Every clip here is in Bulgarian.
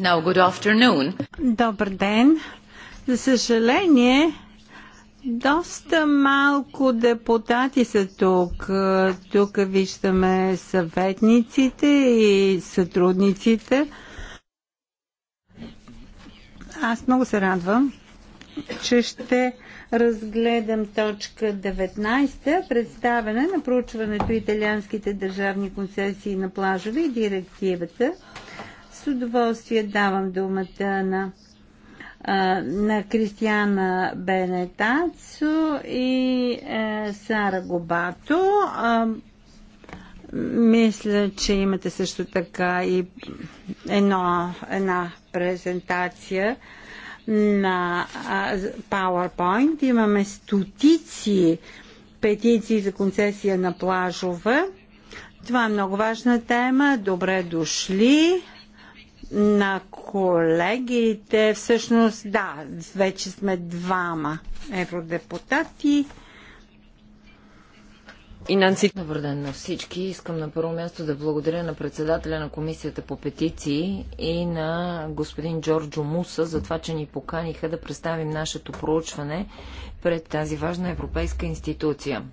Now, good afternoon. Добър ден. За съжаление, доста малко депутати са тук. Тук виждаме съветниците и сътрудниците. Аз много се радвам, че ще разгледам точка 19, представяне на проучването Италианските държавни концесии на плажове и директивата с удоволствие давам думата на, на Кристиана Бенетацо и е, Сара Гобато. мисля, че имате също така и едно, една презентация на PowerPoint. Имаме стотици петиции за концесия на плажове. Това е много важна тема. Добре дошли на колегите. Всъщност, да, вече сме двама евродепутати. И Нанси. Добър ден на всички. Искам на първо място да благодаря на председателя на Комисията по петиции и на господин Джорджо Муса за това, че ни поканиха да представим нашето проучване пред тази важна европейска институция.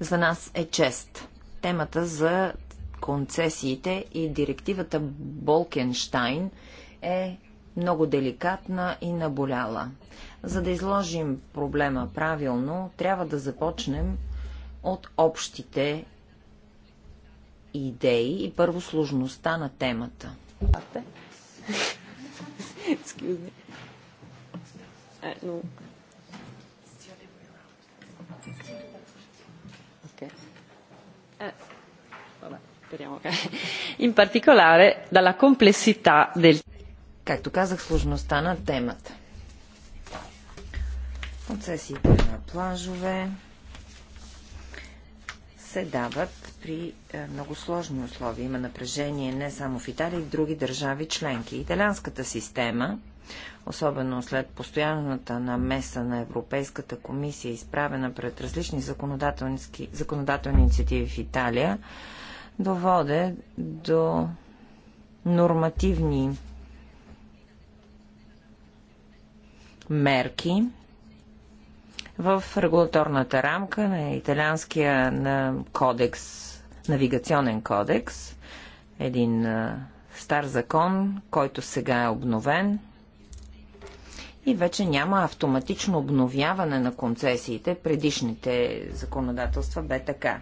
За нас е чест темата за концесиите и директивата Болкенштайн е много деликатна и наболяла. За да изложим проблема правилно, трябва да започнем от общите идеи и първо сложността на темата. Excuse me. Uh, no. Speriamo che. In particolare dalla complessità del. Както казах, сложността на темата. Концесиите на плажове се дават при е, много сложни условия. Има напрежение не само в Италия, и в други държави членки. Италианската система, особено след постоянната намеса на Европейската комисия, изправена пред различни законодателни, законодателни инициативи в Италия, доводе до нормативни мерки в регулаторната рамка на италианския на кодекс, навигационен кодекс, един стар закон, който сега е обновен и вече няма автоматично обновяване на концесиите. Предишните законодателства бе така.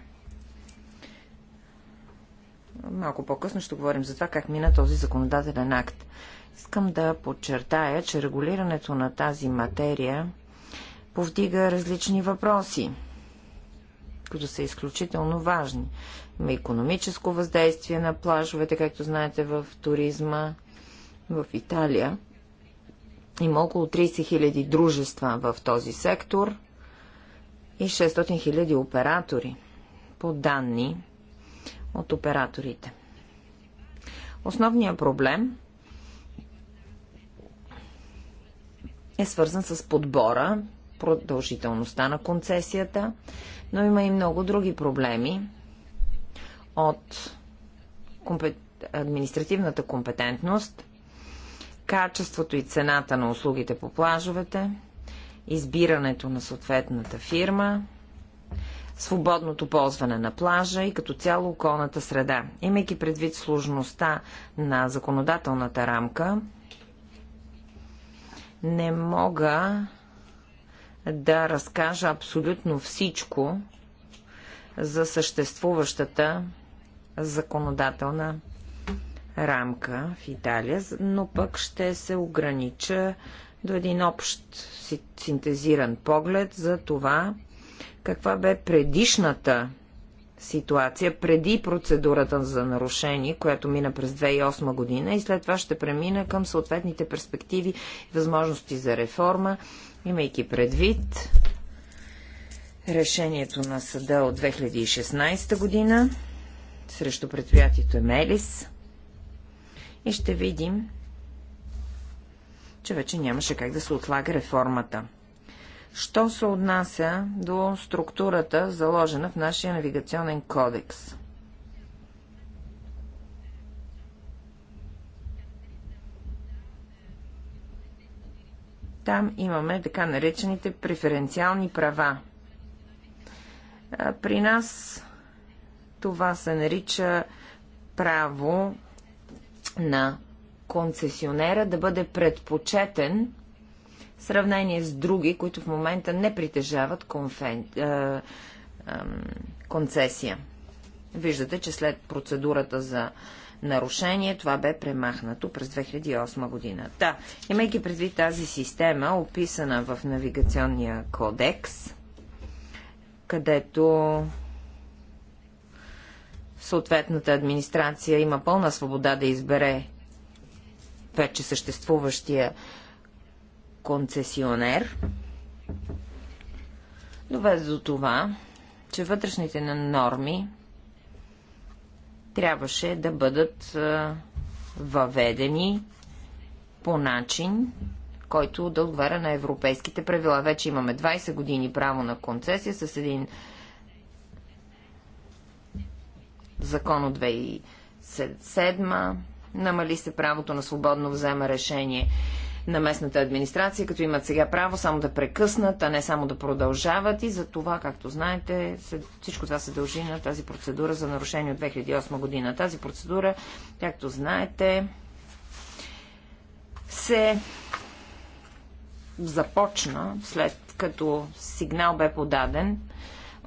Малко по-късно ще говорим за това как мина този законодателен акт. Искам да подчертая, че регулирането на тази материя повдига различни въпроси, които са изключително важни. Има економическо въздействие на плажовете, както знаете, в туризма в Италия. Има около 30 000 дружества в този сектор и 600 000 оператори. По данни от операторите. Основният проблем е свързан с подбора, продължителността на концесията, но има и много други проблеми от компет... административната компетентност, качеството и цената на услугите по плажовете, избирането на съответната фирма, свободното ползване на плажа и като цяло околната среда. Имайки предвид сложността на законодателната рамка, не мога да разкажа абсолютно всичко за съществуващата законодателна рамка в Италия, но пък ще се огранича до един общ синтезиран поглед за това, каква бе предишната ситуация преди процедурата за нарушение, която мина през 2008 година и след това ще премина към съответните перспективи и възможности за реформа, имайки предвид решението на съда от 2016 година срещу предприятието Емелис и ще видим, че вече нямаше как да се отлага реформата що се отнася до структурата, заложена в нашия навигационен кодекс. Там имаме така наречените преференциални права. При нас това се нарича право на концесионера да бъде предпочетен в сравнение с други, които в момента не притежават конфен... Е, е, концесия. Виждате, че след процедурата за нарушение това бе премахнато през 2008 година. Та, имайки предвид тази система, описана в навигационния кодекс, където съответната администрация има пълна свобода да избере вече съществуващия концесионер доведе до това, че вътрешните норми трябваше да бъдат въведени по начин, който да отговаря на европейските правила. Вече имаме 20 години право на концесия с един закон от 2007. Намали се правото на свободно взема решение на местната администрация, като имат сега право само да прекъснат, а не само да продължават и за това, както знаете, всичко това се дължи на тази процедура за нарушение от 2008 година. Тази процедура, както знаете, се започна след като сигнал бе подаден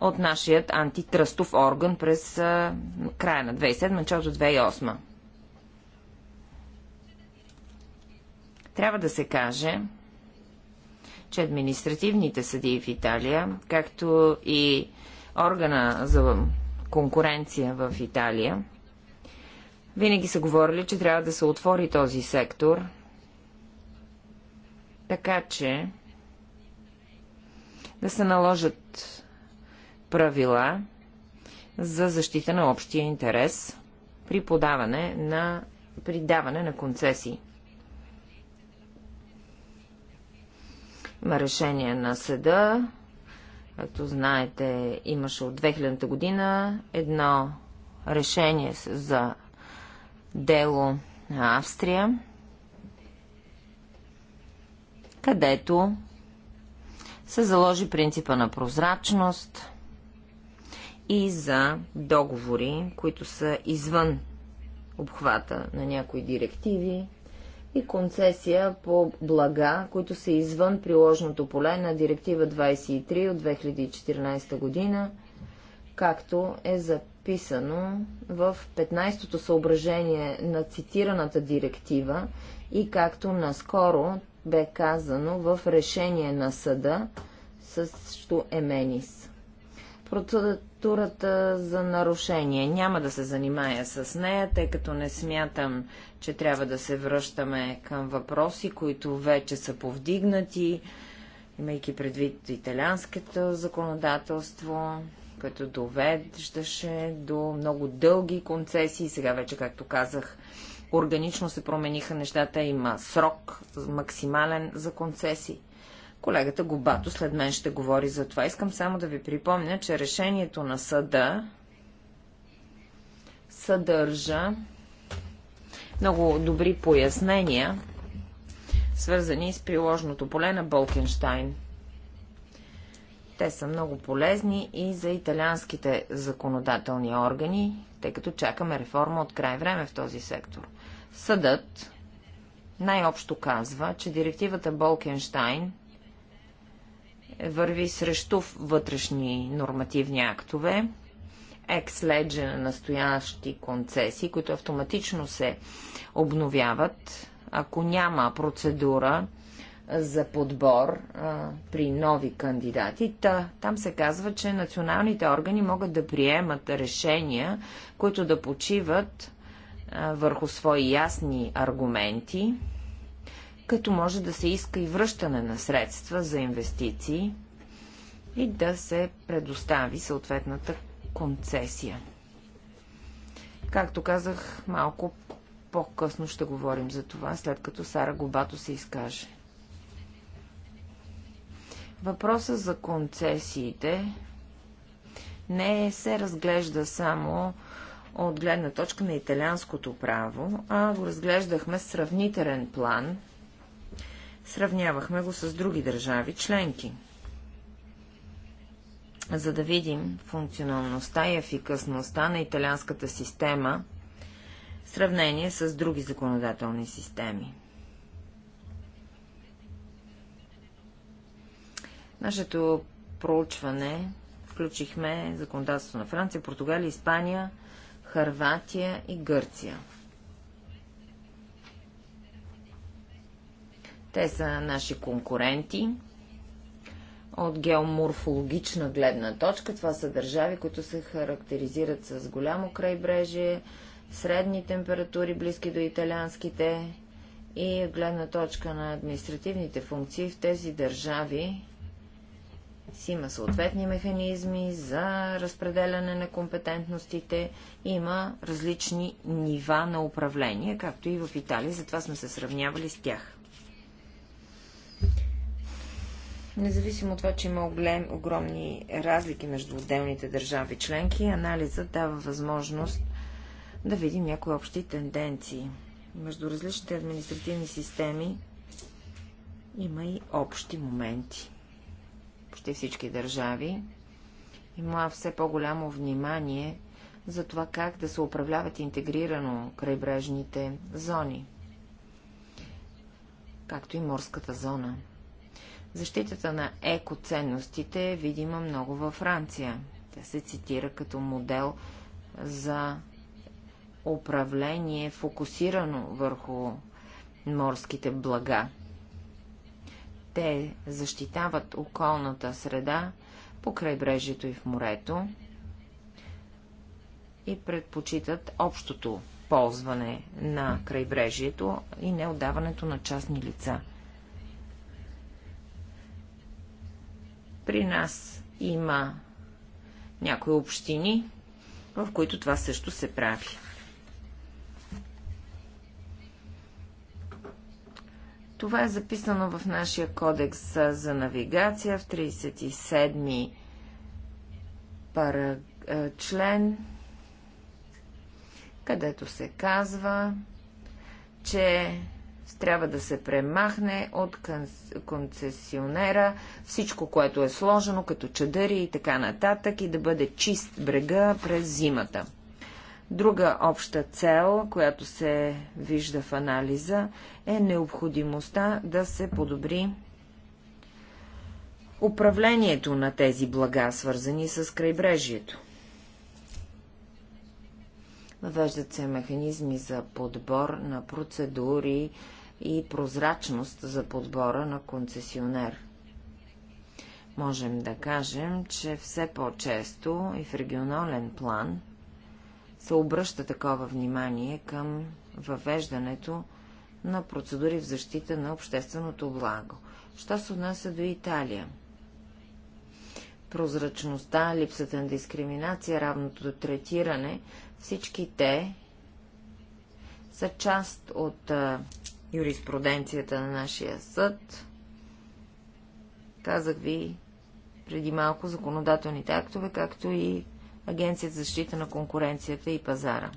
от нашият антитръстов орган през края на 2007, началото 2008. Трябва да се каже, че административните съдии в Италия, както и органа за конкуренция в Италия, винаги са говорили, че трябва да се отвори този сектор, така че да се наложат правила за защита на общия интерес при подаване на придаване на концесии. решение на съда. Както знаете, имаше от 2000 година едно решение за дело на Австрия, където се заложи принципа на прозрачност и за договори, които са извън обхвата на някои директиви и концесия по блага, които са извън приложното поле на Директива 23 от 2014 година, както е записано в 15-то съображение на цитираната директива и както наскоро бе казано в решение на съда също Еменис процедурата за нарушение. Няма да се занимая с нея, тъй като не смятам, че трябва да се връщаме към въпроси, които вече са повдигнати, имайки предвид италианското законодателство, което довеждаше до много дълги концесии. Сега вече, както казах, органично се промениха нещата, има срок максимален за концесии. Колегата Губато след мен ще говори за това. Искам само да ви припомня, че решението на съда съдържа много добри пояснения, свързани с приложното поле на Болкенштайн. Те са много полезни и за италианските законодателни органи, тъй като чакаме реформа от край време в този сектор. Съдът най-общо казва, че директивата Болкенштайн върви срещу вътрешни нормативни актове, екс ледже на настоящи концесии, които автоматично се обновяват, ако няма процедура за подбор а, при нови кандидати. Та, там се казва, че националните органи могат да приемат решения, които да почиват а, върху свои ясни аргументи, като може да се иска и връщане на средства за инвестиции и да се предостави съответната концесия. Както казах, малко по-късно ще говорим за това, след като Сара Губато се изкаже. Въпросът за концесиите не се разглежда само от гледна точка на италианското право, а го разглеждахме сравнителен план – Сравнявахме го с други държави членки, за да видим функционалността и ефикасността на италианската система в сравнение с други законодателни системи. Нашето проучване включихме законодателство на Франция, Португалия, Испания, Харватия и Гърция. Те са наши конкуренти от геоморфологична гледна точка. Това са държави, които се характеризират с голямо крайбрежие, средни температури, близки до италианските и гледна точка на административните функции в тези държави си има съответни механизми за разпределяне на компетентностите, има различни нива на управление, както и в Италия, затова сме се сравнявали с тях. Независимо от това, че има оглем, огромни разлики между отделните държави членки, анализът дава възможност да видим някои общи тенденции. Между различните административни системи има и общи моменти. Почти всички държави има все по-голямо внимание за това как да се управляват интегрирано крайбрежните зони, както и морската зона. Защитата на екоценностите е видима много във Франция. Тя се цитира като модел за управление, фокусирано върху морските блага. Те защитават околната среда по крайбрежието и в морето и предпочитат общото ползване на крайбрежието и не отдаването на частни лица. При нас има някои общини, в които това също се прави. Това е записано в нашия кодекс за навигация в 37-ми пара... член, където се казва, че трябва да се премахне от концесионера всичко, което е сложено, като чадъри и така нататък, и да бъде чист брега през зимата. Друга обща цел, която се вижда в анализа, е необходимостта да се подобри управлението на тези блага, свързани с крайбрежието. Въвеждат се механизми за подбор на процедури и прозрачност за подбора на концесионер. Можем да кажем, че все по-често и в регионален план се обръща такова внимание към въвеждането на процедури в защита на общественото благо. Що се отнася до Италия? Прозрачността, липсата на дискриминация, равното до третиране, всички те са част от юриспруденцията на нашия съд. Казах ви преди малко законодателните актове, както и Агенцията за защита на конкуренцията и пазара.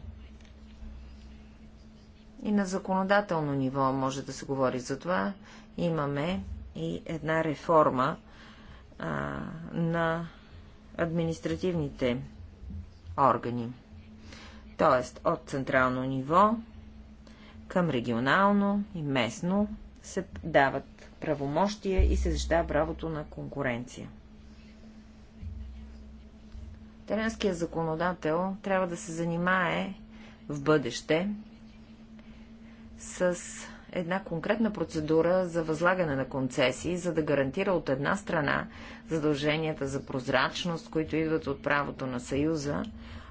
И на законодателно ниво може да се говори за това. Имаме и една реформа а, на административните органи. Тоест, от централно ниво към регионално и местно се дават правомощия и се защитава правото на конкуренция. Теренският законодател трябва да се занимае в бъдеще с една конкретна процедура за възлагане на концесии, за да гарантира от една страна задълженията за прозрачност, които идват от правото на Съюза,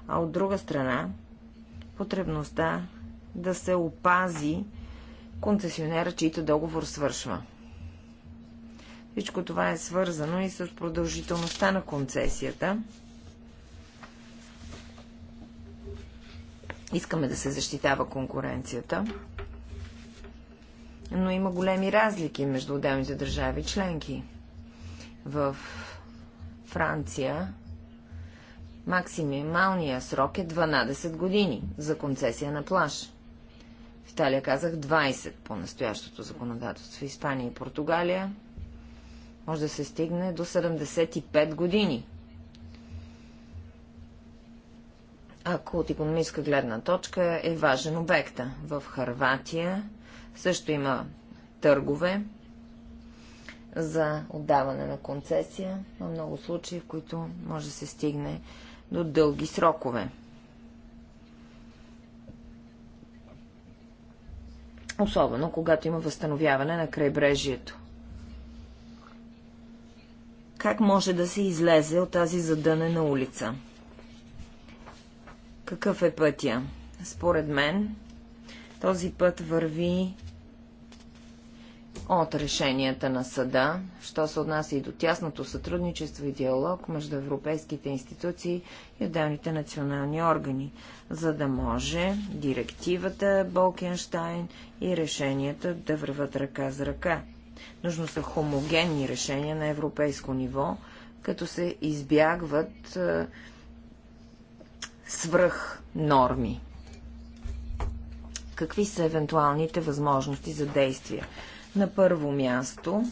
а от друга страна потребността да се опази концесионера, чийто договор свършва. Всичко това е свързано и с продължителността на концесията. Искаме да се защитава конкуренцията, но има големи разлики между отделните държави членки. В Франция максималният срок е 12 години за концесия на плаж. В Италия казах 20 по настоящото законодателство. В Испания и Португалия може да се стигне до 75 години. Ако от економическа гледна точка е важен обекта. В Харватия също има търгове за отдаване на концесия. Има много случаи, в които може да се стигне до дълги срокове. особено когато има възстановяване на крайбрежието. Как може да се излезе от тази задънена улица? Какъв е пътя? Според мен, този път върви от решенията на съда, що се отнася и до тясното сътрудничество и диалог между европейските институции и отделните национални органи за да може директивата Болкенштайн и решенията да върват ръка за ръка. Нужно са хомогенни решения на европейско ниво, като се избягват е, свръх норми. Какви са евентуалните възможности за действие? На първо място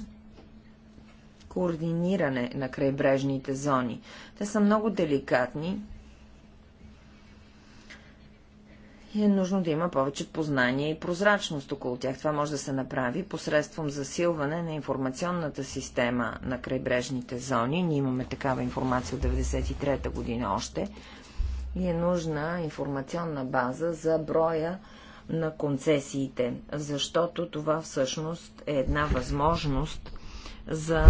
координиране на крайбрежните зони. Те са много деликатни е нужно да има повече познание и прозрачност около тях. Това може да се направи посредством засилване на информационната система на крайбрежните зони. Ние имаме такава информация от 1993 година още. И е нужна информационна база за броя на концесиите, защото това всъщност е една възможност за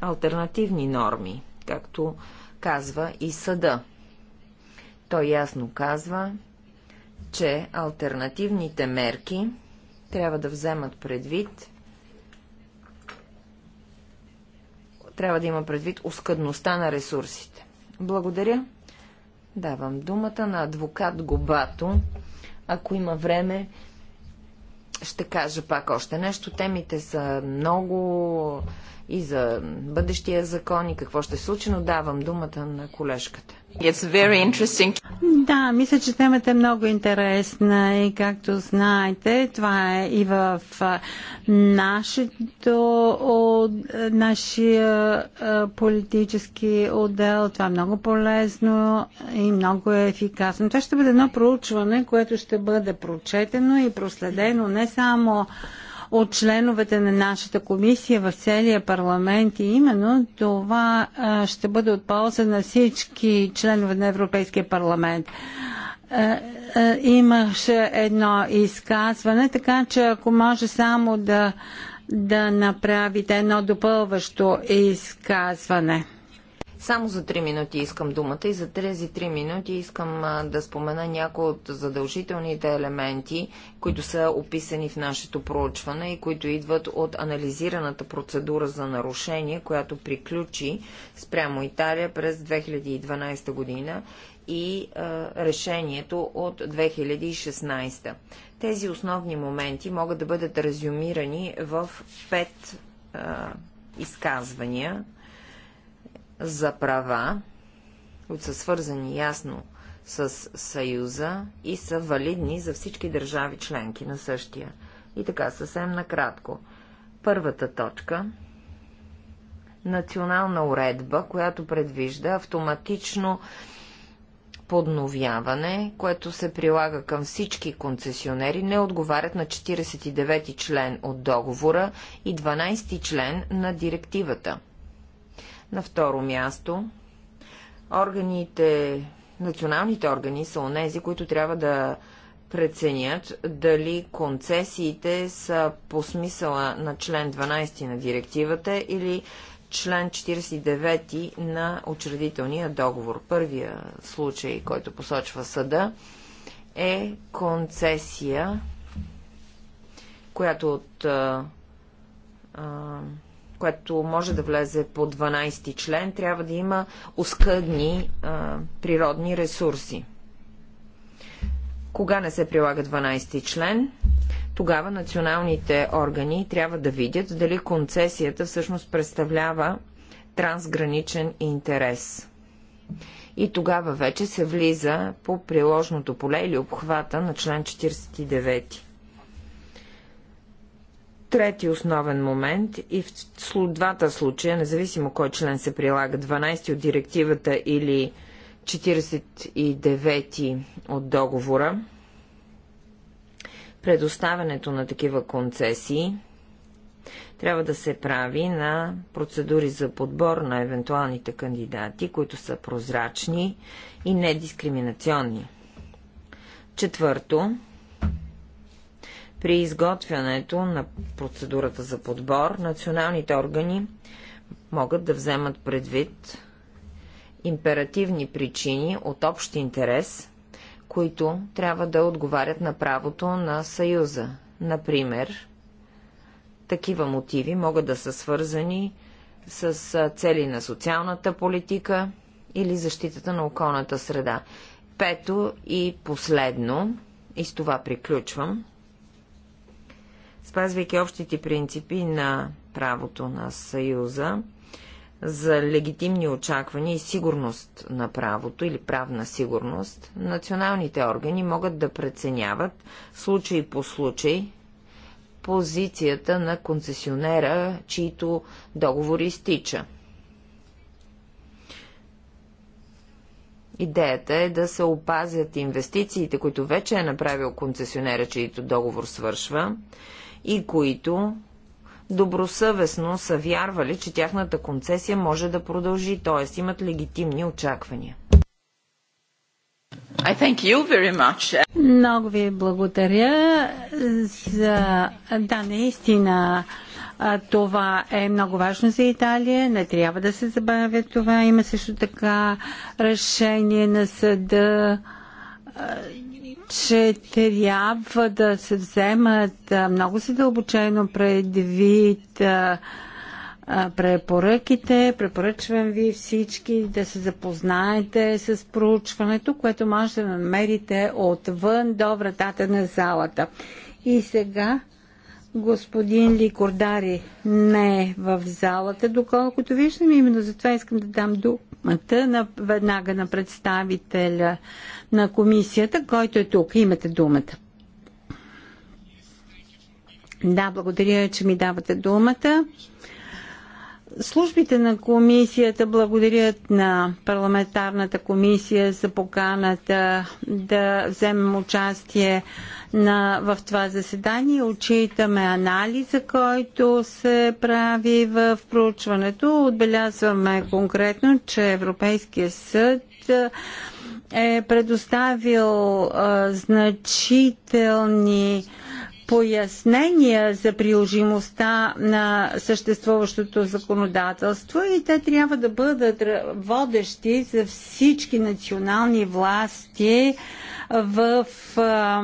альтернативни норми, както казва и съда. Той ясно казва, че альтернативните мерки трябва да вземат предвид трябва да има предвид оскъдността на ресурсите. Благодаря. Давам думата на адвокат Гобато. Ако има време, ще кажа пак още нещо. Темите са много и за бъдещия закон и какво ще случи, но давам думата на колежката. Да, мисля, че темата е много интересна и както знаете, това е и в нашето, нашия политически отдел. Това е много полезно и много е ефикасно. Това ще бъде едно проучване, което ще бъде прочетено и проследено не само от членовете на нашата комисия в целия парламент и именно това ще бъде от полза на всички членове на Европейския парламент имаше едно изказване, така че ако може само да, да направите едно допълващо изказване. Само за 3 минути искам думата и за тези 3 минути искам да спомена някои от задължителните елементи, които са описани в нашето проучване и които идват от анализираната процедура за нарушение, която приключи спрямо Италия през 2012 година и е, решението от 2016. Тези основни моменти могат да бъдат резюмирани в 5 е, изказвания – за права, които са свързани ясно с Съюза и са валидни за всички държави членки на същия. И така, съвсем накратко. Първата точка национална уредба, която предвижда автоматично подновяване, което се прилага към всички концесионери, не отговарят на 49 ти член от договора и 12 ти член на директивата – на второ място, органите, националните органи са онези, които трябва да преценят дали концесиите са по смисъла на член 12 на директивата или член 49 на учредителния договор. Първия случай, който посочва съда, е концесия, която от а, а, което може да влезе по 12 член, трябва да има оскъдни а, природни ресурси. Кога не се прилага 12 член? Тогава националните органи трябва да видят дали концесията всъщност представлява трансграничен интерес. И тогава вече се влиза по приложното поле или обхвата на член 49. Трети основен момент и в двата случая, независимо кой член се прилага, 12 от директивата или 49 от договора, предоставянето на такива концесии трябва да се прави на процедури за подбор на евентуалните кандидати, които са прозрачни и недискриминационни. Четвърто, при изготвянето на процедурата за подбор, националните органи могат да вземат предвид императивни причини от общ интерес, които трябва да отговарят на правото на Съюза. Например, такива мотиви могат да са свързани с цели на социалната политика или защитата на околната среда. Пето и последно, и с това приключвам, спазвайки общите принципи на правото на Съюза за легитимни очаквания и сигурност на правото или правна сигурност, националните органи могат да преценяват случай по случай позицията на концесионера, чието договор изтича. Идеята е да се опазят инвестициите, които вече е направил концесионера, чието договор свършва, и които добросъвестно са вярвали, че тяхната концесия може да продължи, т.е. имат легитимни очаквания. I thank you very much. Много ви благодаря за... Да, наистина това е много важно за Италия. Не трябва да се забавя това. Има също така решение на съда че трябва да се вземат много задълбочено предвид препоръките. Препоръчвам ви всички да се запознаете с проучването, което може да намерите отвън до вратата на залата. И сега Господин Ликордари не е в залата, доколкото виждам, именно затова искам да дам думата на, веднага на представителя на комисията, който е тук. Имате думата. Да, благодаря, че ми давате думата. Службите на комисията благодарят на парламентарната комисия за поканата да вземем участие на, в това заседание. Отчитаме анализа, който се прави в проучването. Отбелязваме конкретно, че Европейския съд е предоставил а, значителни пояснения за приложимостта на съществуващото законодателство и те трябва да бъдат водещи за всички национални власти в а,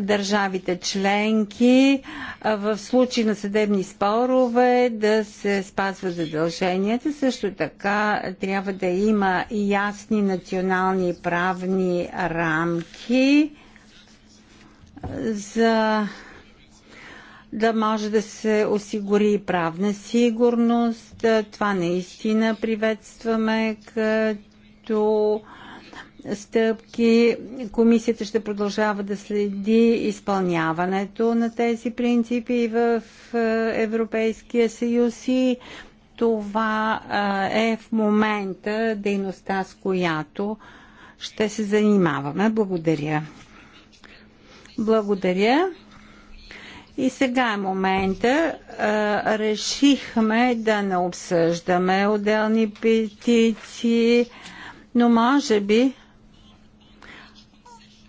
държавите членки в случай на съдебни спорове да се спазват задълженията. Също така трябва да има ясни национални правни рамки за да може да се осигури правна сигурност. Това наистина приветстваме като стъпки. Комисията ще продължава да следи изпълняването на тези принципи в е, Европейския съюз и това е, е в момента дейността, с която ще се занимаваме. Благодаря. Благодаря. И сега е момента. Е, решихме да не обсъждаме отделни петиции, но може би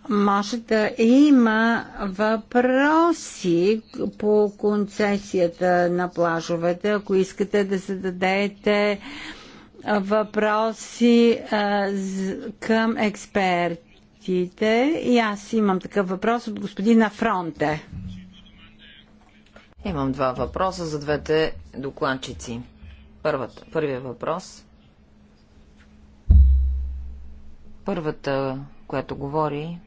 може да има въпроси по концесията на плажовете, ако искате да зададете въпроси а, към експертите. И аз имам такъв въпрос от господина Фронте. Имам два въпроса за двете докладчици. Първата, първия въпрос. Първата, която говори,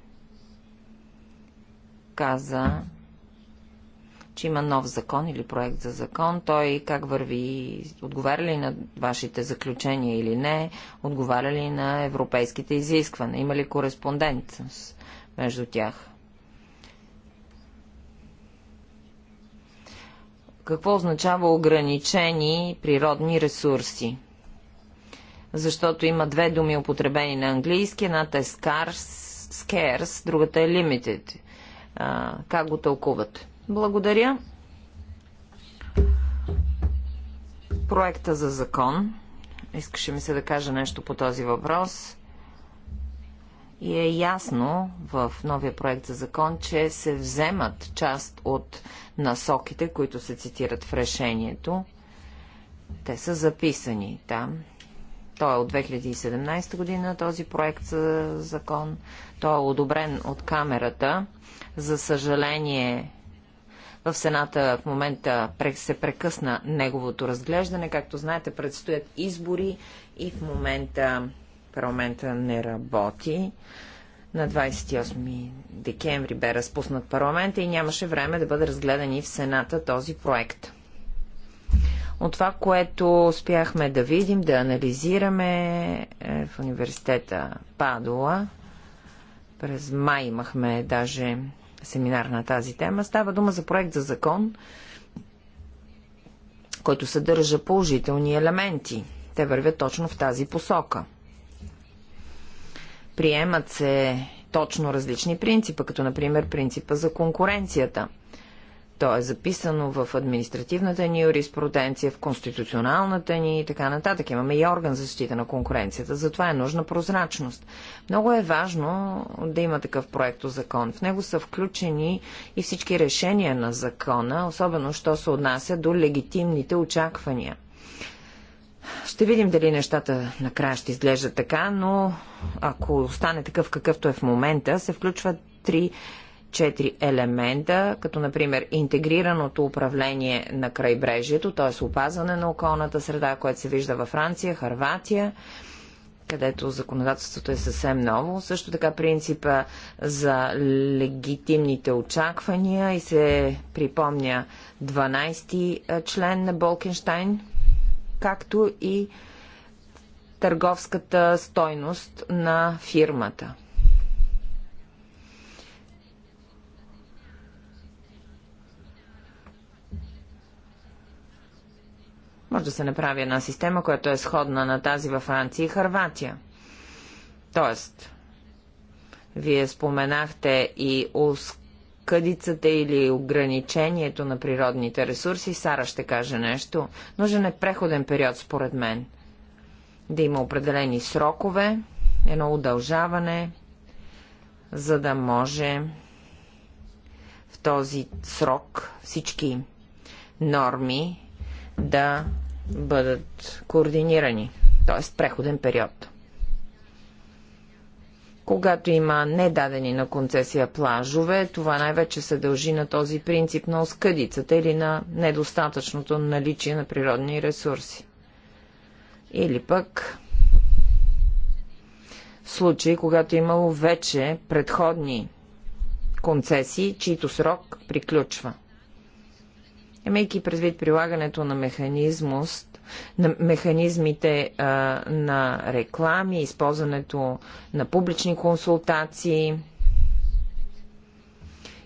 каза, че има нов закон или проект за закон. Той как върви? Отговаря ли на вашите заключения или не? Отговаря ли на европейските изисквания? Има ли кореспондент между тях? Какво означава ограничени природни ресурси? Защото има две думи употребени на английски. Едната е scarce, scarce другата е limited – а, как го тълкуват? Благодаря. Проекта за закон. Искаше ми се да кажа нещо по този въпрос. И е ясно в новия проект за закон, че се вземат част от насоките, които се цитират в решението. Те са записани там. Да той е от 2017 година, този проект за закон. Той е одобрен от камерата. За съжаление, в Сената в момента се прекъсна неговото разглеждане. Както знаете, предстоят избори и в момента парламента не работи. На 28 декември бе разпуснат парламента и нямаше време да бъде разгледан и в Сената този проект. От това, което успяхме да видим, да анализираме е, в университета Падола, през май имахме даже семинар на тази тема, става дума за проект за закон, който съдържа положителни елементи. Те вървят точно в тази посока. Приемат се точно различни принципа, като например принципа за конкуренцията – то е записано в административната ни юриспруденция, в конституционалната ни и така нататък. Имаме и орган за защита на конкуренцията. Затова е нужна прозрачност. Много е важно да има такъв проекто закон. В него са включени и всички решения на закона, особено що се отнася до легитимните очаквания. Ще видим дали нещата накрая ще изглеждат така, но ако стане такъв какъвто е в момента, се включват три четири елемента, като например интегрираното управление на крайбрежието, т.е. опазване на околната среда, което се вижда във Франция, Харватия, където законодателството е съвсем ново. Също така принципа за легитимните очаквания и се припомня 12-ти член на Болкенштайн, както и търговската стойност на фирмата. Може да се направи една система, която е сходна на тази във Франция и Харватия. Тоест, вие споменахте и ускъдицата или ограничението на природните ресурси. Сара ще каже нещо. Нужен е преходен период, според мен. Да има определени срокове, едно удължаване, за да може в този срок всички норми да бъдат координирани, т.е. преходен период. Когато има недадени на концесия плажове, това най-вече се дължи на този принцип на оскъдицата или на недостатъчното наличие на природни ресурси. Или пък случаи, когато е имало вече предходни концесии, чието срок приключва. Имайки предвид прилагането на механизмост, на механизмите а, на реклами, използването на публични консултации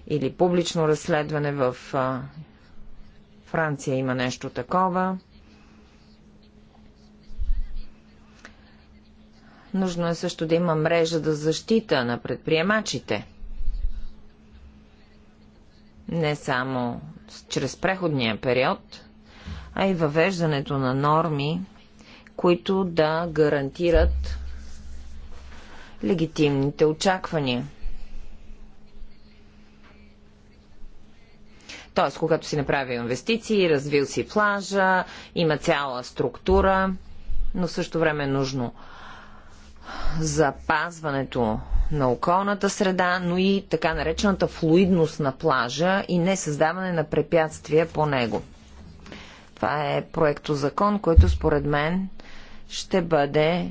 или публично разследване в а, Франция има нещо такова. Нужно е също да има мрежа за да защита на предприемачите – не само чрез преходния период, а и въвеждането на норми, които да гарантират легитимните очаквания. Т.е. когато си направил инвестиции, развил си плажа, има цяла структура, но в също време е нужно запазването на околната среда, но и така наречената флуидност на плажа и не създаване на препятствия по него. Това е проекто закон, който според мен ще бъде,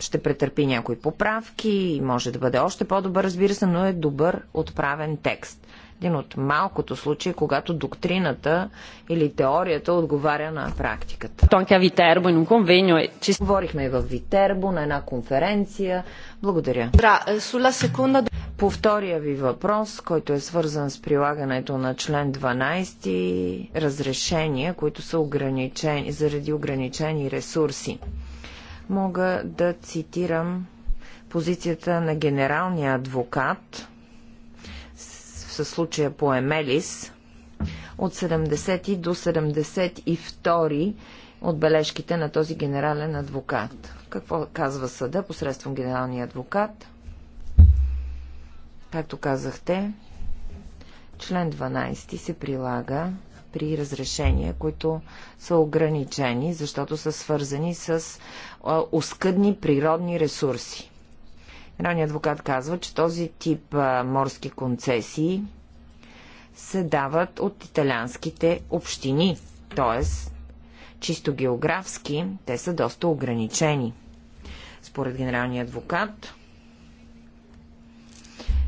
ще претърпи някои поправки и може да бъде още по-добър, разбира се, но е добър отправен текст един от малкото случаи, когато доктрината или теорията отговаря на практиката. Тонка е Витербо и конвенio е... е Говорихме и в Витербо на една конференция. Благодаря. По втория ви въпрос, който е свързан с прилагането на член 12, разрешения, които са ограничени, заради ограничени ресурси. Мога да цитирам позицията на генералния адвокат със случая по Емелис от 70 до 72 от бележките на този генерален адвокат. Какво казва съда посредством генералния адвокат? Както казахте, член 12 се прилага при разрешения, които са ограничени, защото са свързани с оскъдни природни ресурси. Генералният адвокат казва, че този тип а, морски концесии се дават от италианските общини, т.е. чисто географски те са доста ограничени. Според генералния адвокат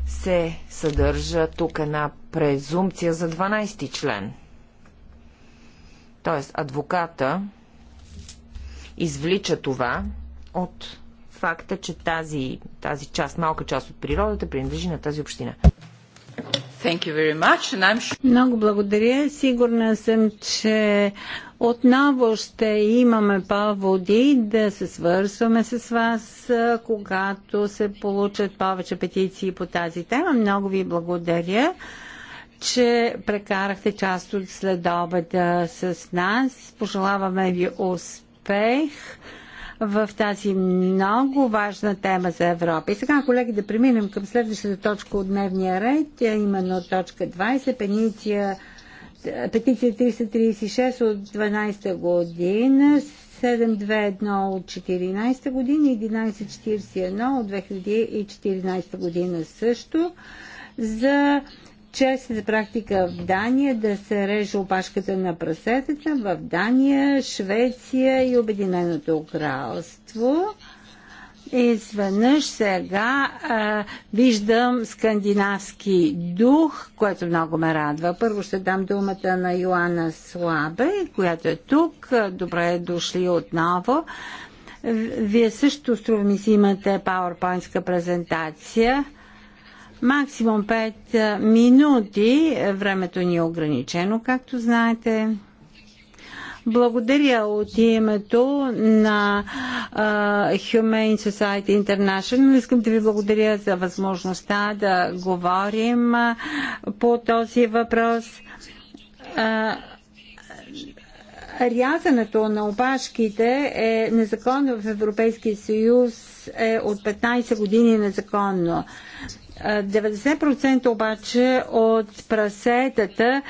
се съдържа тук една презумпция за 12 ти член. Т.е. адвоката извлича това от факта, че тази, тази част, малка част от природата, принадлежи на тази община. Thank you very much, and I'm sure... Много благодаря. Сигурна съм, че отново ще имаме поводи да се свързваме с вас, когато се получат повече петиции по тази тема. Много ви благодаря че прекарахте част от следобеда с нас. Пожелаваме ви успех в тази много важна тема за Европа. И сега, колеги, да преминем към следващата точка от дневния ред, е именно точка 20, пеница, петиция 336 от 12 година, 721 от 14 година и 1141 от 2014 година също за честата практика в Дания да се реже опашката на прасетата в Дания, Швеция и Обединеното кралство. Изведнъж сега а, виждам скандинавски дух, което много ме радва. Първо ще дам думата на Йоанна Слабе, която е тук. Добре е дошли отново. Вие също, струва ми си, имате PowerPoint презентация максимум 5 минути. Времето ни е ограничено, както знаете. Благодаря от името на uh, Humane Society International. Искам да ви благодаря за възможността да говорим uh, по този въпрос. Uh, Рязането на опашките е незаконно в Европейския съюз е от 15 години незаконно. 90% обаче от прасетата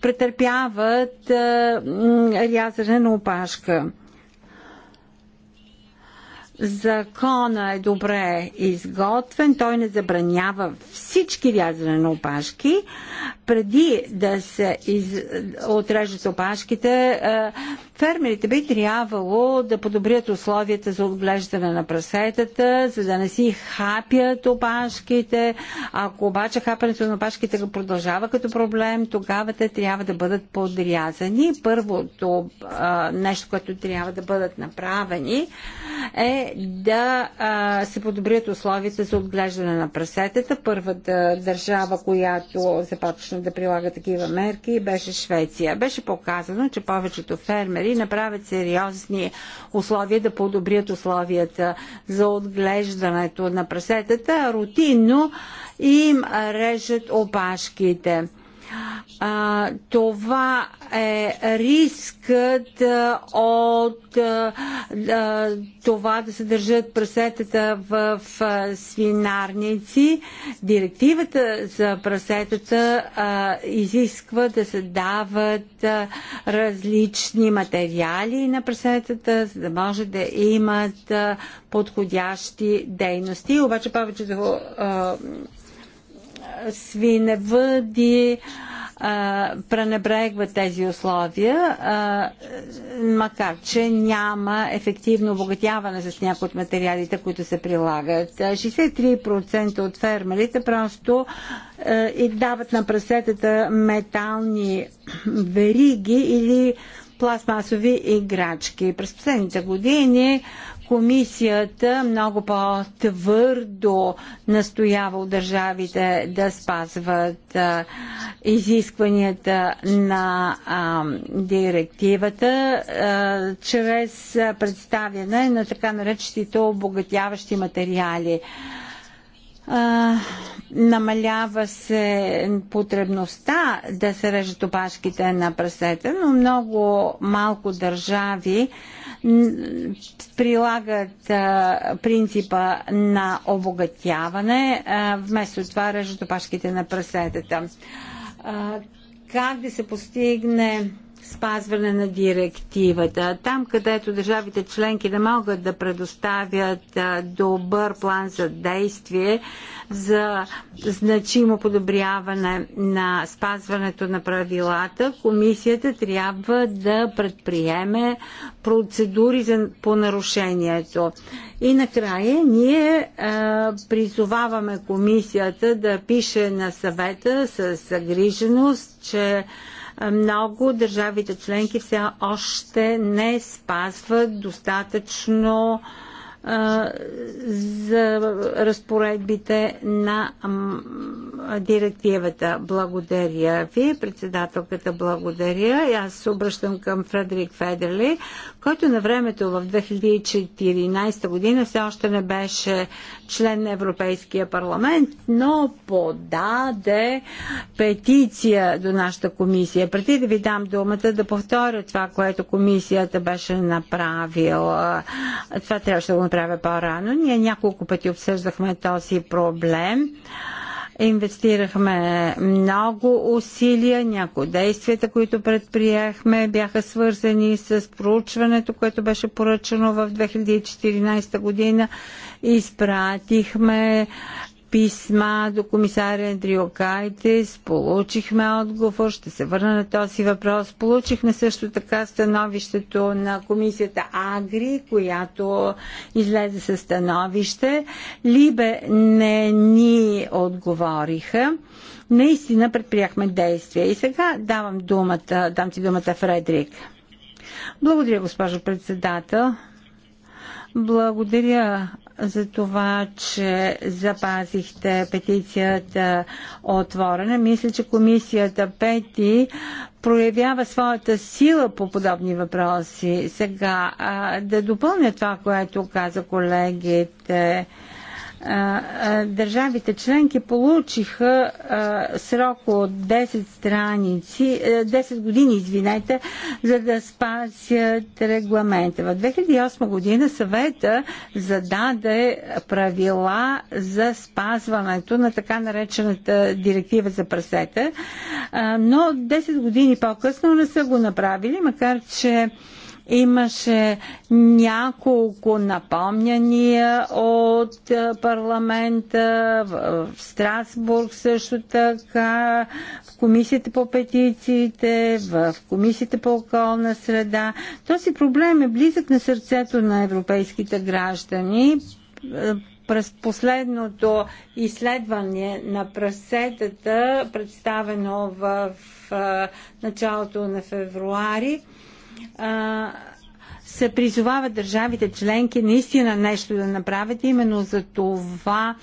претърпяват рязане на опашка. Закона е добре изготвен, той не забранява всички вязане на опашки. Преди да се из... отрежат опашките, е, фермерите би трябвало да подобрят условията за отглеждане на прасетата, за да не си хапят опашките. Ако обаче хапането на опашките продължава като проблем, тогава те трябва да бъдат подрязани. Първото е, нещо, което трябва да бъдат направени е да а, се подобрят условията за отглеждане на прасетата. Първата държава, която започна да прилага такива мерки, беше Швеция. Беше показано, че повечето фермери направят сериозни условия да подобрят условията за отглеждането на прасетата, рутинно им режат опашките. А, това е рискът от а, това да се държат прасетата в, а, свинарници. Директивата за прасетата а, изисква да се дават а, различни материали на прасетата, за да може да имат а, подходящи дейности. Обаче повечето а, свиневъди пренебрегват тези условия, а, макар че няма ефективно обогатяване с някои от материалите, които се прилагат. 63% от фермерите просто а, и дават на прасетата метални вериги или пластмасови играчки. През последните години комисията много по-твърдо настоява от държавите да спазват а, изискванията на а, директивата а, чрез представяне на така наречените обогатяващи материали. А, намалява се потребността да се режат опашките на прасета, но много малко държави а, прилагат а, принципа на обогатяване, а, вместо това режат опашките на прасетата. А, как да се постигне спазване на директивата. Там, където държавите членки не могат да предоставят добър план за действие за значимо подобряване на спазването на правилата, комисията трябва да предприеме процедури за, по нарушението. И накрая ние а, призоваваме комисията да пише на съвета с загриженост, че много държавите членки все още не спазват достатъчно за разпоредбите на директивата. Благодаря ви, председателката, благодаря. И аз се обръщам към Фредерик Федерли, който на времето в 2014 година все още не беше член на Европейския парламент, но подаде петиция до нашата комисия. Преди да ви дам думата да повторя това, което комисията беше направила, това трябваше да го направя по-рано. Ние няколко пъти обсъждахме този проблем. Инвестирахме много усилия, някои действията, които предприехме, бяха свързани с проучването, което беше поръчано в 2014 година. Изпратихме писма до комисаря Андриокайтес. получихме отговор, ще се върна на този въпрос. Получихме също така становището на комисията Агри, която излезе със становище. Либе не ни отговориха. Наистина предприяхме действия. И сега давам думата, дам ти думата Фредрик. Благодаря, госпожо председател. Благодаря за това, че запазихте петицията отворена. Мисля, че комисията Пети проявява своята сила по подобни въпроси. Сега, да допълня това, което каза колегите държавите членки получиха срок от 10 страници, 10 е, години, извинете, за да спасят регламента. В 2008 година съвета зададе правила за спазването на така наречената директива за прасета, но 10 години по-късно не са го направили, макар че Имаше няколко напомняния от е, парламента е, в Страсбург също така, в комисията по петициите, в комисията по околна среда. Този проблем е близък на сърцето на европейските граждани е, през последното изследване на прасетата, представено в началото на февруари, се призовават държавите членки наистина нещо да направят. Именно за това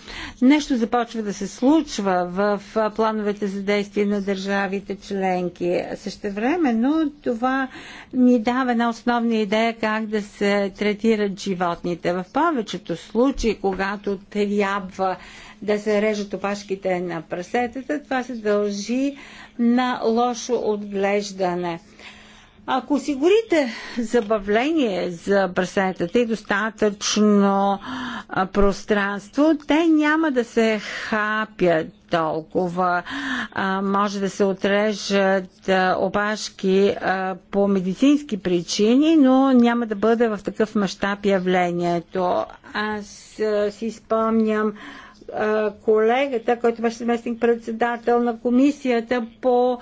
нещо започва да се случва в плановете за действие на държавите членки. Същевременно това ни дава една основна идея как да се третират животните. В повечето случаи, когато трябва да се режат опашките на прасетата, това се дължи на лошо отглеждане. Ако осигурите забавление за прасетата и достатъчно пространство, те няма да се хапят толкова. А, може да се отрежат а, опашки а, по медицински причини, но няма да бъде в такъв мащаб явлението. Аз а, си спомням а, колегата, който беше заместник председател на комисията по а,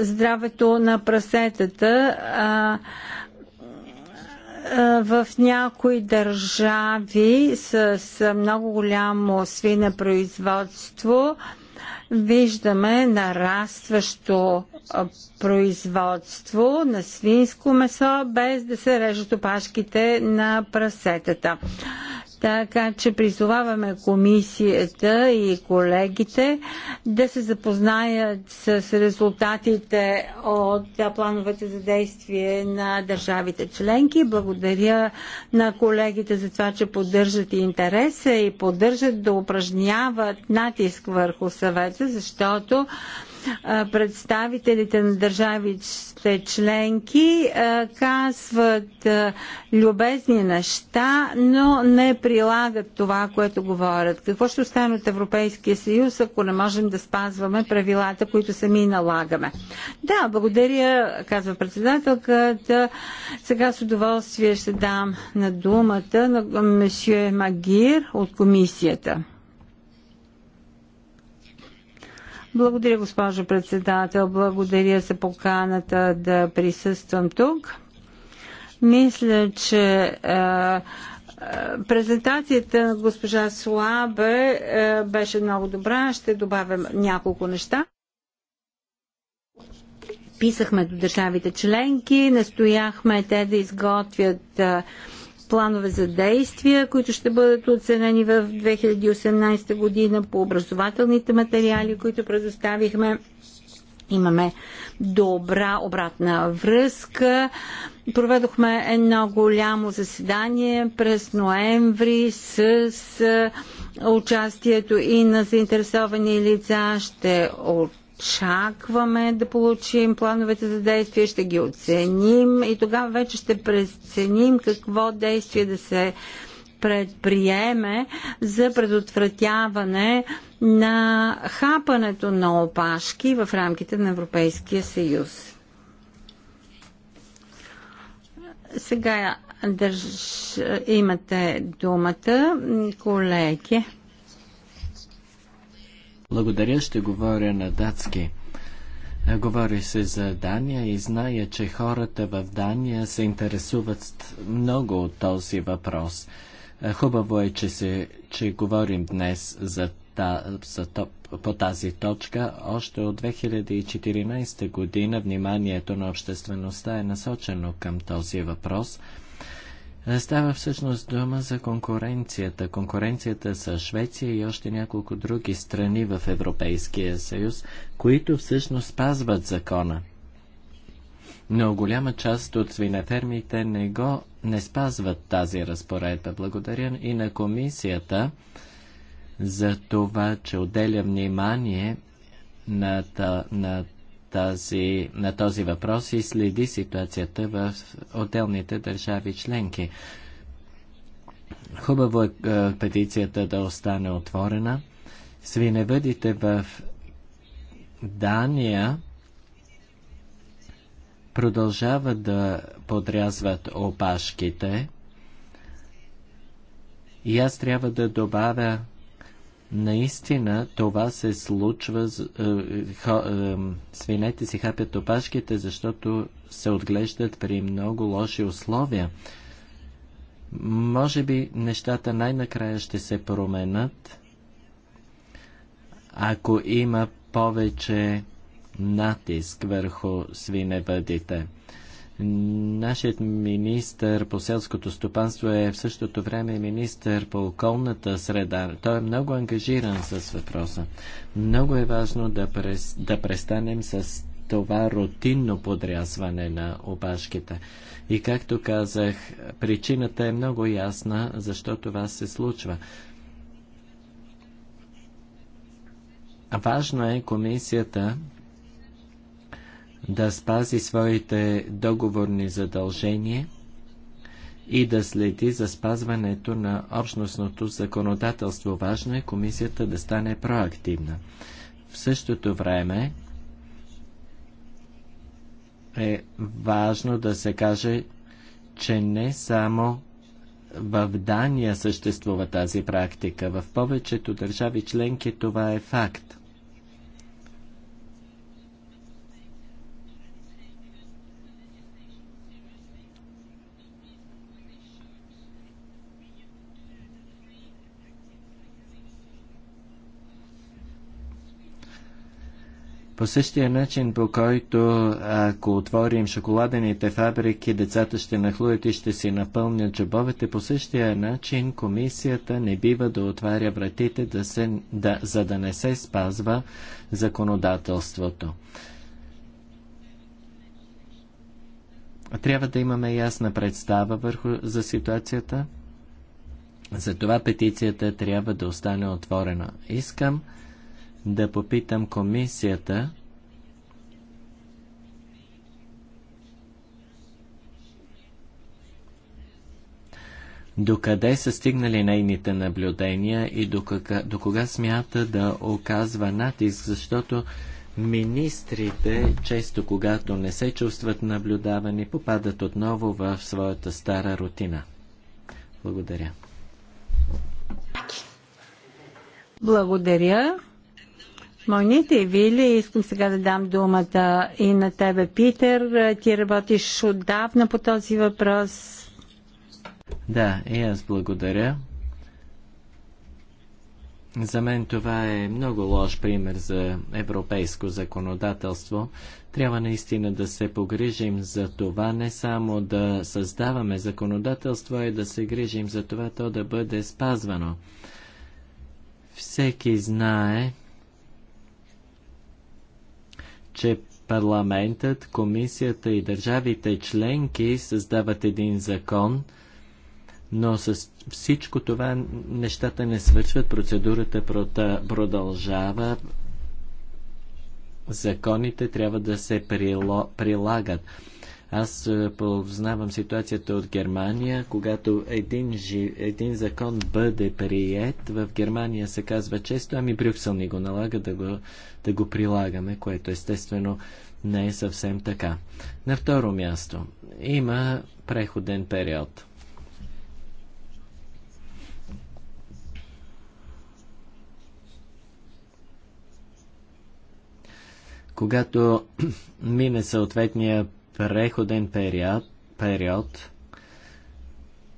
здравето на прасетата. А, в някои държави с много голямо свинепроизводство виждаме нарастващо производство на свинско месо, без да се режат опашките на прасетата. Така че призоваваме комисията и колегите да се запознаят с резултатите от плановете за действие на държавите членки. Благодаря на колегите за това, че поддържат и интереса и поддържат да упражняват натиск върху съвета, защото представителите на държавите членки казват любезни неща, но не прилагат това, което говорят. Какво ще остане от Европейския съюз, ако не можем да спазваме правилата, които сами налагаме? Да, благодаря, казва председателката. Сега с удоволствие ще дам на думата на месье Магир от комисията. Благодаря, госпожо председател. Благодаря за поканата да присъствам тук. Мисля, че е, е, презентацията на госпожа Слабе е, беше много добра. Ще добавя няколко неща. Писахме до държавите членки, настояхме те да изготвят а, планове за действия, които ще бъдат оценени в 2018 година по образователните материали, които предоставихме. Имаме добра обратна връзка. Проведохме едно голямо заседание през ноември с участието и на заинтересовани лица. Ще от очакваме да получим плановете за действие, ще ги оценим и тогава вече ще преценим какво действие да се предприеме за предотвратяване на хапането на опашки в рамките на Европейския съюз. Сега държ... имате думата, колеги. Благодаря, ще говоря на датски. Е, говори се за Дания и зная, че хората в Дания се интересуват много от този въпрос. Е, хубаво е, че, се, че говорим днес за, та, за топ, по тази точка. Още от 2014 година вниманието на обществеността е насочено към този въпрос – е, става всъщност дума за конкуренцията. Конкуренцията с Швеция и още няколко други страни в Европейския съюз, които всъщност спазват закона. Но голяма част от свинефермите не го не спазват тази разпоредба. Благодаря и на комисията за това, че отделя внимание на, на тази, на този въпрос и следи ситуацията в отделните държави членки. Хубаво е, е петицията да остане отворена. Свиневъдите в Дания продължават да подрязват опашките. И аз трябва да добавя Наистина това се случва, е, е, свинете си хапят опашките, защото се отглеждат при много лоши условия. Може би нещата най-накрая ще се променят, ако има повече натиск върху свиневъдите. Нашият министр по селското стопанство е в същото време министр по околната среда. Той е много ангажиран с въпроса. Много е важно да, прес, да престанем с това рутинно подрязване на опашките. И както казах, причината е много ясна, защо това се случва. Важно е комисията да спази своите договорни задължения и да следи за спазването на общностното законодателство. Важно е комисията да стане проактивна. В същото време е важно да се каже, че не само в Дания съществува тази практика. В повечето държави членки това е факт. По същия начин, по който ако отворим шоколадените фабрики, децата ще нахлуят и ще си напълнят джобовете, по същия начин комисията не бива да отваря вратите, да се, да, за да не се спазва законодателството. Трябва да имаме ясна представа върху, за ситуацията. Затова петицията трябва да остане отворена. Искам да попитам комисията докъде са стигнали нейните наблюдения и до кога, до кога смята да оказва натиск, защото министрите, често когато не се чувстват наблюдавани, попадат отново в своята стара рутина. Благодаря. Благодаря. Моните, и Вили, искам сега да дам думата и на тебе, Питер. Ти работиш отдавна по този въпрос. Да, и аз благодаря. За мен това е много лош пример за европейско законодателство. Трябва наистина да се погрижим за това, не само да създаваме законодателство, а и да се грижим за това то да бъде спазвано. Всеки знае, че парламентът, комисията и държавите членки създават един закон, но с всичко това нещата не свършват, процедурата продължава, законите трябва да се прилагат. Аз е, познавам ситуацията от Германия, когато един, жи, един закон бъде прият, в Германия се казва често, ами Брюксел ни го налага да го, да го прилагаме, което естествено не е съвсем така. На второ място, има преходен период. Когато мине съответния преходен период, период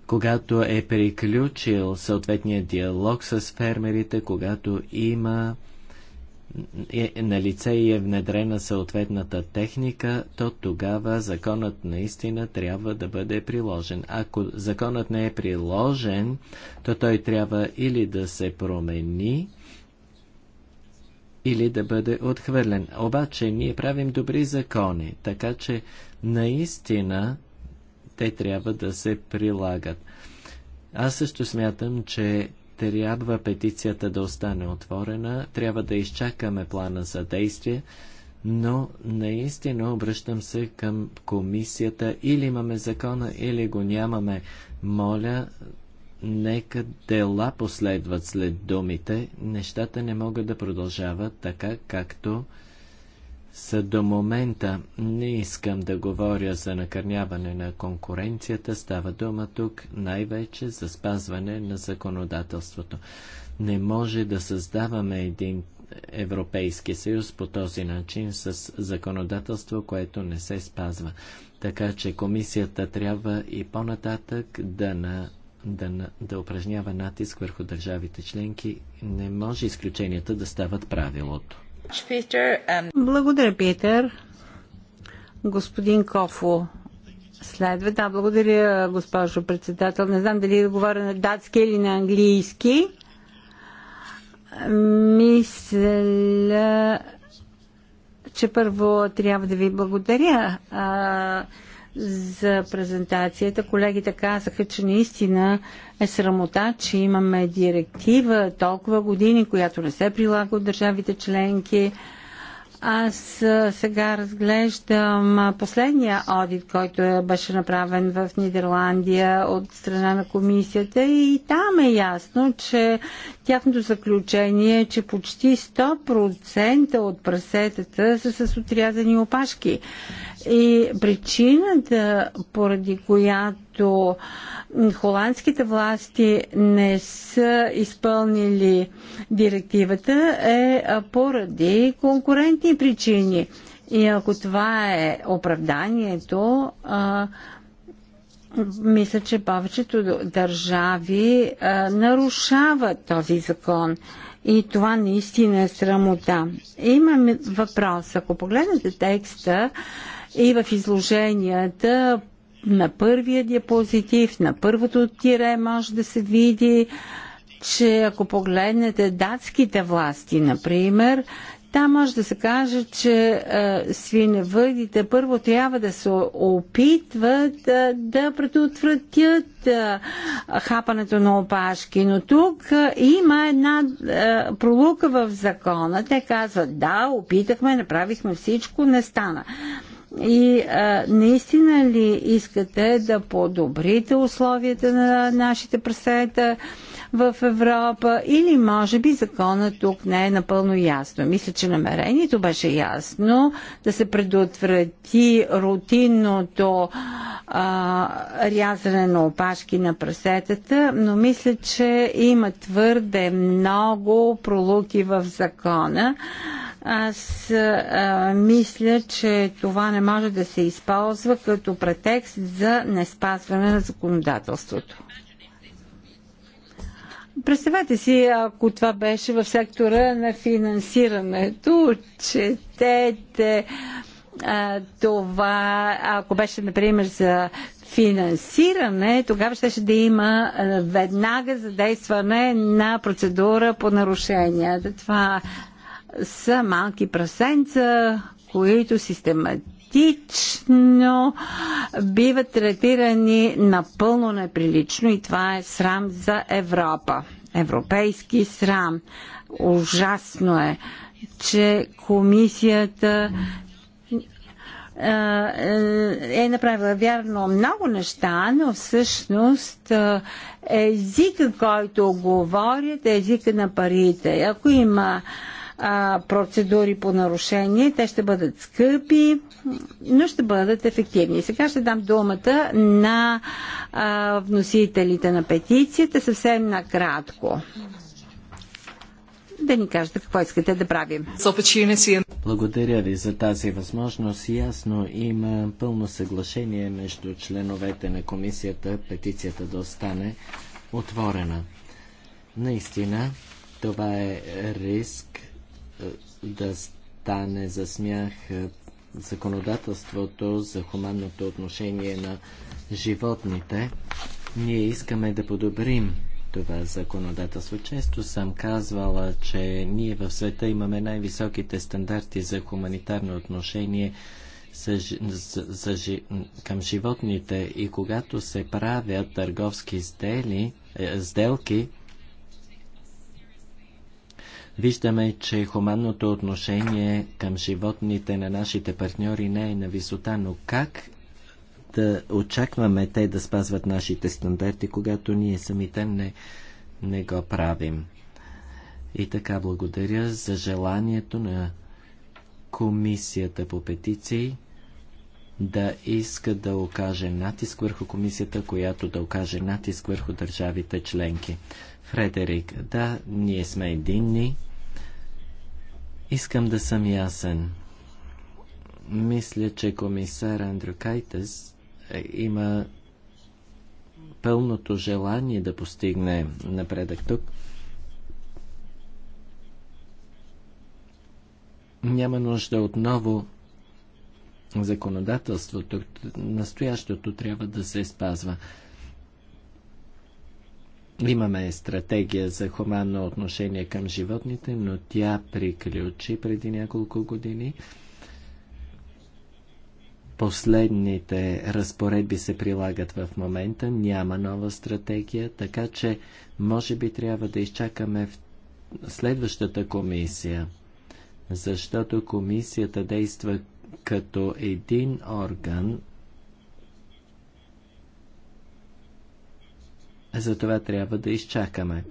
когато е приключил съответния диалог с фермерите, когато има е, е, на лице и е внедрена съответната техника, то тогава законът наистина трябва да бъде приложен. Ако законът не е приложен, то той трябва или да се промени, или да бъде отхвърлен. Обаче ние правим добри закони, така че наистина те трябва да се прилагат. Аз също смятам, че трябва петицията да остане отворена, трябва да изчакаме плана за действие, но наистина обръщам се към комисията. Или имаме закона, или го нямаме. Моля, нека дела последват след думите. Нещата не могат да продължават така, както са до момента. Не искам да говоря за накърняване на конкуренцията. Става дума тук най-вече за спазване на законодателството. Не може да създаваме един Европейски съюз по този начин с законодателство, което не се спазва. Така че комисията трябва и по-нататък да, на, да, на, да упражнява натиск върху държавите членки. Не може изключенията да стават правилото. Um, благодаря, Питер. Господин Кофо следва. Да, благодаря, госпожо председател. Не знам дали да говоря на датски или на английски. Мисля, че първо трябва да ви благодаря за презентацията. Колегите казаха, че наистина е срамота, че имаме директива толкова години, която не се прилага от държавите членки. Аз сега разглеждам последния одит, който е, беше направен в Нидерландия от страна на комисията и там е ясно, че тяхното заключение е, че почти 100% от прасетата са с отрязани опашки. И причината, поради която холандските власти не са изпълнили директивата, е поради конкурентни причини. И ако това е оправданието, мисля, че повечето държави нарушават този закон. И това наистина е срамота. Имам въпрос. Ако погледнете текста, и в изложенията на първия диапозитив, на първото тире може да се види, че ако погледнете датските власти, например, там може да се каже, че е, свиневъдите първо трябва да се опитват е, да предотвратят е, хапането на опашки. Но тук е, има една е, пролука в закона. Те казват, да, опитахме, направихме всичко, не стана. И а, наистина ли искате да подобрите условията на нашите пресета в Европа или може би законът тук не е напълно ясно? Мисля, че намерението беше ясно да се предотврати рутинното а, рязане на опашки на пресетата, но мисля, че има твърде много пролуки в закона. Аз а, мисля, че това не може да се използва като претекст за не спазване на законодателството. Представете си, ако това беше в сектора на финансирането, четете а, това, ако беше, например, за финансиране, тогава ще, ще да има веднага задействане на процедура по нарушения. Това са малки прасенца, които систематично биват третирани напълно неприлично и това е срам за Европа. Европейски срам. Ужасно е, че комисията е, е направила вярно много неща, но всъщност езика, който говорят, е езика на парите. Ако има а, процедури по нарушение. Те ще бъдат скъпи, но ще бъдат ефективни. Сега ще дам думата на а, вносителите на петицията съвсем накратко. Да ни кажете какво искате да правим. Благодаря ви за тази възможност. Ясно има пълно съглашение между членовете на комисията петицията да остане отворена. Наистина, това е риск да стане за смях е, законодателството за хуманното отношение на животните. Ние искаме да подобрим това законодателство. Често съм казвала, че ние в света имаме най-високите стандарти за хуманитарно отношение за, за, за, към животните и когато се правят търговски сдели, е, сделки, Виждаме, че хуманното отношение към животните на нашите партньори не е на висота, но как да очакваме те да спазват нашите стандарти, когато ние самите не, не го правим? И така, благодаря за желанието на Комисията по петиции да иска да окаже натиск върху комисията, която да окаже натиск върху държавите членки. Фредерик, да, ние сме единни. Искам да съм ясен. Мисля, че комисар Андрю Кайтес е, има пълното желание да постигне напредък тук. Няма нужда отново законодателството, настоящото трябва да се спазва. Имаме стратегия за хуманно отношение към животните, но тя приключи преди няколко години. Последните разпоредби се прилагат в момента, няма нова стратегия, така че може би трябва да изчакаме в следващата комисия, защото комисията действа като един орган Затова трябва да изчакаме.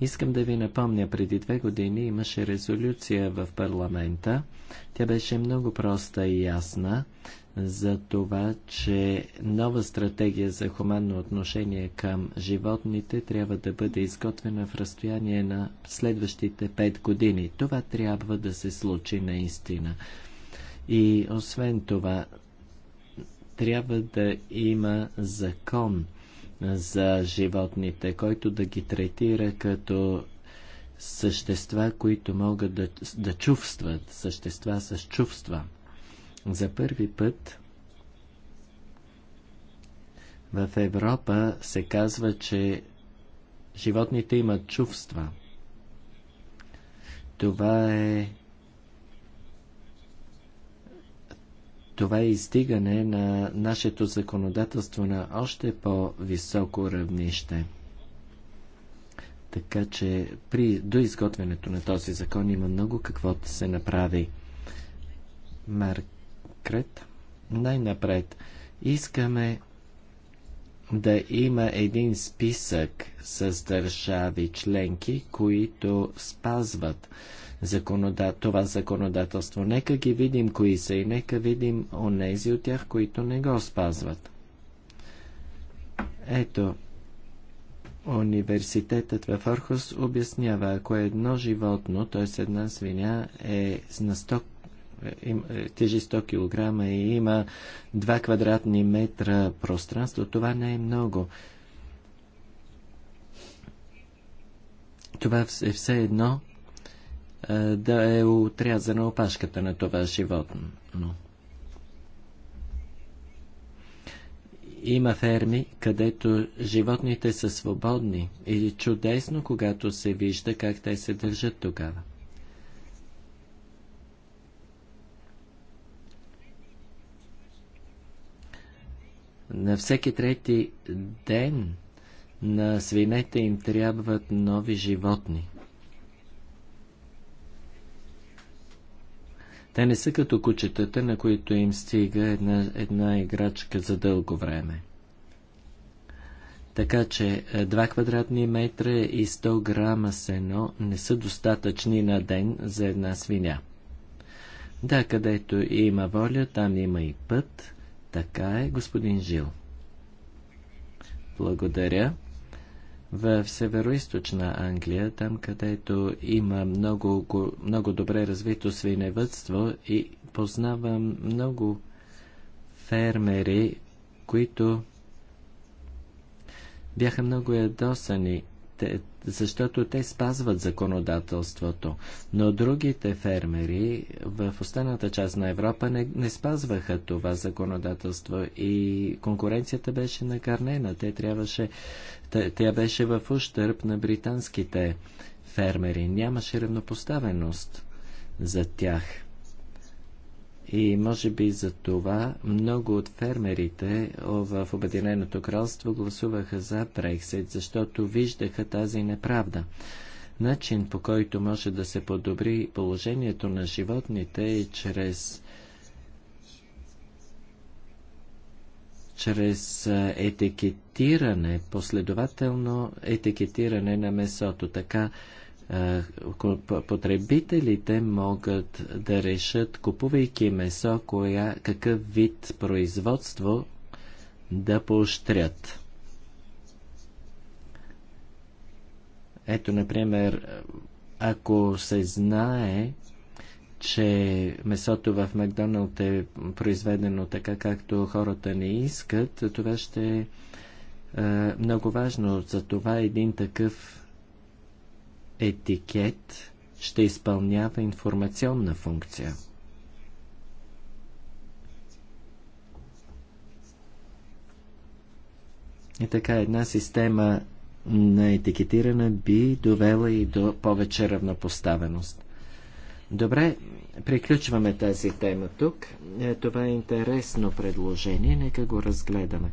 Искам да ви напомня, преди две години имаше резолюция в парламента. Тя беше много проста и ясна за това, че нова стратегия за хуманно отношение към животните трябва да бъде изготвена в разстояние на следващите пет години. Това трябва да се случи наистина. И освен това, трябва да има закон за животните, който да ги третира като същества, които могат да, да чувстват, същества с чувства. За първи път в Европа се казва, че животните имат чувства. Това е Това е издигане на нашето законодателство на още по-високо равнище. Така че при доизготвянето на този закон има много какво да се направи. Маркрет, най-напред искаме да има един списък с държави членки, които спазват законода... това законодателство. Нека ги видим кои са и нека видим онези от тях, които не го спазват. Ето, университетът в Орхос обяснява, ако е едно животно, т.е. една свиня е на 100 е, е, тежи 100 кг и има 2 квадратни метра пространство, това не е много. Това е все едно е, да е отрязана опашката на това животно. Има ферми, където животните са свободни и чудесно, когато се вижда как те се държат тогава. На всеки трети ден на свинете им трябват нови животни. Те не са като кучетата, на които им стига една, една играчка за дълго време. Така че 2 е, квадратни метра и 100 грама сено не са достатъчни на ден за една свиня. Да, където има воля, там има и път. Така е, господин Жил. Благодаря в северо Англия, там където има много, много добре развито свиневътство и познавам много фермери, които бяха много ядосани те, защото те спазват законодателството. Но другите фермери в останата част на Европа не, не спазваха това законодателство и конкуренцията беше накарнена. Те трябваше, тя беше в ущърп на британските фермери. Нямаше равнопоставеност за тях. И може би за това много от фермерите в Обединеното кралство гласуваха за Брексит, защото виждаха тази неправда. Начин по който може да се подобри положението на животните е чрез чрез етикетиране, последователно етикетиране на месото. Така е, потребителите могат да решат, купувайки месо, коя, какъв вид производство да поощрят. Ето, например, ако се знае, че месото в Макдоналд е произведено така, както хората не искат, това ще е много важно. За това един такъв етикет ще изпълнява информационна функция. И така една система на етикетиране би довела и до повече равнопоставеност. Добре, приключваме тази тема тук. Е, това е интересно предложение, нека го разгледаме.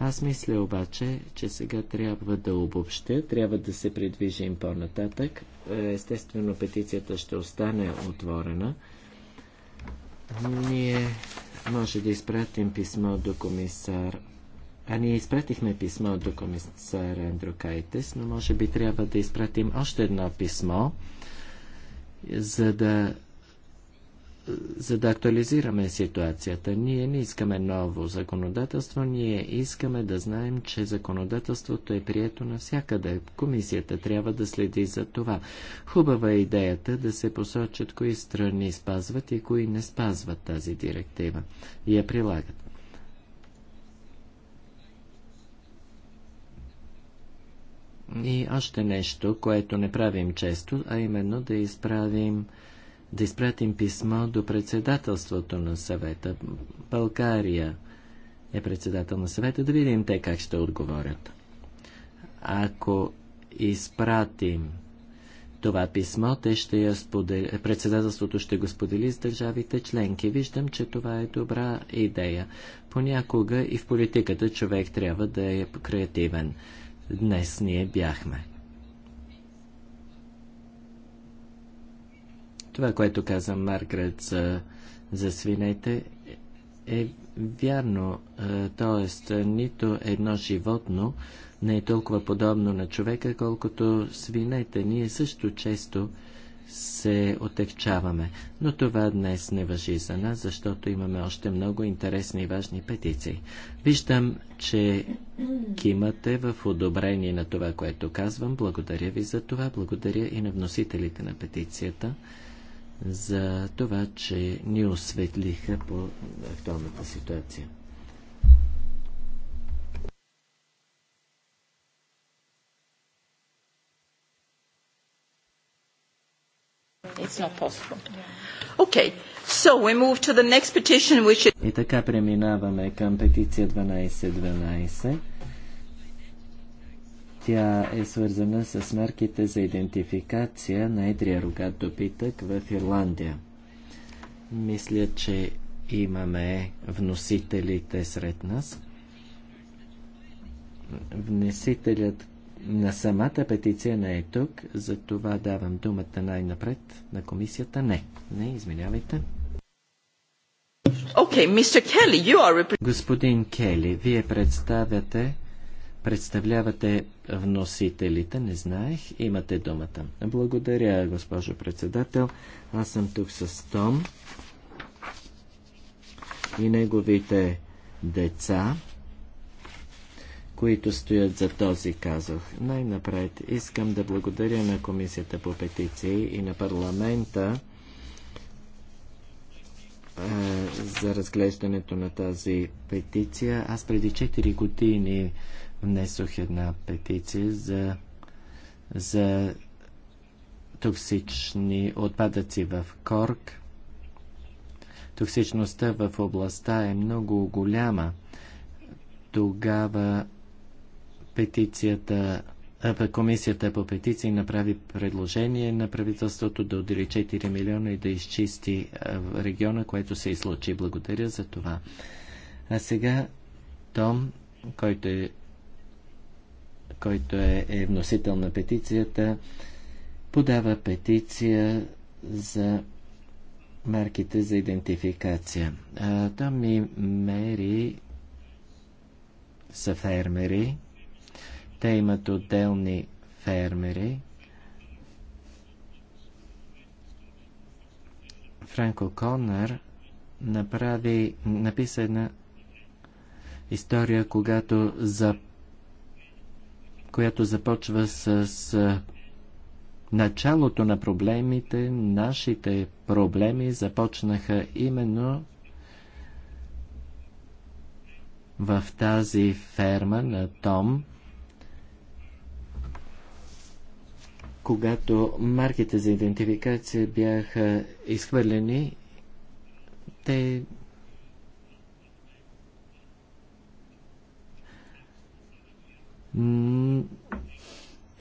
Аз мисля обаче, че сега трябва да обобщя, трябва да се придвижим по-нататък. Е, естествено, петицията ще остане отворена. Ние може да изпратим писмо до комисар. А ние изпратихме писмо до комисар Андро Кайтес, но може би трябва да изпратим още едно писмо, за да за да актуализираме ситуацията. Ние не искаме ново законодателство, ние искаме да знаем, че законодателството е прието навсякъде. Комисията трябва да следи за това. Хубава е идеята да се посочат кои страни спазват и кои не спазват тази директива и я прилагат. И още нещо, което не правим често, а именно да изправим да изпратим писмо до председателството на съвета. България е председател на съвета, да видим те как ще отговорят. Ако изпратим това писмо, те ще я сподели, председателството ще го сподели с държавите членки. Виждам, че това е добра идея. Понякога и в политиката човек трябва да е креативен. Днес ние бяхме. Това, което каза Маргарет за, за свинете, е вярно. Тоест, нито едно животно не е толкова подобно на човека, колкото свинете. Ние също често се отекчаваме. Но това днес не въжи за нас, защото имаме още много интересни и важни петиции. Виждам, че кимате в одобрение на това, което казвам. Благодаря ви за това. Благодаря и на вносителите на петицията за това, че ни осветлиха по актуалната ситуация. It's not possible. Okay. So we move to the next petition, which is... И така преминаваме към петиция 1212. 12 тя е свързана с мерките за идентификация на едрия рогат добитък в Ирландия. Мисля, че имаме вносителите сред нас. Внесителят на самата петиция не е тук, за това давам думата най-напред на комисията. Не, не, извинявайте. Okay, Mr. Kelly, you are... Господин Кели, вие представяте Представлявате вносителите, не знаех. Имате думата. Благодаря, госпожо председател. Аз съм тук с Том и неговите деца, които стоят за този казах. Най-напред искам да благодаря на Комисията по петиции и на парламента е, за разглеждането на тази петиция. Аз преди 4 години внесох една петиция за, за токсични отпадъци в Корк. Токсичността в областта е много голяма. Тогава петицията Комисията по петиции направи предложение на правителството да отдели 4 милиона и да изчисти региона, което се излучи. Благодаря за това. А сега Том, който е който е, е вносител на петицията, подава петиция за марките за идентификация. А, там и мери са фермери. Те имат отделни фермери. Франко Конър направи, написа една история, когато за която започва с началото на проблемите, нашите проблеми започнаха именно в тази ферма на Том, когато марките за идентификация бяха изхвърлени, те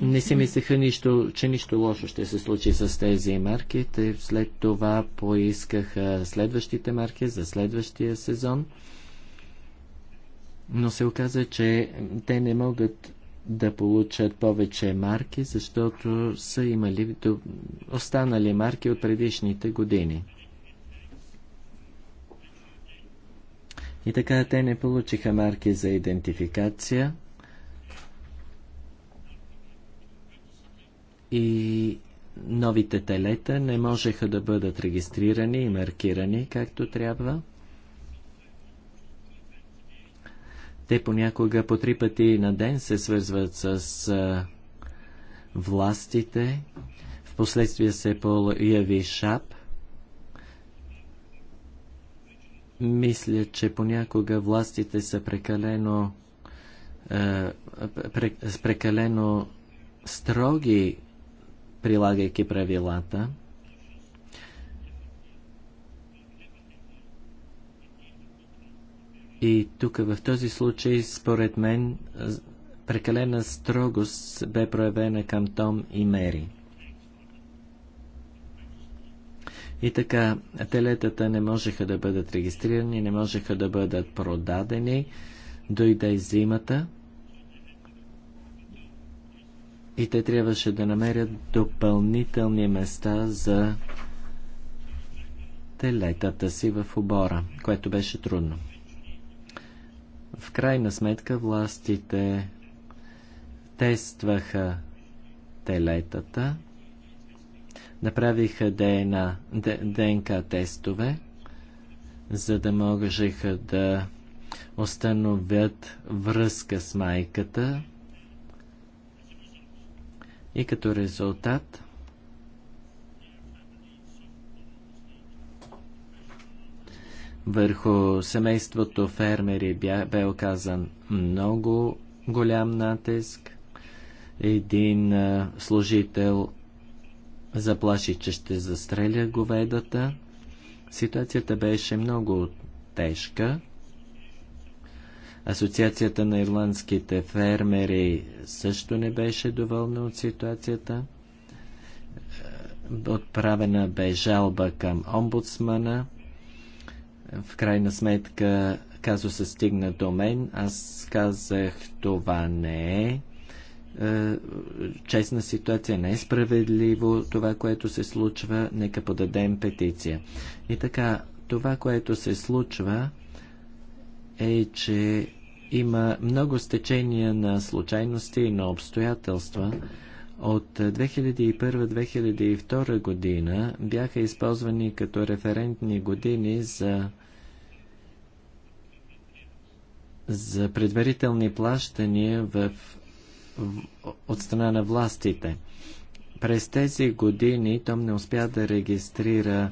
не си мислеха нищо, че нищо лошо ще се случи с тези марки. Те след това поискаха следващите марки за следващия сезон. Но се оказа, че те не могат да получат повече марки, защото са имали останали марки от предишните години. И така те не получиха марки за идентификация – и новите телета не можеха да бъдат регистрирани и маркирани както трябва. Те понякога по три пъти на ден се свързват с властите. Впоследствие се появи шап. Мисля, че понякога властите са прекалено, е, прекалено строги прилагайки правилата. И тук в този случай, според мен, прекалена строгост бе проявена към Том и Мери. И така, телетата не можеха да бъдат регистрирани, не можеха да бъдат продадени. Дойде зимата и те трябваше да намерят допълнителни места за телетата си в обора, което беше трудно. В крайна сметка властите тестваха телетата, направиха ДНК тестове, за да можеха да установят връзка с майката, и като резултат върху семейството фермери бе, оказан много голям натиск. Един служител заплаши, че ще застреля говедата. Ситуацията беше много тежка. Асоциацията на ирландските фермери също не беше доволна от ситуацията. Е, отправена бе жалба към омбудсмана. В крайна сметка се стигна до мен. Аз казах, това не е, е честна ситуация, не е справедливо това, което се случва, нека подадем петиция. И така, това, което се случва е, че има много стечения на случайности и на обстоятелства. От 2001-2002 година бяха използвани като референтни години за за предварителни плащания в, в, от страна на властите. През тези години Том не успя да регистрира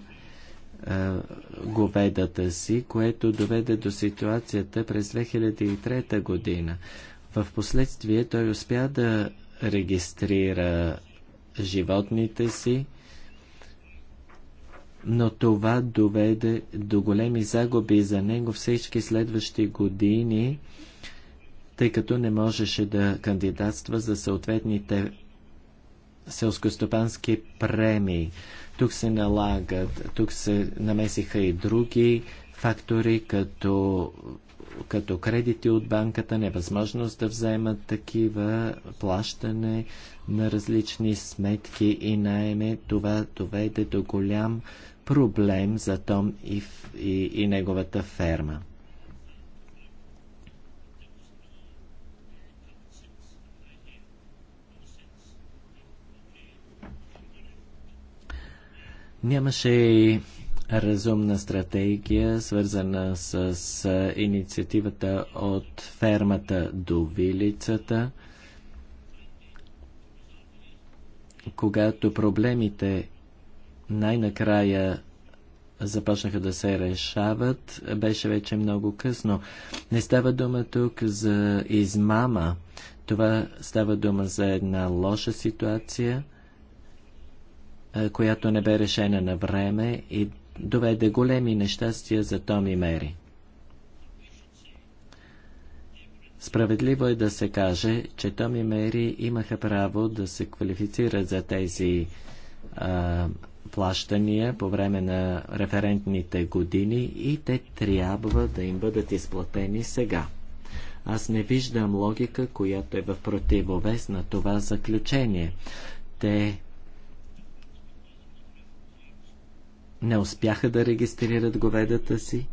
говедата си, което доведе до ситуацията през 2003 година. В последствие той успя да регистрира животните си, но това доведе до големи загуби за него всички следващи години, тъй като не можеше да кандидатства за съответните селскостопански премии. Тук се налагат, тук се намесиха и други фактори, като, като кредити от банката, невъзможност да вземат такива, плащане на различни сметки и найеме. Това доведе до голям проблем за Том и, и, и неговата ферма. Нямаше и разумна стратегия, свързана с, с инициативата от фермата до вилицата. Когато проблемите най-накрая започнаха да се решават, беше вече много късно. Не става дума тук за измама. Това става дума за една лоша ситуация, която не бе решена на време и доведе големи нещастия за Томи Мери. Справедливо е да се каже, че Томи Мери имаха право да се квалифицират за тези а, плащания по време на референтните години и те трябва да им бъдат изплатени сега. Аз не виждам логика, която е в противовес на това заключение. Те не успяха да регистрират говедата си.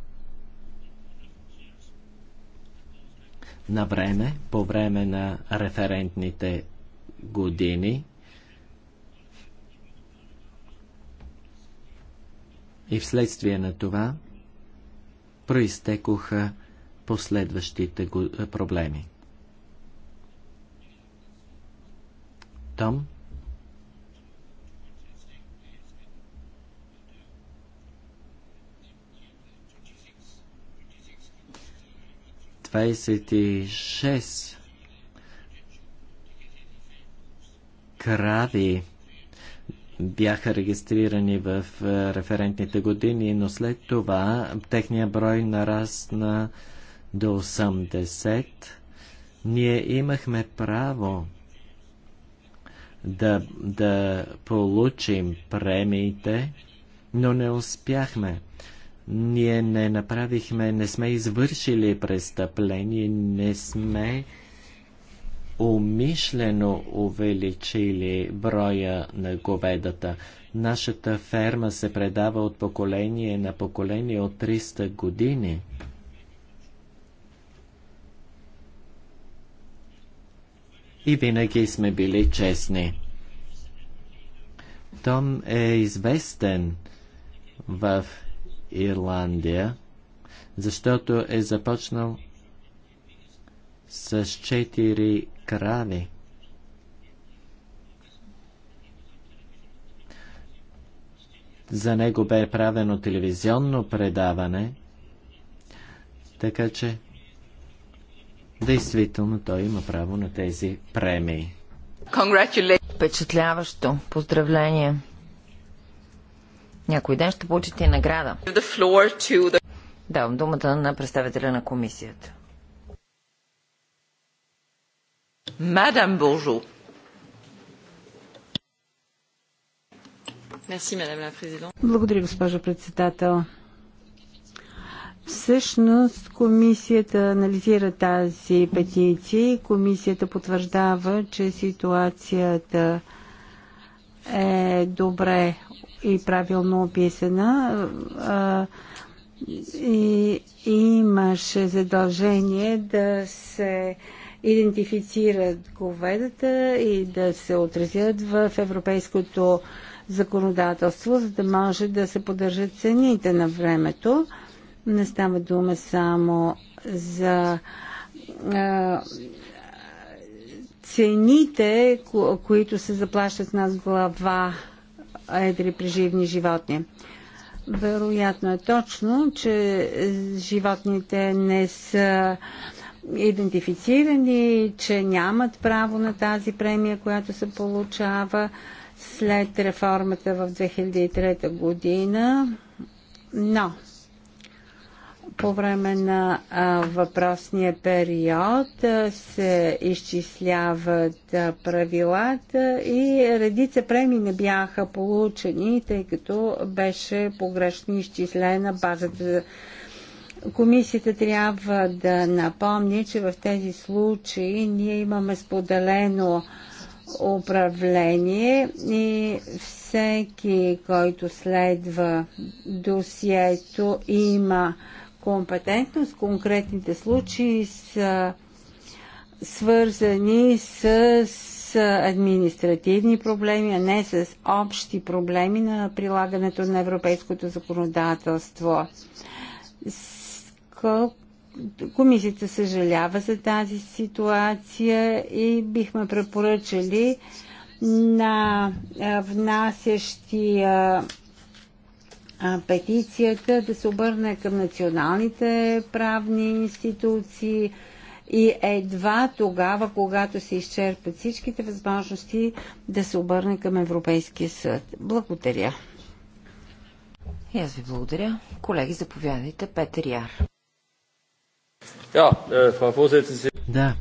На време, по време на референтните години, и вследствие на това проистекоха последващите проблеми. Том 26 крави бяха регистрирани в е, референтните години, но след това техния брой нарасна до 80. Ние имахме право да, да получим премиите, но не успяхме. Ние не направихме, не сме извършили престъпление, не сме умишлено увеличили броя на говедата. Нашата ферма се предава от поколение на поколение от 300 години. И винаги сме били честни. Том е известен в Ирландия, защото е започнал с четири крави. За него бе правено телевизионно предаване, така че действително той има право на тези премии. Впечатляващо. Поздравление. Някой ден ще получите и награда. The... Давам думата на представителя на комисията. Мадам Буржо. Благодаря, госпожо председател. Всъщност комисията анализира тази петиция и комисията потвърждава, че ситуацията е добре и правилно описана. И имаше задължение да се идентифицират говедата и да се отразят в европейското законодателство, за да може да се поддържат цените на времето. Не става дума само за а, цените, които се заплащат нас глава едри преживни животни. Вероятно е точно, че животните не са идентифицирани, че нямат право на тази премия, която се получава след реформата в 2003 година. Но по време на а, въпросния период а, се изчисляват а, правилата и редица преми не бяха получени, тъй като беше погрешно изчислена базата. Комисията трябва да напомни, че в тези случаи ние имаме споделено управление и всеки, който следва досието, има компетентност. Конкретните случаи са свързани с административни проблеми, а не с общи проблеми на прилагането на европейското законодателство. Комисията съжалява за тази ситуация и бихме препоръчали на внасящия петицията, да се обърне към националните правни институции и едва тогава, когато се изчерпят всичките възможности, да се обърне към Европейския съд. Благодаря. И аз ви благодаря. Колеги, заповядайте. Петър Яр. Да,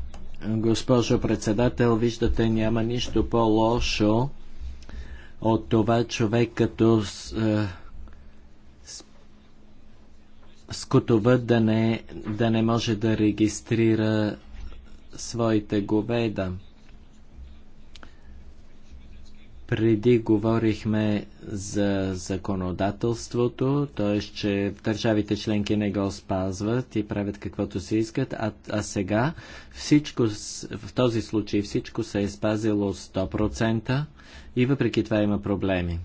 е, госпожо председател, виждате, няма нищо по-лошо от това човек като е, скотова да не, да не може да регистрира своите говеда. Преди говорихме за законодателството, т.е. че държавите членки не го спазват и правят каквото си искат, а, а сега всичко, в този случай всичко се е спазило 100% и въпреки това има проблеми.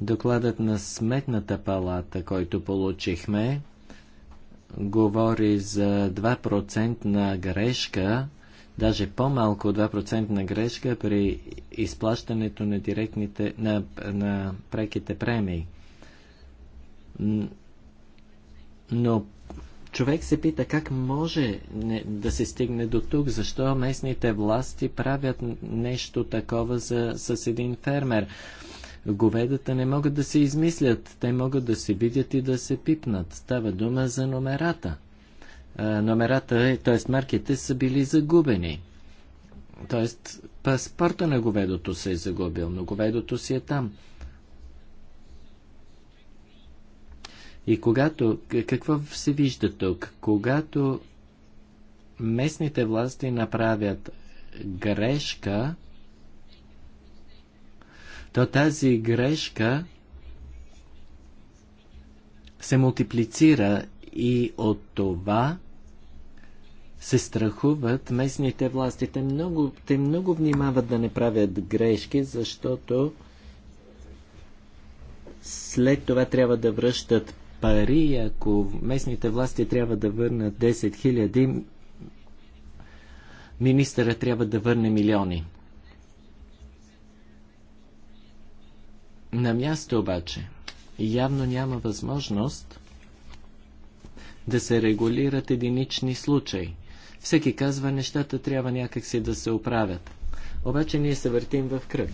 Докладът на Сметната палата, който получихме, говори за 2% на грешка, даже по-малко 2% на грешка при изплащането на, директните, на, на преките премии. Но човек се пита как може да се стигне до тук, защо местните власти правят нещо такова за, с един фермер. Говедата не могат да се измислят, те могат да се видят и да се пипнат. Става дума за номерата. номерата, е, т.е. марките са били загубени. Т.е. паспорта на говедото се е загубил, но говедото си е там. И когато, какво се вижда тук? Когато местните власти направят грешка, то тази грешка се мултиплицира и от това се страхуват местните власти. Те много, те много внимават да не правят грешки, защото след това трябва да връщат пари. Ако местните власти трябва да върнат 10 000, министъра трябва да върне милиони. На място обаче явно няма възможност да се регулират единични случаи. Всеки казва, нещата трябва някакси да се оправят. Обаче ние се въртим в кръг.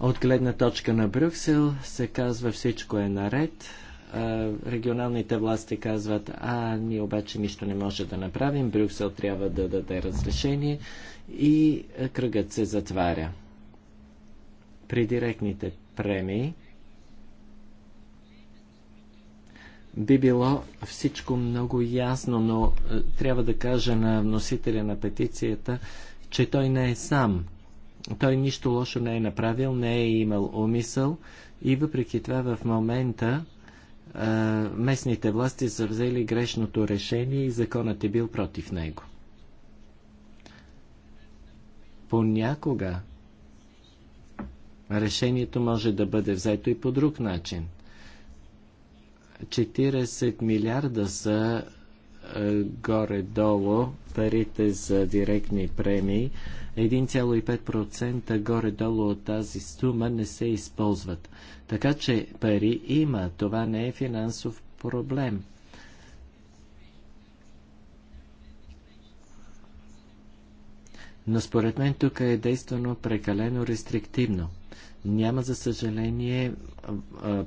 От гледна точка на Брюксел се казва всичко е наред. А, регионалните власти казват, а ние обаче нищо не може да направим, Брюксел трябва да даде разрешение и кръгът се затваря. При директните премии би било всичко много ясно, но е, трябва да кажа на носителя на петицията, че той не е сам. Той нищо лошо не е направил, не е имал умисъл и въпреки това в момента е, местните власти са взели грешното решение и законът е бил против него. Понякога решението може да бъде взето и по друг начин. 40 милиарда са е, горе-долу парите за директни премии. 1,5% горе-долу от тази сума не се използват. Така че пари има. Това не е финансов проблем. Но според мен тук е действано прекалено рестриктивно. Няма, за съжаление,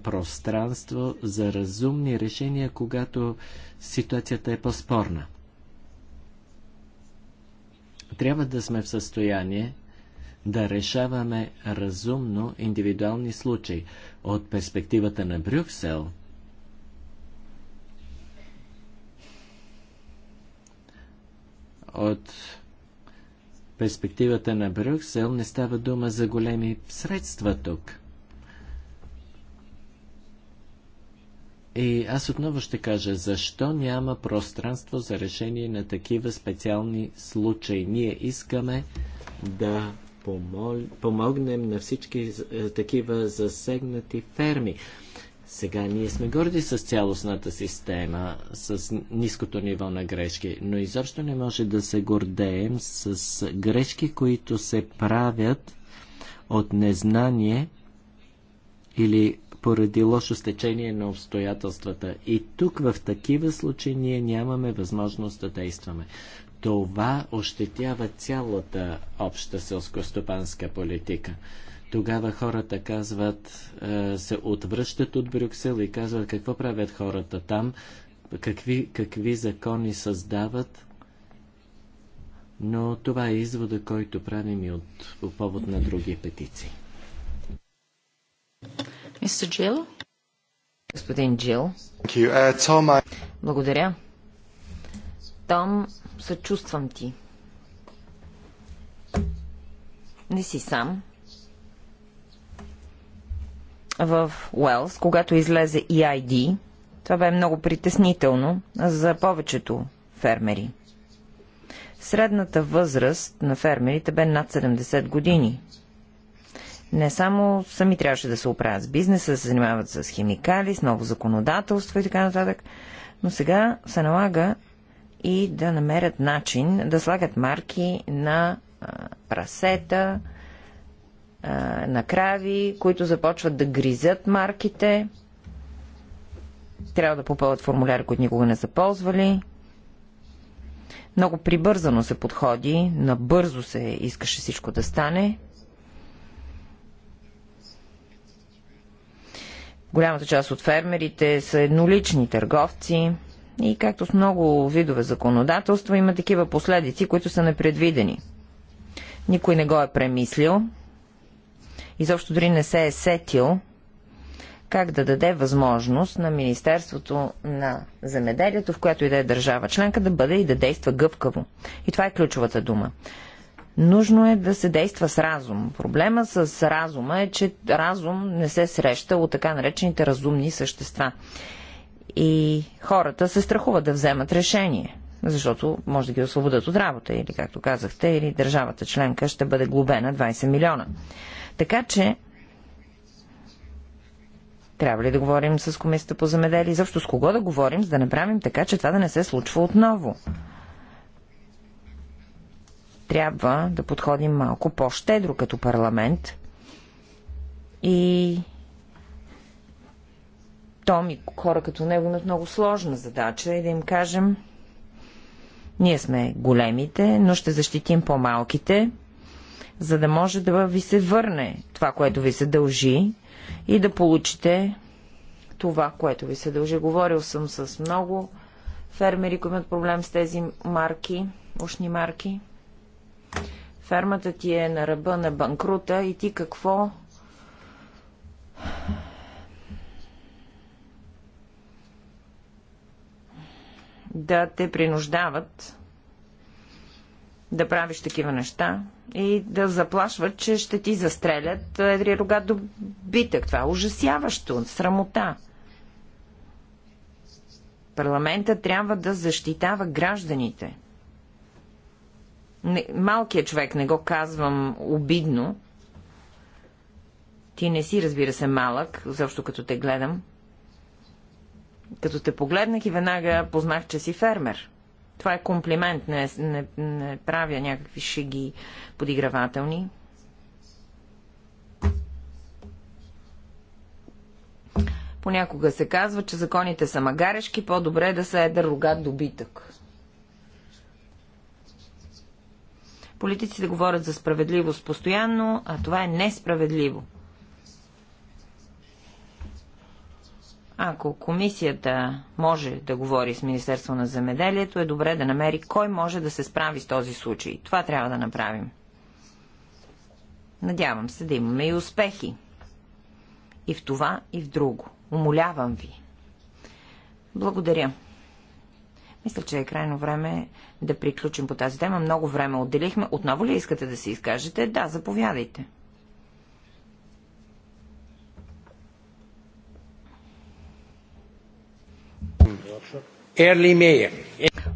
пространство за разумни решения, когато ситуацията е по-спорна. Трябва да сме в състояние да решаваме разумно индивидуални случаи от перспективата на Брюксел. От перспективата на Брюксел не става дума за големи средства тук. И аз отново ще кажа, защо няма пространство за решение на такива специални случаи? Ние искаме да помогнем на всички е, такива засегнати ферми. Сега ние сме горди с цялостната система, с ниското ниво на грешки, но изобщо не може да се гордеем с грешки, които се правят от незнание или поради лошо стечение на обстоятелствата. И тук в такива случаи ние нямаме възможност да действаме. Това ощетява цялата обща селско-стопанска политика. Тогава хората казват, е, се отвръщат от Брюксел и казват какво правят хората там, какви, какви закони създават. Но това е извода, който правим и от, по повод на други петиции. Мистер Джил? Господин Джил. Uh, Благодаря. Том, съчувствам ти. Не си сам в Уелс, когато излезе EID, това бе много притеснително за повечето фермери. Средната възраст на фермерите бе над 70 години. Не само сами трябваше да се оправят с бизнеса, да се занимават с химикали, с ново законодателство и така нататък, но сега се налага и да намерят начин да слагат марки на прасета, а, на крави, които започват да гризят марките. Трябва да попълват формуляри, които никога не са ползвали. Много прибързано се подходи, набързо се искаше всичко да стане. Голямата част от фермерите са еднолични търговци и както с много видове законодателство има такива последици, които са непредвидени. Никой не го е премислил изобщо дори не се е сетил как да даде възможност на Министерството на земеделието, в която и да е държава членка, да бъде и да действа гъвкаво. И това е ключовата дума. Нужно е да се действа с разум. Проблема с разума е, че разум не се среща от така наречените разумни същества. И хората се страхуват да вземат решение, защото може да ги освободят от работа или, както казахте, или държавата членка ще бъде глобена 20 милиона. Така че трябва ли да говорим с Комисията по замеделие? Защо с кого да говорим, за да направим така, че това да не се случва отново? Трябва да подходим малко по-щедро като парламент и Том и хора като него имат много сложна задача и да им кажем ние сме големите, но ще защитим по-малките, за да може да ви се върне това, което ви се дължи и да получите това, което ви се дължи. Говорил съм с много фермери, които имат проблем с тези марки, ушни марки. Фермата ти е на ръба на банкрута и ти какво да те принуждават да правиш такива неща, и да заплашват, че ще ти застрелят е, едри рога битък. Това е ужасяващо, срамота. Парламента трябва да защитава гражданите. Не, малкият човек, не го казвам обидно. Ти не си, разбира се, малък, защото като те гледам. Като те погледнах и веднага познах, че си фермер – това е комплимент, не, не, не правя някакви шеги подигравателни. Понякога се казва, че законите са магарешки, по-добре е да са едър рогат добитък. Политиците говорят за справедливост постоянно, а това е несправедливо. Ако комисията може да говори с Министерство на земеделието, е добре да намери кой може да се справи с този случай. Това трябва да направим. Надявам се да имаме и успехи. И в това, и в друго. Умолявам ви. Благодаря. Мисля, че е крайно време да приключим по тази тема. Много време отделихме. Отново ли искате да се изкажете? Да, заповядайте.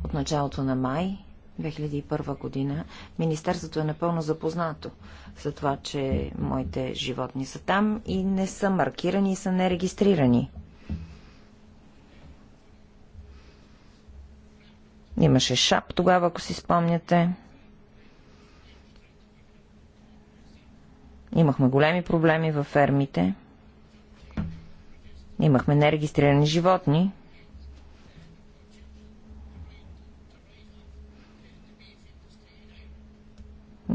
От началото на май 2001 година Министерството е напълно запознато за това, че моите животни са там и не са маркирани и са нерегистрирани. Имаше шап тогава, ако си спомняте. Имахме големи проблеми във фермите. Имахме нерегистрирани животни,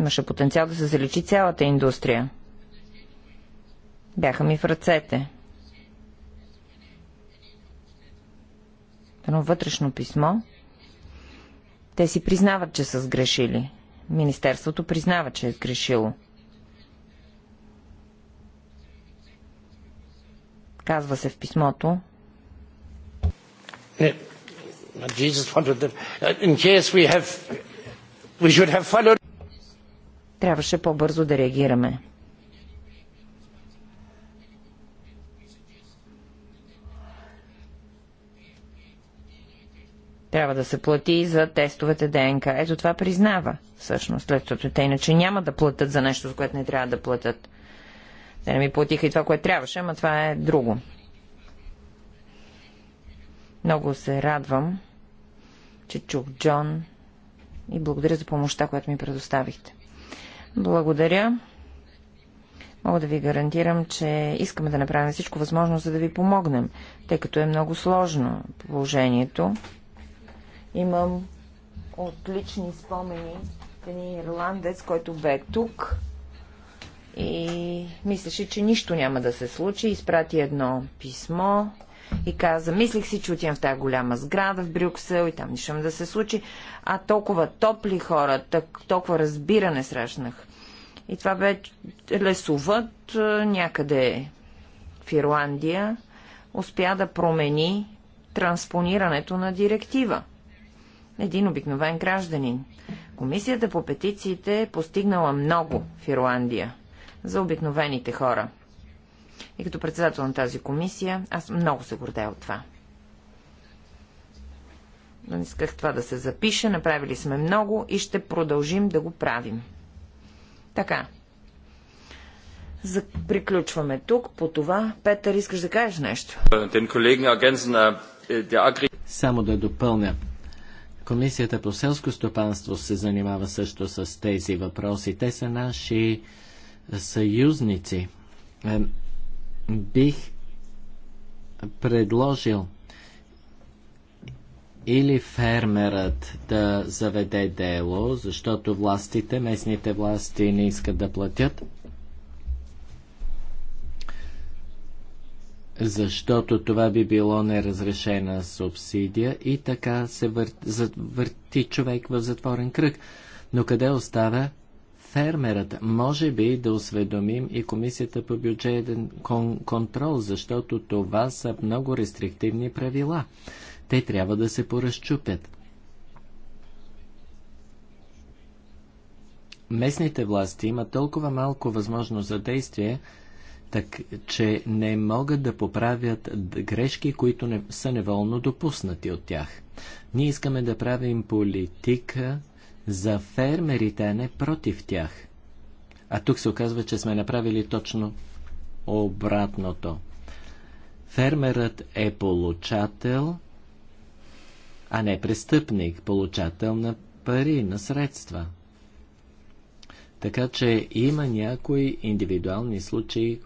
Имаше потенциал да се заличи цялата индустрия. Бяха ми в ръцете. Едно вътрешно писмо. Те си признават, че са сгрешили. Министерството признава, че е сгрешило. Казва се в писмото. Не. Jesus wanted that. In case we have, we should have followed трябваше по-бързо да реагираме. Трябва да се плати за тестовете ДНК. Ето това признава, всъщност, след като те иначе няма да платят за нещо, за което не трябва да платят. Те не ми платиха и това, което трябваше, ама това е друго. Много се радвам, че чух Джон и благодаря за помощта, която ми предоставихте. Благодаря. Мога да ви гарантирам, че искаме да направим всичко възможно, за да ви помогнем, тъй като е много сложно положението. Имам отлични спомени един ирландец, който бе тук и мислеше, че нищо няма да се случи. Изпрати едно писмо и каза, мислих си, че отивам в тази голяма сграда в Брюксел и там нищо да се случи, а толкова топли хора, толкова разбиране срещнах. И това бе лесовът някъде в Ирландия успя да промени транспонирането на директива. Един обикновен гражданин. Комисията по петициите е постигнала много в Ирландия за обикновените хора – и като председател на тази комисия, аз много се гордея от това. Но исках това да се запише, направили сме много и ще продължим да го правим. Така. За... Приключваме тук по това. Петър, искаш да кажеш нещо? Äh, Само да допълня. Комисията по селско стопанство се занимава също с тези въпроси. Те са наши съюзници бих предложил или фермерът да заведе дело, защото властите, местните власти не искат да платят, защото това би било неразрешена субсидия и така се върти човек в затворен кръг. Но къде оставя фермерът. Може би да осведомим и Комисията по бюджетен кон- контрол, защото това са много рестриктивни правила. Те трябва да се поразчупят. Местните власти имат толкова малко възможност за действие, так, че не могат да поправят грешки, които не, са неволно допуснати от тях. Ние искаме да правим политика, за фермерите, а не против тях. А тук се оказва, че сме направили точно обратното. Фермерът е получател, а не престъпник, получател на пари, на средства. Така че има някои индивидуални случаи,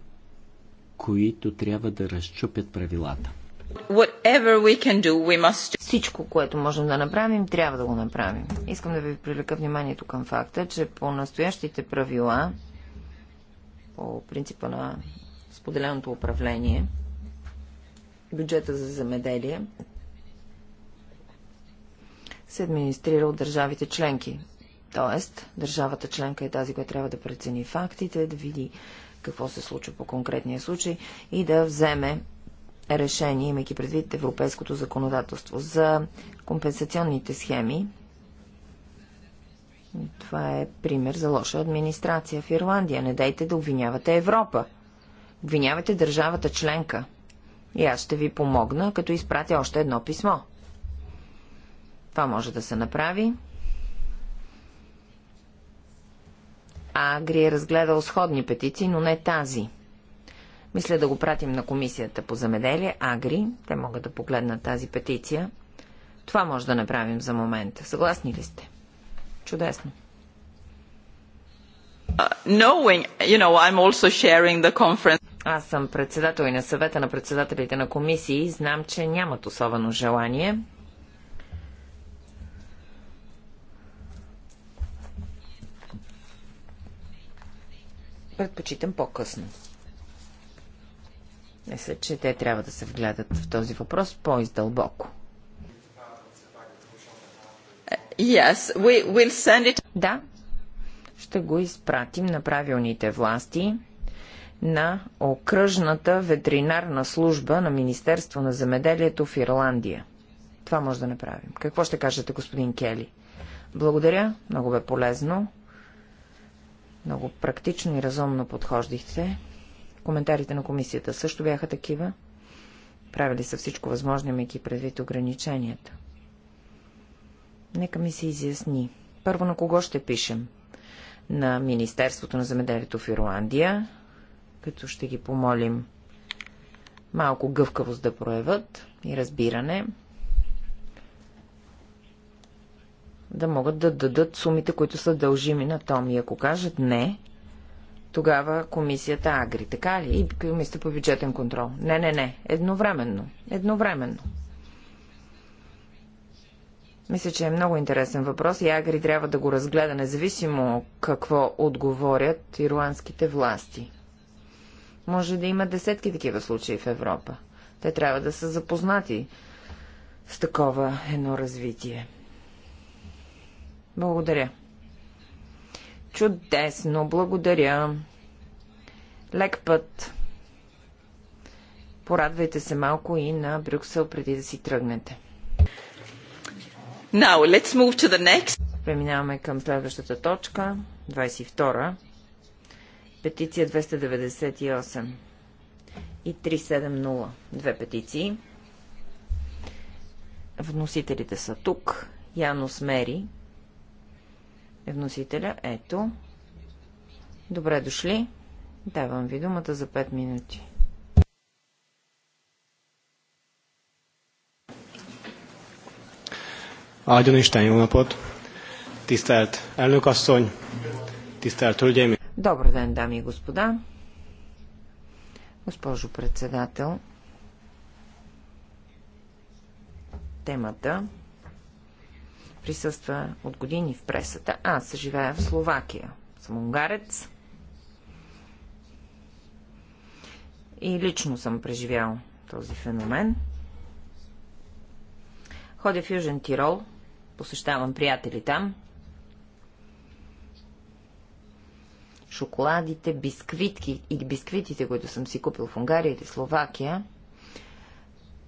които трябва да разчупят правилата. Всичко, което можем да направим, трябва да го направим. Искам да ви привлека вниманието към факта, че по настоящите правила, по принципа на споделеното управление, бюджета за земеделие се администрира от държавите членки. Тоест, държавата членка е тази, която трябва да прецени фактите, да види какво се случва по конкретния случай и да вземе решение, имайки предвид европейското законодателство. За компенсационните схеми, това е пример за лоша администрация в Ирландия. Не дайте да обвинявате Европа. Обвинявате държавата членка. И аз ще ви помогна, като изпратя още едно писмо. Това може да се направи. Агри е разгледал сходни петиции, но не тази. Мисля да го пратим на комисията по замеделие, Агри. Те могат да погледнат тази петиция. Това може да направим за момента. Съгласни ли сте? Чудесно. Uh, Аз съм председател и на съвета на председателите на комисии. Знам, че нямат особено желание. Предпочитам по-късно. Мисля, че те трябва да се вгледат в този въпрос по-издълбоко. Е, yes, we will send it. Да, ще го изпратим на правилните власти на окръжната ветеринарна служба на Министерство на земеделието в Ирландия. Това може да направим. Какво ще кажете, господин Кели? Благодаря, много бе полезно. Много практично и разумно подхождихте. Коментарите на комисията също бяха такива. Правили са всичко възможно, имайки предвид ограниченията. Нека ми се изясни. Първо на кого ще пишем? На Министерството на земеделието в Ирландия, като ще ги помолим малко гъвкавост да проявят и разбиране, да могат да дадат сумите, които са дължими на Томи. Ако кажат не, тогава комисията Агри, така ли? И комисията по бюджетен контрол. Не, не, не. Едновременно. Едновременно. Мисля, че е много интересен въпрос и Агри трябва да го разгледа, независимо какво отговорят ирландските власти. Може да има десетки такива случаи в Европа. Те трябва да са запознати с такова едно развитие. Благодаря. Чудесно, благодаря. Лек път. Порадвайте се малко и на Брюксел преди да си тръгнете. Now, let's move to the next. Преминаваме към следващата точка, 22. Петиция 298 и 370. Две петиции. Вносителите са тук. Янус Мери е вносителя. Ето. Добре дошли. Давам ви думата за 5 минути. Áldjon Isten jó napot! Tisztelt elnökasszony, tisztelt hölgyeim! Добър ден, дами и господа! Госпожо председател, темата присъства от години в пресата. Аз живея в Словакия. Съм унгарец. И лично съм преживял този феномен. Ходя в Южен Тирол, посещавам приятели там. Шоколадите, бисквитки или бисквитите, които съм си купил в Унгария или Словакия,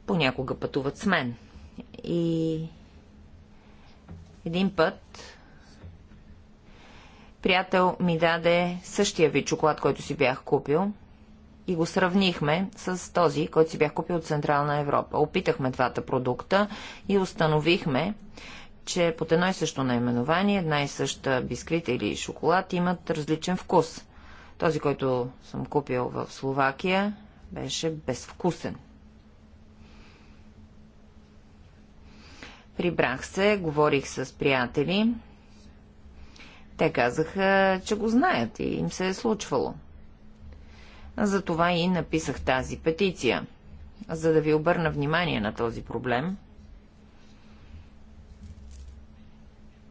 понякога пътуват с мен. И един път приятел ми даде същия вид шоколад, който си бях купил и го сравнихме с този, който си бях купил от Централна Европа. Опитахме двата продукта и установихме, че под едно и също наименование, една и съща бисквит или шоколад имат различен вкус. Този, който съм купил в Словакия, беше безвкусен. Прибрах се, говорих с приятели. Те казаха, че го знаят и им се е случвало. Затова и написах тази петиция, за да ви обърна внимание на този проблем.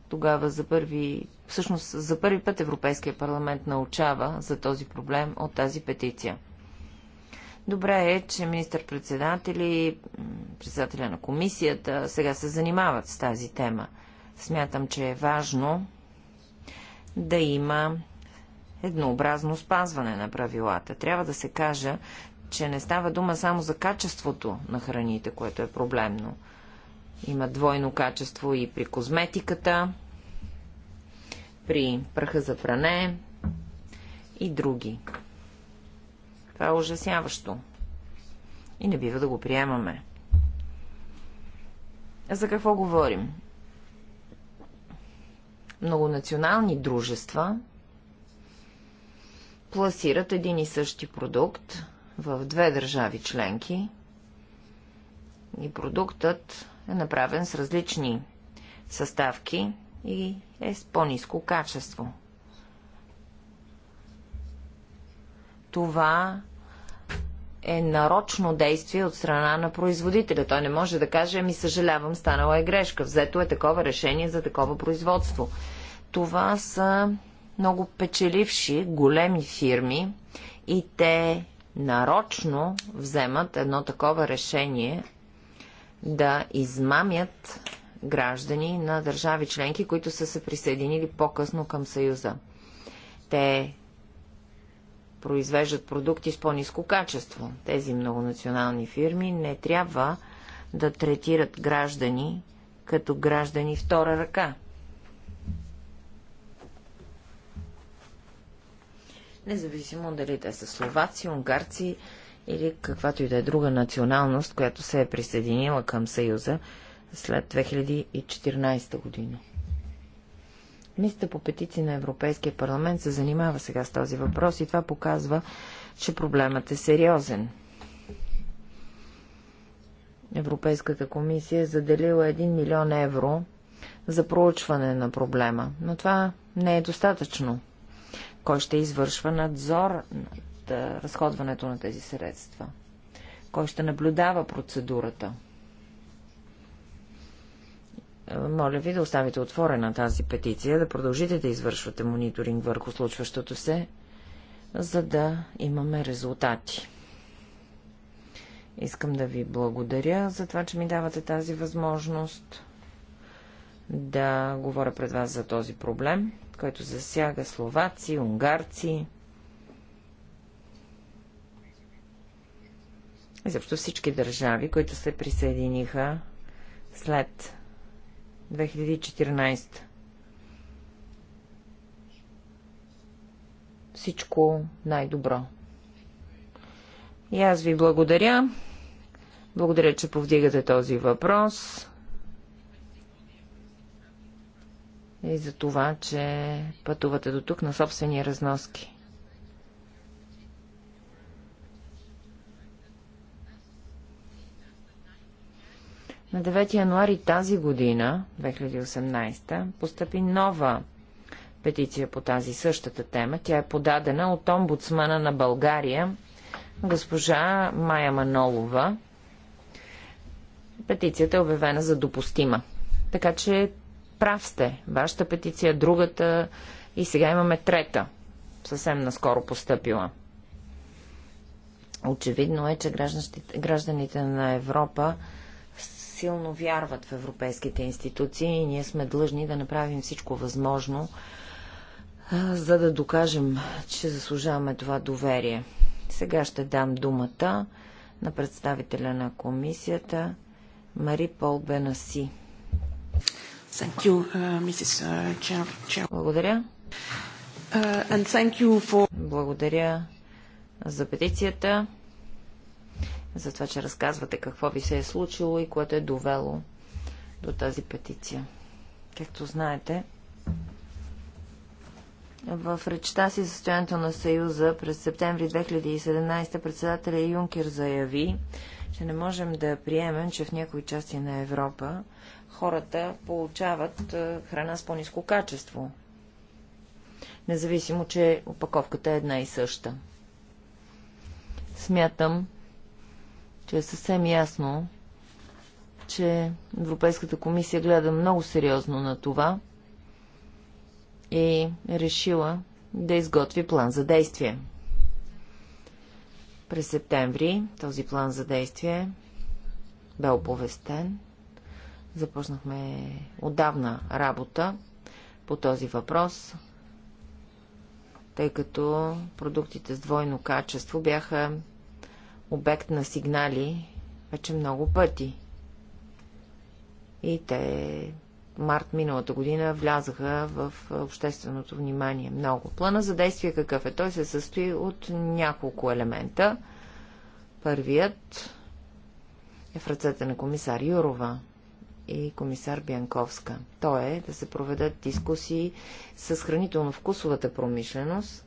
Тогава за първи, всъщност за първи път Европейския парламент научава за този проблем от тази петиция. Добре е, че министър-председатели, председателя на комисията сега се занимават с тази тема. Смятам, че е важно да има еднообразно спазване на правилата. Трябва да се каже, че не става дума само за качеството на храните, което е проблемно. Има двойно качество и при козметиката, при пръха за пране и други. Това е ужасяващо. И не бива да го приемаме. За какво говорим? Многонационални дружества пласират един и същи продукт в две държави членки и продуктът е направен с различни съставки и е с по-низко качество. това е нарочно действие от страна на производителя. Той не може да каже, ами съжалявам, станала е грешка. Взето е такова решение за такова производство. Това са много печеливши, големи фирми и те нарочно вземат едно такова решение да измамят граждани на държави членки, които са се присъединили по-късно към Съюза. Те произвеждат продукти с по-низко качество. Тези многонационални фирми не трябва да третират граждани като граждани втора ръка. Независимо дали те са словаци, унгарци или каквато и да е друга националност, която се е присъединила към Съюза след 2014 година. Комисията по петиции на Европейския парламент се занимава сега с този въпрос и това показва, че проблемът е сериозен. Европейската комисия е заделила 1 милион евро за проучване на проблема, но това не е достатъчно. Кой ще извършва надзор над разходването на тези средства? Кой ще наблюдава процедурата? Моля ви да оставите отворена тази петиция, да продължите да извършвате мониторинг върху случващото се, за да имаме резултати. Искам да ви благодаря за това, че ми давате тази възможност да говоря пред вас за този проблем, който засяга словаци, унгарци и също всички държави, които се присъединиха след 2014. Всичко най-добро. И аз ви благодаря. Благодаря, че повдигате този въпрос. И за това, че пътувате до тук на собствени разноски. На 9 януари тази година, 2018, постъпи нова петиция по тази същата тема. Тя е подадена от омбудсмана на България, госпожа Майя Манолова. Петицията е обявена за допустима. Така че прав сте. Вашата петиция, другата и сега имаме трета. Съвсем наскоро постъпила. Очевидно е, че гражданите на Европа силно вярват в европейските институции и ние сме длъжни да направим всичко възможно, за да докажем, че заслужаваме това доверие. Сега ще дам думата на представителя на комисията Мари Пол Бенаси. Благодаря. Благодаря за петицията за това, че разказвате какво ви се е случило и което е довело до тази петиция. Както знаете, в речта си за състоянието на Съюза през септември 2017 председателя Юнкер заяви, че не можем да приемем, че в някои части на Европа хората получават е, храна с по-низко качество. Независимо, че опаковката е една и съща. Смятам, че е съвсем ясно, че Европейската комисия гледа много сериозно на това и е решила да изготви план за действие. През септември този план за действие бе оповестен. Започнахме отдавна работа по този въпрос, тъй като продуктите с двойно качество бяха обект на сигнали вече много пъти. И те март миналата година влязаха в общественото внимание много. Плана за действие какъв е? Той се състои от няколко елемента. Първият е в ръцете на комисар Юрова и комисар Бянковска. То е да се проведат дискусии с хранително-вкусовата промишленост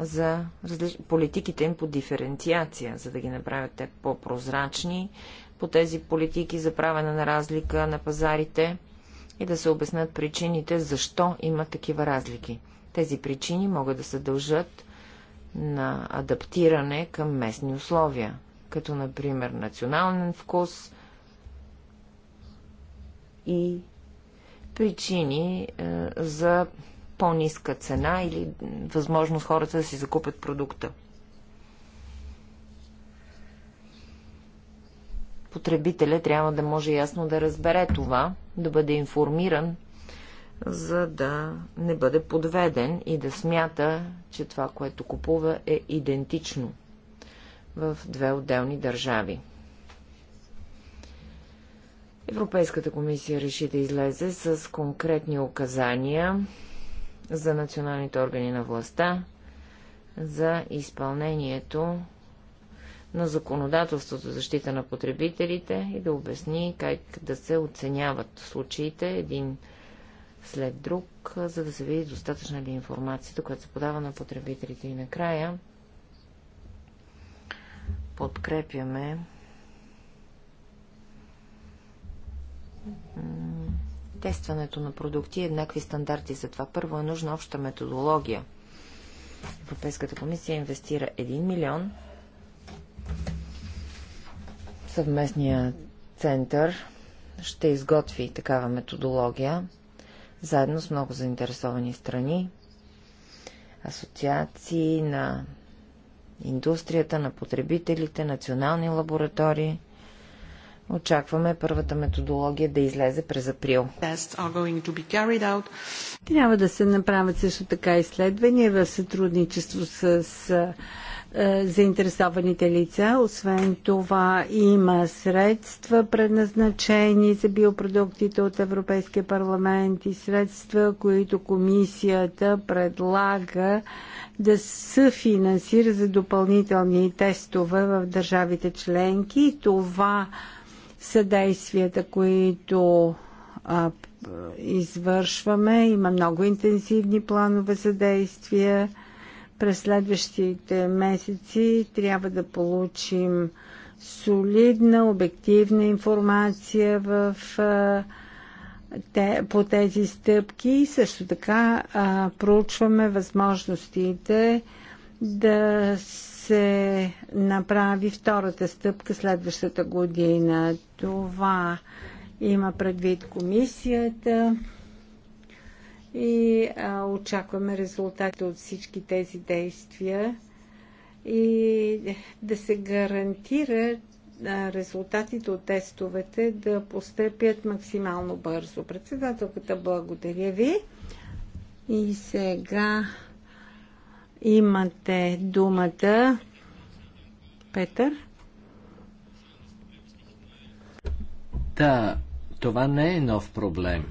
за различ... политиките им по диференциация, за да ги направят те по-прозрачни по тези политики за правене на разлика на пазарите и да се обяснат причините, защо има такива разлики. Тези причини могат да се дължат на адаптиране към местни условия, като например национален вкус и причини е, за по-ниска цена или възможност хората да си закупят продукта. Потребителя трябва да може ясно да разбере това, да бъде информиран, за да не бъде подведен и да смята, че това, което купува, е идентично в две отделни държави. Европейската комисия реши да излезе с конкретни указания за националните органи на властта, за изпълнението на законодателството за защита на потребителите и да обясни как да се оценяват случаите един след друг, за да се види достатъчна ли е информацията, която се подава на потребителите. И накрая подкрепяме тестването на продукти и еднакви стандарти за това. Първо е нужна обща методология. Европейската комисия инвестира 1 милион съвместния център ще изготви такава методология, заедно с много заинтересовани страни, асоциации на индустрията, на потребителите, национални лаборатории. Очакваме първата методология да излезе през април. Трябва да се направят също така изследвания в сътрудничество с е, заинтересованите лица. Освен това има средства предназначени за биопродуктите от Европейския парламент и средства, които комисията предлага да се финансира за допълнителни тестове в държавите членки. Това Съдействията, които а, извършваме. Има много интензивни планове за действия. През следващите месеци трябва да получим солидна, обективна информация в, а, те, по тези стъпки и също така а, проучваме възможностите да се се направи втората стъпка следващата година. Това има предвид комисията и а, очакваме резултати от всички тези действия и да се гарантира а, резултатите от тестовете да постъпят максимално бързо. Председателката, благодаря ви. И сега Имате думата. Петър? Да, това не е нов проблем.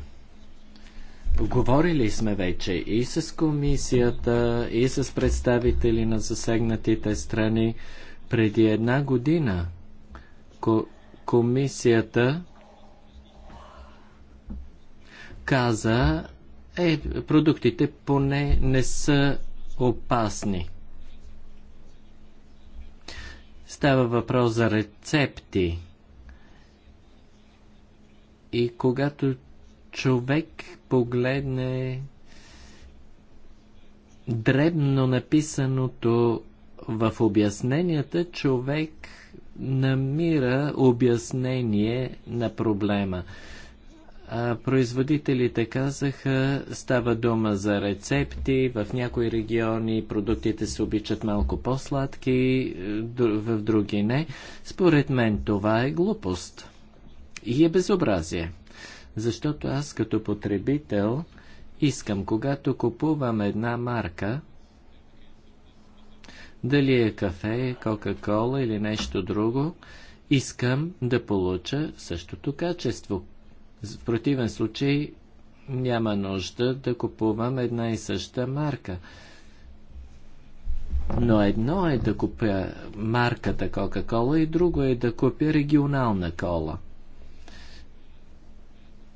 Говорили сме вече и с комисията, и с представители на засегнатите страни. Преди една година ко- комисията каза, е, продуктите поне не са опасни. Става въпрос за рецепти. И когато човек погледне дребно написаното в обясненията, човек намира обяснение на проблема. Производителите казаха, става дума за рецепти, в някои региони продуктите се обичат малко по-сладки, е, в други не. Според мен това е глупост и е безобразие. Защото аз като потребител искам, когато купувам една марка, дали е кафе, кока-кола или нещо друго, искам да получа същото качество. В противен случай няма нужда да купувам една и съща марка. Но едно е да купя марката Кока-Кола и друго е да купя регионална кола.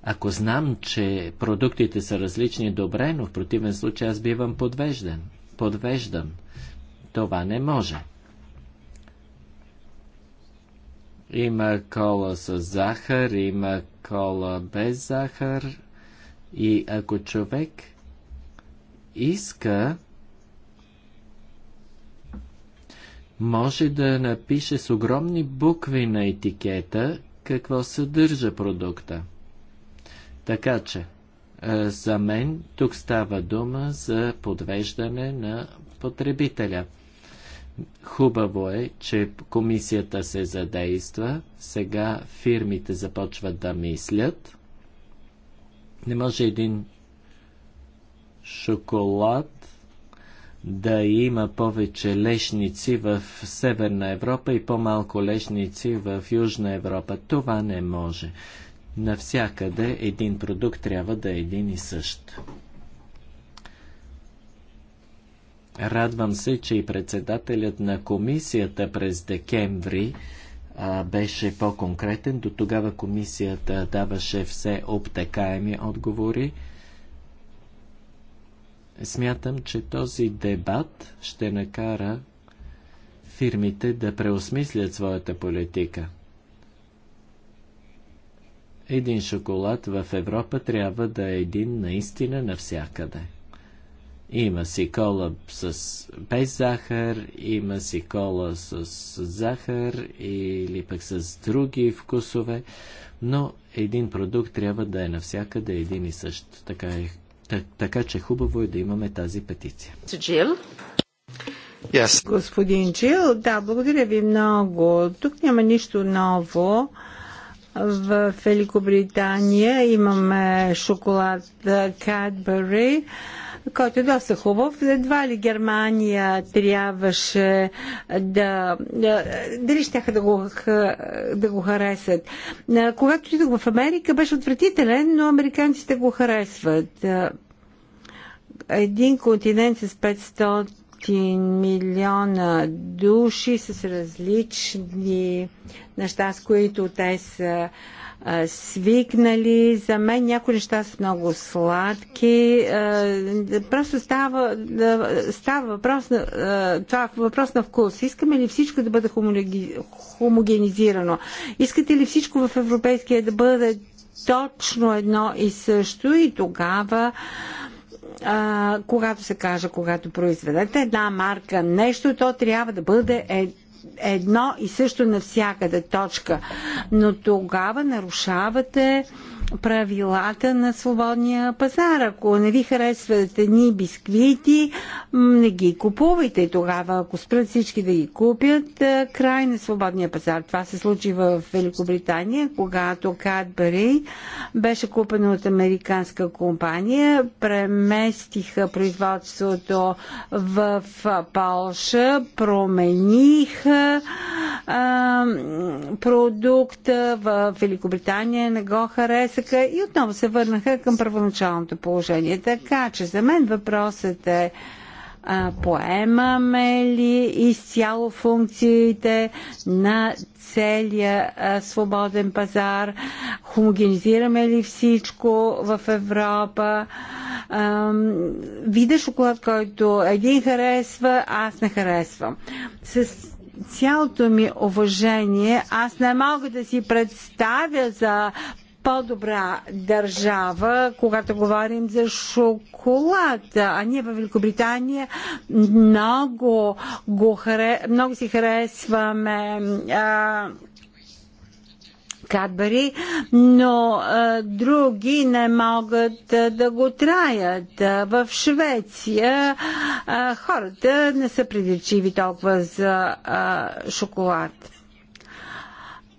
Ако знам, че продуктите са различни, добре, но в противен случай аз бивам подвежден. Подвеждан. Това не може. Има кола с захар, има кола без захар и ако човек иска, може да напише с огромни букви на етикета какво съдържа продукта. Така че, е, за мен тук става дума за подвеждане на потребителя – Хубаво е, че комисията се задейства. Сега фирмите започват да мислят. Не може един шоколад да има повече лешници в Северна Европа и по-малко лешници в Южна Европа. Това не може. Навсякъде един продукт трябва да е един и същ. Радвам се, че и председателят на комисията през декември а, беше по-конкретен. До тогава комисията даваше все обтекаеми отговори. Смятам, че този дебат ще накара фирмите да преосмислят своята политика. Един шоколад в Европа трябва да е един наистина навсякъде. Има си кола с, без захар, има си кола с, захар или пък с други вкусове, но един продукт трябва да е навсякъде един и същ. Така, е, так, така че хубаво е да имаме тази петиция. Yes. Господин Джил, да, благодаря ви много. Тук няма нищо ново. В Великобритания имаме шоколад Кадбери. Uh, който е доста хубав. Едва ли Германия трябваше да... Дали ще да го, да го харесат? Когато идох в Америка, беше отвратителен, но американците го харесват. Един континент с 500 милиона души с различни неща, с които те са свикнали. За мен някои неща са много сладки. просто става, става въпрос на, това е въпрос на вкус. Искаме ли всичко да бъде хомогенизирано? Искате ли всичко в европейския да бъде точно едно и също и тогава а, когато се каже, когато произведете една марка, нещо, то трябва да бъде е едно и също навсякъде точка. Но тогава нарушавате правилата на свободния пазар. Ако не ви харесват едни бисквити, не ги купувайте тогава. Ако спрат всички да ги купят, е, край на свободния пазар. Това се случи в Великобритания, когато Кадбери беше купена от американска компания. Преместиха производството в Полша, промениха а, продукта в Великобритания, не го харесва сблъсъка и отново се върнаха към първоначалното положение. Така че за мен въпросът е а, поемаме ли изцяло функциите на целия а, свободен пазар, хомогенизираме ли всичко в Европа. А, вида шоколад, който един харесва, аз не харесвам. С цялото ми уважение, аз не мога да си представя за по-добра държава, когато говорим за шоколад. А ние в Великобритания много, го харе... много си харесваме а... Кадбари, но а, други не могат а, да го траят. А, в Швеция а, хората не са приличиви толкова за а, шоколад.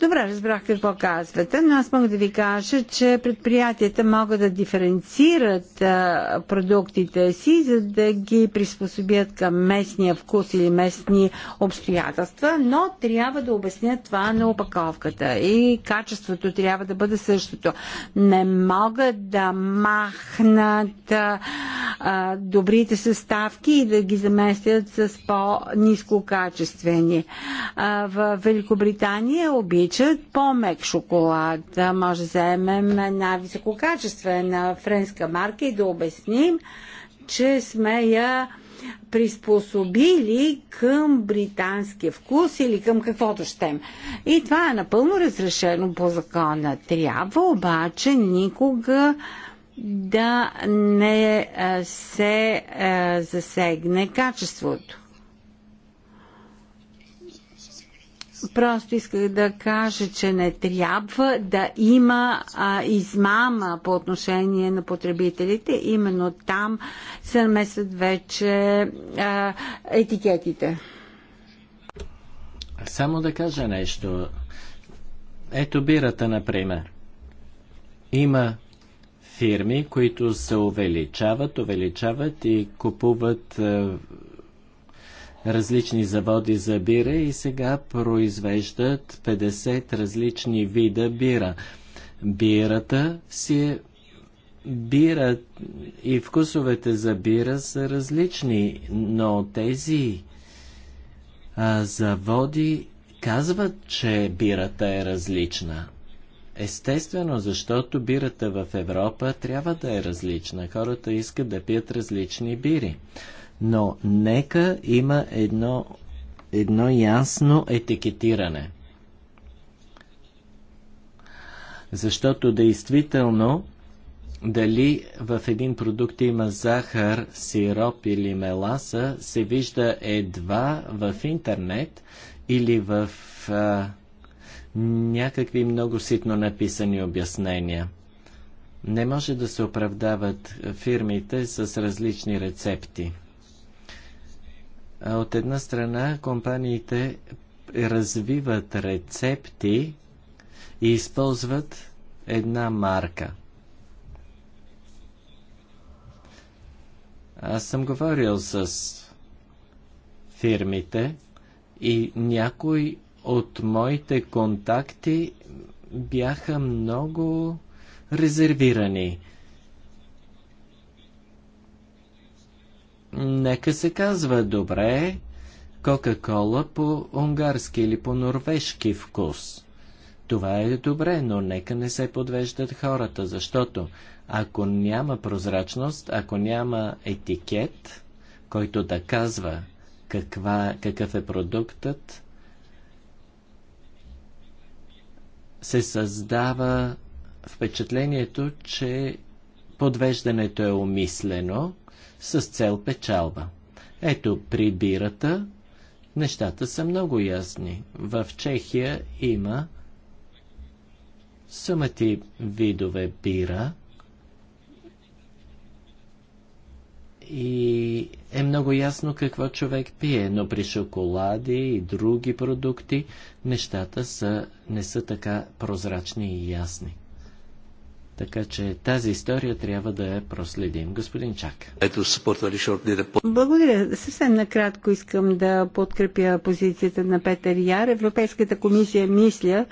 Добре, разбрах какво казвате, но аз мога да ви кажа, че предприятията могат да диференцират а, продуктите си, за да ги приспособят към местния вкус или местни обстоятелства, но трябва да обяснят това на опаковката и качеството трябва да бъде същото. Не могат да махнат а, а, добрите съставки и да ги заместят с по-низкокачествени. В Великобритания обичат обича по-мек шоколад. Може да вземем една висококачествена френска марка и да обясним, че сме я приспособили към британския вкус или към каквото щем. И това е напълно разрешено по закона. Трябва обаче никога да не е, се е, засегне качеството. Просто исках да кажа, че не трябва да има а, измама по отношение на потребителите. Именно там се намесват вече а, етикетите. Само да кажа нещо. Ето бирата, например. Има фирми, които се увеличават, увеличават и купуват различни заводи за бира и сега произвеждат 50 различни вида бира. Бирата си е бира и вкусовете за бира са различни, но тези а, заводи казват, че бирата е различна. Естествено, защото бирата в Европа трябва да е различна. Хората искат да пият различни бири но нека има едно, едно ясно етикетиране. Защото действително дали в един продукт има захар, сироп или меласа, се вижда едва в интернет или в а, някакви много ситно написани обяснения. Не може да се оправдават фирмите с различни рецепти. От една страна, компаниите развиват рецепти и използват една марка. Аз съм говорил с фирмите и някои от моите контакти бяха много резервирани. нека се казва добре Кока-кола по унгарски или по норвежки вкус. Това е добре, но нека не се подвеждат хората, защото ако няма прозрачност, ако няма етикет, който да казва каква, какъв е продуктът, се създава впечатлението, че подвеждането е умислено с цел печалба. Ето, при бирата нещата са много ясни. В Чехия има сумати видове бира и е много ясно какво човек пие, но при шоколади и други продукти нещата са, не са така прозрачни и ясни. Така че тази история трябва да я проследим. Господин Чак. Благодаря. Съвсем накратко искам да подкрепя позицията на Петър Яр. Европейската комисия мисля,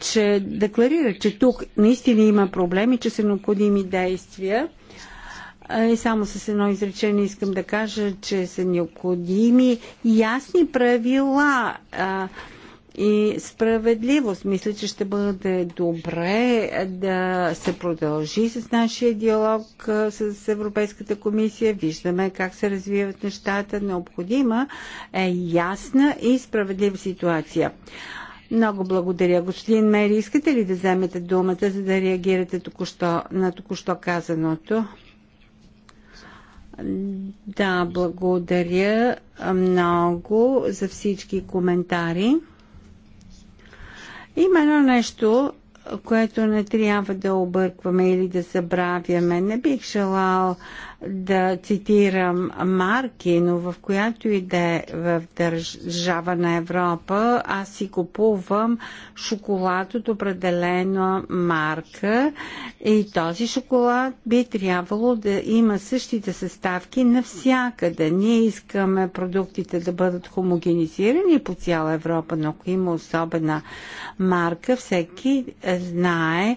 че декларира, че тук наистина има проблеми, че са необходими действия. И само с едно изречение искам да кажа, че са необходими ясни правила и справедливост. Мисля, че ще бъде добре е, да се продължи с нашия диалог е, с Европейската комисия. Виждаме как се развиват нещата. Необходима е ясна и справедлива ситуация. Много благодаря. Господин Мери, искате ли да вземете думата, за да реагирате току-що, на току-що казаното? Да, благодаря много за всички коментари. Има едно нещо, което не трябва да объркваме или да забравяме. Не бих желал да цитирам марки, но в която и да е в държава на Европа, аз си купувам шоколад от определена марка и този шоколад би трябвало да има същите съставки навсякъде. Ние искаме продуктите да бъдат хомогенизирани по цяла Европа, но ако има особена марка, всеки знае,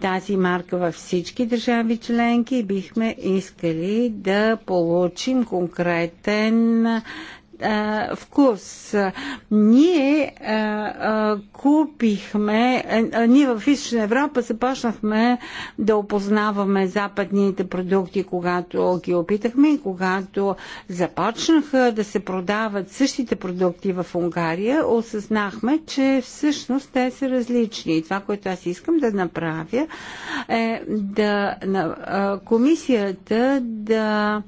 тази марка във всички държави членки и бихме искали да получим конкретен в курс. Ние купихме, ние в Източна Европа започнахме да опознаваме западните продукти, когато ги опитахме и когато започнаха да се продават същите продукти в Унгария, осъзнахме, че всъщност те са различни. И това, което аз искам да направя е да на, комисията да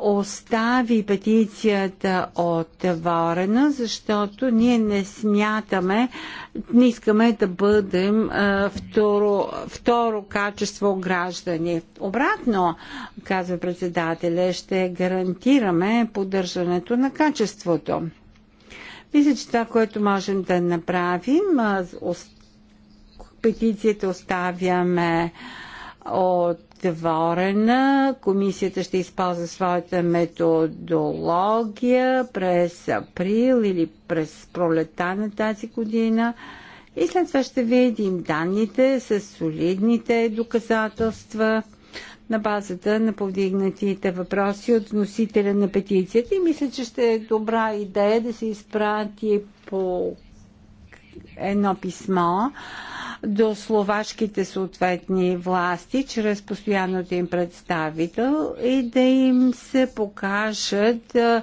остави петицията отворена, защото ние не смятаме, не искаме да бъдем а, второ, второ качество граждани. Обратно, казва председателя, ще гарантираме поддържането на качеството. Мисля, че това, което можем да направим, петицията оставяме а, отворена. Комисията ще използва своята методология през април или през пролета на тази година. И след това ще видим данните с солидните доказателства на базата на повдигнатите въпроси от носителя на петицията. И мисля, че ще е добра идея да се изпрати по едно писмо до словашките съответни власти, чрез постоянното им представител и да им се покажат а,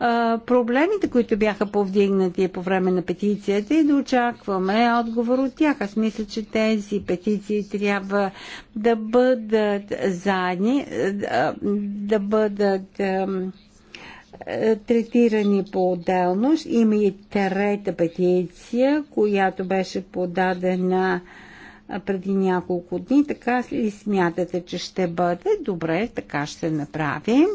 а, проблемите, които бяха повдигнати по време на петицията и да очакваме отговор от тях. Аз мисля, че тези петиции трябва да бъдат задни, да бъдат. А, е, третирани по-отделно. Има и трета петиция, която беше подадена преди няколко дни. Така ли смятате, че ще бъде? Добре, така ще направим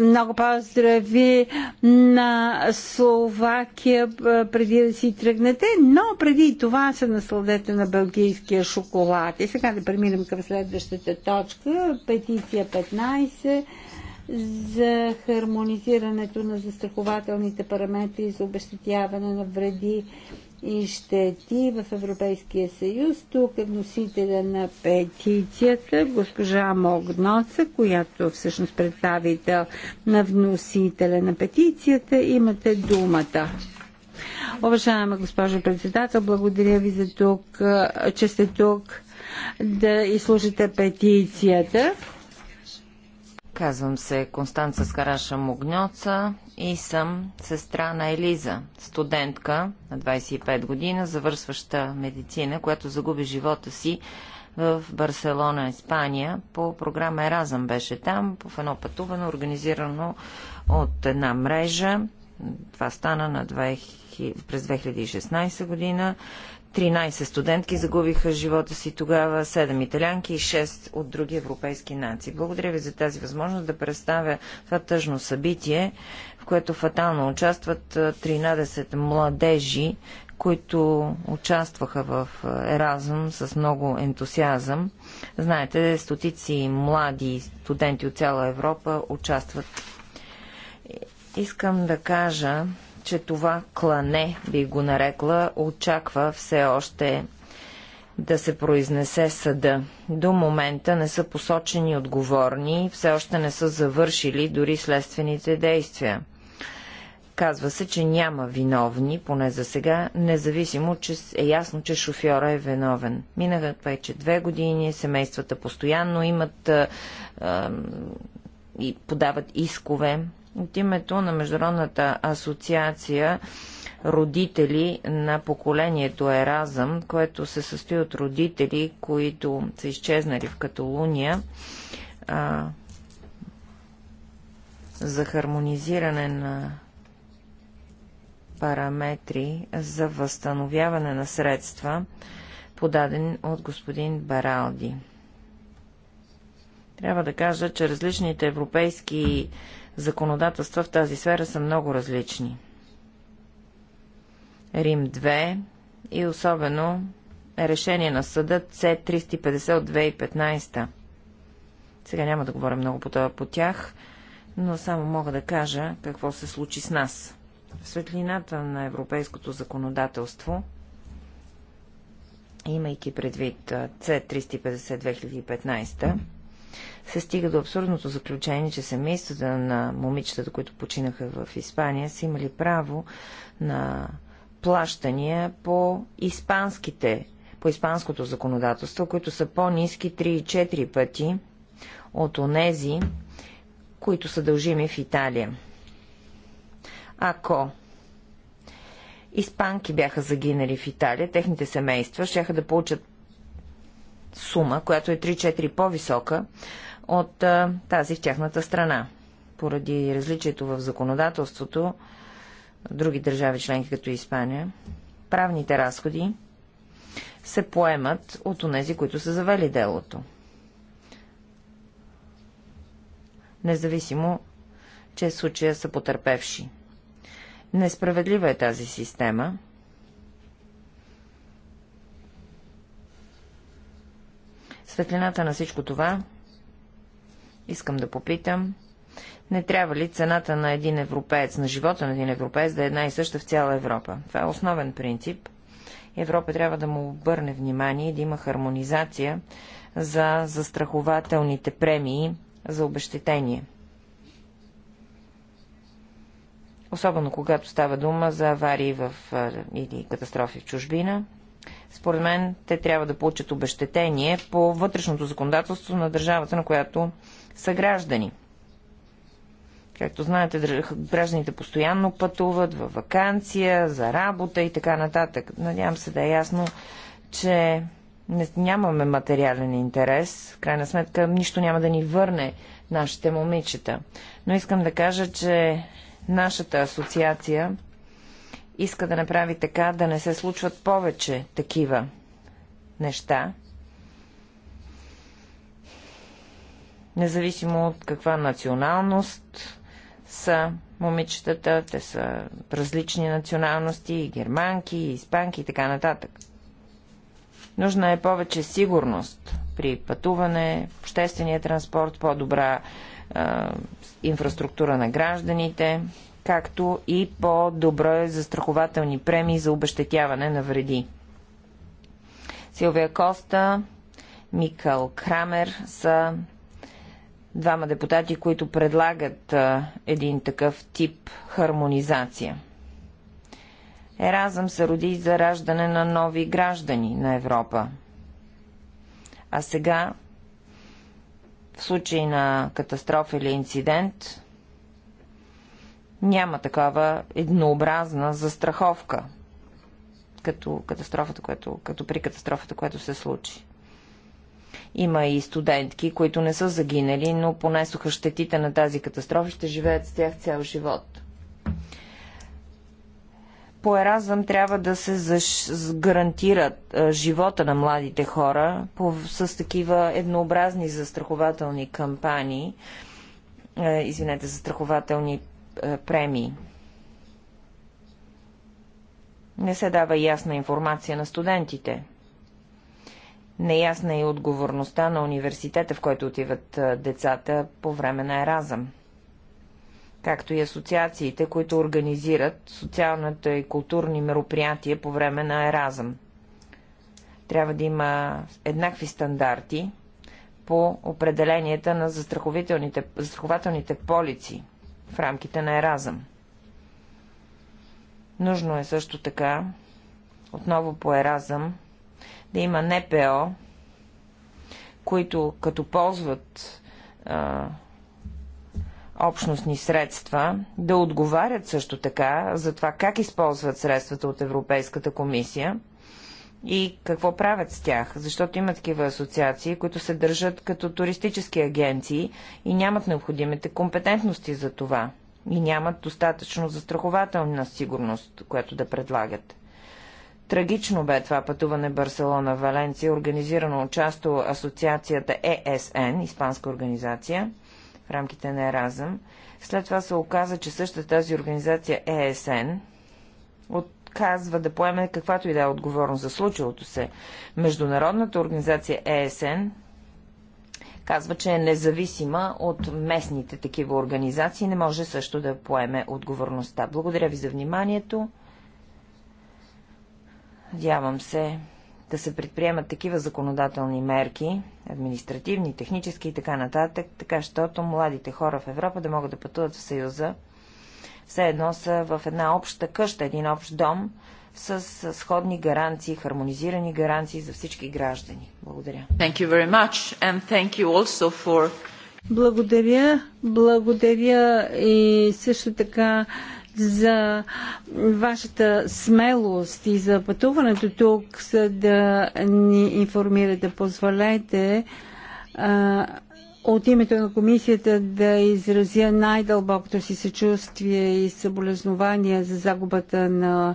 много поздрави на Словакия преди да си тръгнете, но преди това се насладете на белгийския шоколад. И сега да преминем към следващата точка, петиция 15 за хармонизирането на застрахователните параметри за обещетяване на вреди и щети в Европейския съюз. Тук е вносителя на петицията, госпожа Могноца, която всъщност представител на вносителя на петицията. Имате думата. Уважаема госпожо председател, благодаря ви за тук, че сте тук да изслушате петицията. Казвам се Констанца Скараша Могньоца и съм сестра на Елиза, студентка на 25 година, завършваща медицина, която загуби живота си в Барселона, Испания. По програма Еразъм беше там, в едно пътуване, организирано от една мрежа. Това стана на 2000, през 2016 година. 13 студентки загубиха живота си тогава, 7 италянки и 6 от други европейски нации. Благодаря ви за тази възможност да представя това тъжно събитие, в което фатално участват 13 младежи, които участваха в Еразъм с много ентусиазъм. Знаете, стотици млади студенти от цяла Европа участват. Искам да кажа, че това клане, би го нарекла, очаква все още да се произнесе съда. До момента не са посочени отговорни, все още не са завършили дори следствените действия. Казва се, че няма виновни, поне за сега, независимо, че е ясно, че шофьора е виновен. Минаха вече две години, семействата постоянно имат а, а, и подават искове от името на Международната асоциация родители на поколението Еразъм, което се състои от родители, които са изчезнали в Каталуния а, за хармонизиране на параметри за възстановяване на средства, подаден от господин Баралди. Трябва да кажа, че различните европейски законодателства в тази сфера са много различни. Рим 2 и особено решение на съда C350 от 2015. Сега няма да говоря много по, това, по тях, но само мога да кажа какво се случи с нас. В светлината на европейското законодателство, имайки предвид C350 2015, се стига до абсурдното заключение, че семействата на момичетата, които починаха в Испания, са имали право на плащания по испанските, по испанското законодателство, които са по-низки 3 и 4 пъти от онези, които са дължими в Италия. Ако испанки бяха загинали в Италия, техните семейства ще да получат сума, която е 3-4 по-висока от тази в тяхната страна. Поради различието в законодателството, други държави членки като Испания, правните разходи се поемат от онези, които са завели делото. Независимо, че случая са потърпевши. Несправедлива е тази система. Светлината на всичко това Искам да попитам, не трябва ли цената на един европеец, на живота на един европеец да е една и съща в цяла Европа? Това е основен принцип. Европа трябва да му обърне внимание и да има хармонизация за застрахователните премии за обещетение. Особено когато става дума за аварии в, или катастрофи в чужбина, според мен те трябва да получат обещетение по вътрешното законодателство на държавата, на която съграждани. Както знаете, гражданите постоянно пътуват във вакансия, за работа и така нататък. Надявам се да е ясно, че не, нямаме материален интерес. В крайна сметка, нищо няма да ни върне нашите момичета. Но искам да кажа, че нашата асоциация иска да направи така да не се случват повече такива неща независимо от каква националност са момичетата, те са различни националности, и германки, и испанки и така нататък. Нужна е повече сигурност при пътуване, обществения транспорт, по-добра е, инфраструктура на гражданите, както и по-добре застрахователни премии за обещетяване на вреди. Силвия Коста, Микъл Крамер са двама депутати, които предлагат а, един такъв тип хармонизация. Еразъм се роди за раждане на нови граждани на Европа. А сега, в случай на катастрофа или инцидент, няма такава еднообразна застраховка, като, катастрофата, което, като при катастрофата, което се случи. Има и студентки, които не са загинали, но понесоха щетите на тази катастрофа и ще живеят с тях цял живот. По Еразъм трябва да се гарантират живота на младите хора с такива еднообразни застрахователни кампании, извинете, застрахователни премии. Не се дава ясна информация на студентите. Неясна е и отговорността на университета, в който отиват децата по време на Еразъм както и асоциациите, които организират социалната и културни мероприятия по време на Еразъм. Трябва да има еднакви стандарти по определенията на застрахователните, застрахователните полици в рамките на Еразъм. Нужно е също така, отново по Еразъм, да има НПО, които като ползват а, общностни средства, да отговарят също така за това как използват средствата от Европейската комисия и какво правят с тях, защото има такива асоциации, които се държат като туристически агенции и нямат необходимите компетентности за това и нямат достатъчно застрахователна сигурност, която да предлагат. Трагично бе това пътуване Барселона-Валенция, организирано от част от асоциацията е ЕСН, испанска организация, в рамките на Еразъм. След това се оказа, че същата тази организация е ЕСН отказва да поеме каквато и да е отговорност за случилото се. Международната организация е ЕСН казва, че е независима от местните такива организации, не може също да поеме отговорността. Благодаря ви за вниманието. Надявам се да се предприемат такива законодателни мерки, административни, технически и така нататък, така щото младите хора в Европа да могат да пътуват в Съюза. Все едно са в една обща къща, един общ дом, с сходни гаранции, хармонизирани гаранции за всички граждани. Благодаря. For... Благодаря. Благодаря и също така за вашата смелост и за пътуването тук, за да ни информирате. Позволете от името на комисията да изразя най-дълбокото си съчувствие и съболезнования за загубата на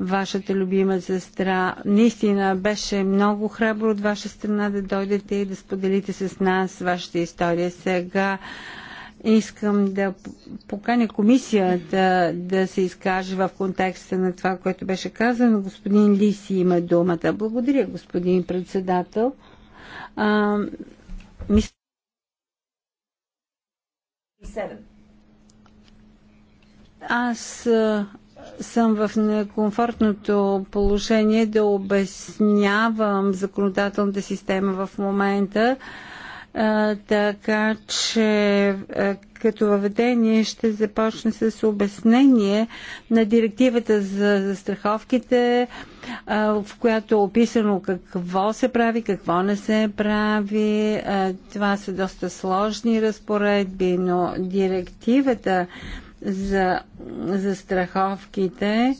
вашата любима сестра. Наистина беше много храбро от ваша страна да дойдете и да споделите с нас вашата история. Сега Искам да поканя комисията да се изкаже в контекста на това, което беше казано. Господин Лиси има думата. Благодаря, господин председател. А, мис... Аз съм в некомфортното положение да обяснявам законодателната система в момента. А, така че а, като въведение ще започне с обяснение на директивата за застраховките, в която е описано какво се прави, какво не се прави. А, това са доста сложни разпоредби, но директивата за застраховките страховките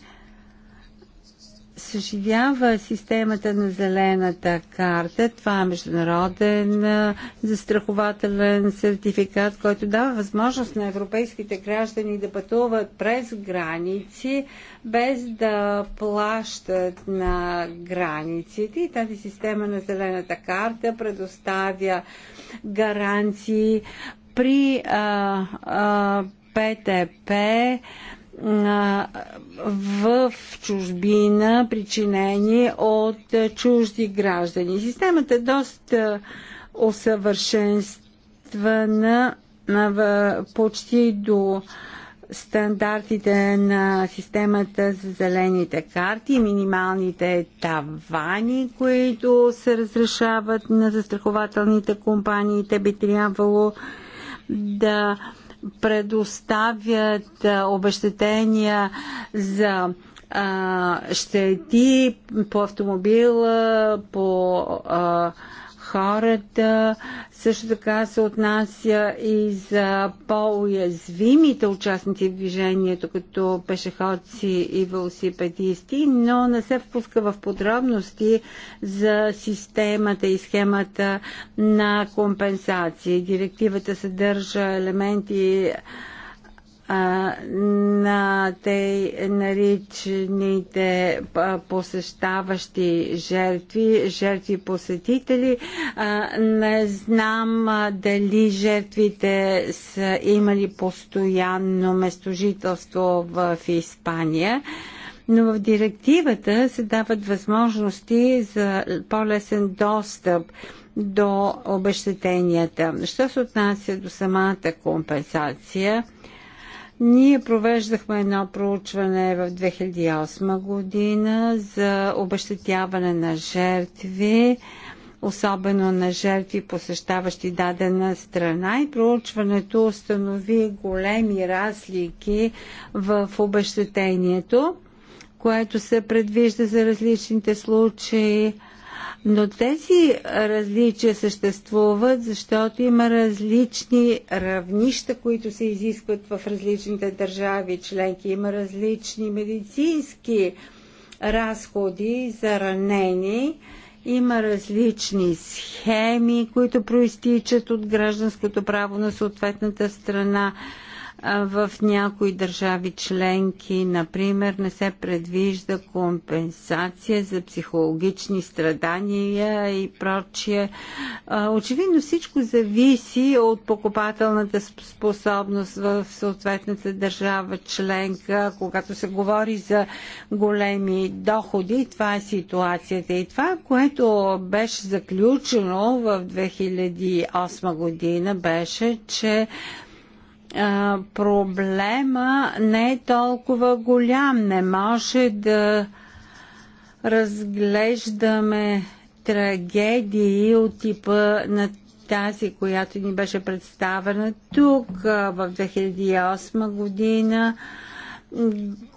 съживява системата на зелената карта. Това е международен застрахователен сертификат, който дава възможност на европейските граждани да пътуват през граници, без да плащат на границите. И тази система на зелената карта предоставя гаранции при а, а, ПТП а, в чужбина, причинени от чужди граждани. Системата е доста усъвършенствана почти до стандартите на системата за зелените карти, минималните тавани, които се разрешават на застрахователните компании, те би трябвало да предоставят обещетения за щети по автомобила, по а, хората, също така се отнася и за по-уязвимите участници в движението, като пешеходци и велосипедисти, но не се впуска в подробности за системата и схемата на компенсации. Директивата съдържа елементи на те наричаните посещаващи жертви, жертви-посетители. Не знам дали жертвите са имали постоянно местожителство в Испания но в директивата се дават възможности за по-лесен достъп до обещетенията. Що се отнася до самата компенсация, ние провеждахме едно проучване в 2008 година за обещетяване на жертви, особено на жертви, посещаващи дадена страна и проучването установи големи разлики в обещетението, което се предвижда за различните случаи – но тези различия съществуват, защото има различни равнища, които се изискват в различните държави членки. Има различни медицински разходи за ранени. Има различни схеми, които проистичат от гражданското право на съответната страна в някои държави членки, например, не се предвижда компенсация за психологични страдания и прочие. Очевидно всичко зависи от покупателната способност в съответната държава членка. Когато се говори за големи доходи, това е ситуацията. И това, което беше заключено в 2008 година, беше, че а, проблема не е толкова голям. Не може да разглеждаме трагедии от типа на тази, която ни беше представена тук в 2008 година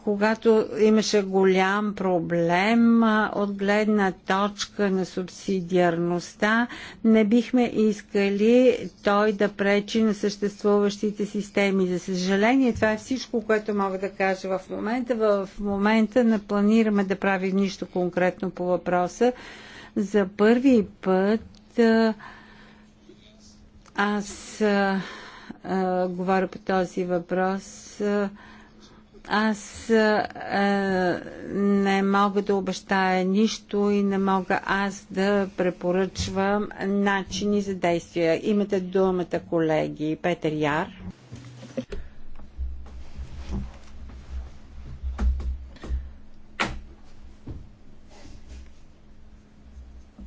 когато имаше голям проблем от гледна точка на субсидиарността, не бихме искали той да пречи на съществуващите системи. За съжаление, това е всичко, което мога да кажа в момента. В момента не планираме да правим нищо конкретно по въпроса. За първи път аз а, говоря по този въпрос. А, аз не мога да обещая нищо и не мога аз да препоръчвам начини за действия. Имате думата, колеги. Петър Яр.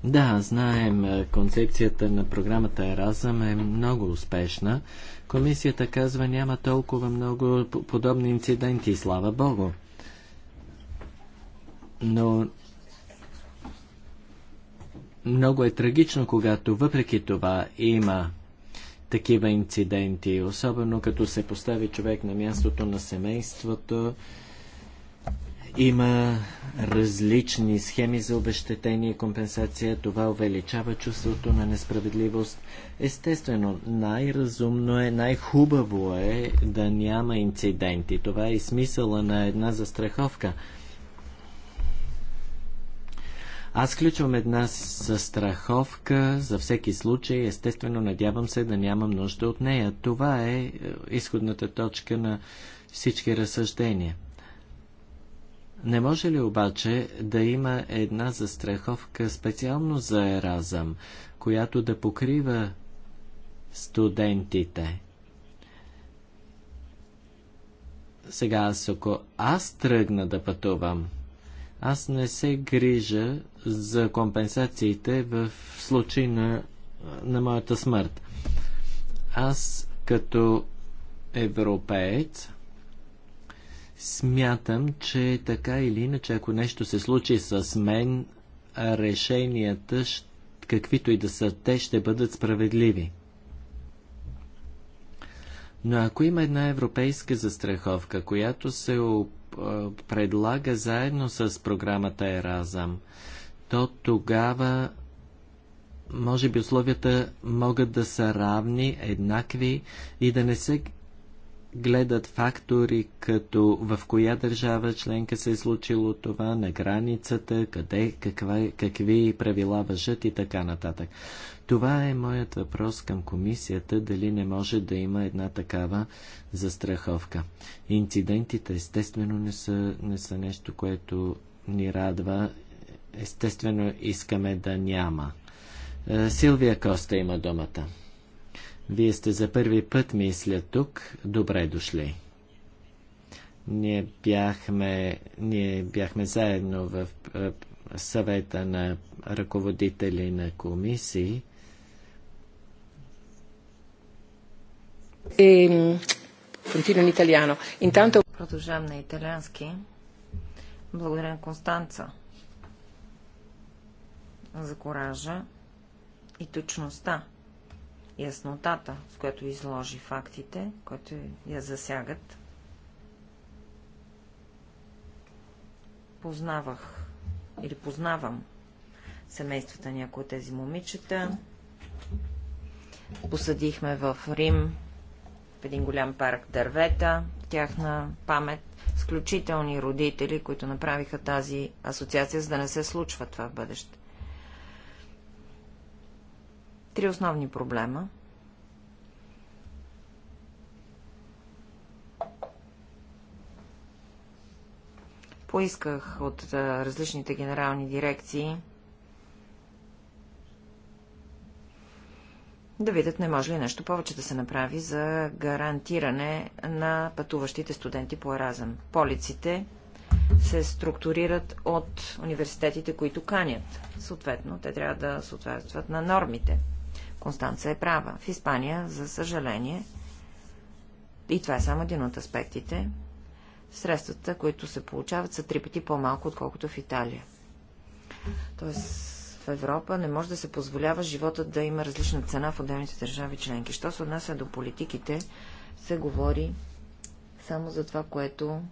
Да, знаем, концепцията на програмата Еразъм е много успешна. Комисията казва, няма толкова много подобни инциденти, слава Богу. Но много е трагично, когато въпреки това има такива инциденти, особено като се постави човек на мястото на семейството, има различни схеми за обещетение и компенсация. Това увеличава чувството на несправедливост. Естествено, най-разумно е, най-хубаво е да няма инциденти. Това е и смисъла на една застраховка. Аз включвам една застраховка за всеки случай. Естествено, надявам се да нямам нужда от нея. Това е, е изходната точка на всички разсъждения. Не може ли обаче да има една застраховка специално за еразъм, която да покрива студентите? Сега аз, ако аз тръгна да пътувам, аз не се грижа за компенсациите в случай на, на моята смърт. Аз като европеец Смятам, че така или иначе, ако нещо се случи с мен, решенията, каквито и да са те, ще бъдат справедливи. Но ако има една европейска застраховка, която се предлага заедно с програмата Еразъм, то тогава може би условията могат да са равни, еднакви и да не се гледат фактори като в коя държава членка се е случило това, на границата, къде, каква, какви правила въжат и така нататък. Това е моят въпрос към комисията, дали не може да има една такава застраховка. Инцидентите естествено не са, не са нещо, което ни радва. Естествено искаме да няма. Е, Силвия Коста има думата. Вие сте за първи път, мисля, тук. Добре дошли. Ние бяхме, ние бяхме заедно в е, съвета на ръководители на комисии. Продължавам на италиански. Благодаря на Констанца за коража и точността яснотата, с която изложи фактите, които я засягат. Познавах или познавам семействата някои от тези момичета. Посадихме в Рим в един голям парк дървета, тяхна памет, сключителни родители, които направиха тази асоциация, за да не се случва това в бъдеще. Три основни проблема. Поисках от различните генерални дирекции да видят не може ли нещо повече да се направи за гарантиране на пътуващите студенти по Еразъм. Полиците се структурират от университетите, които канят. Съответно, те трябва да съответстват на нормите. Констанца е права. В Испания, за съжаление, и това е само един от аспектите, средствата, които се получават, са три пъти по-малко, отколкото в Италия. Тоест, в Европа не може да се позволява живота да има различна цена в отделните държави членки. Що се отнася до политиките, се говори само за това, което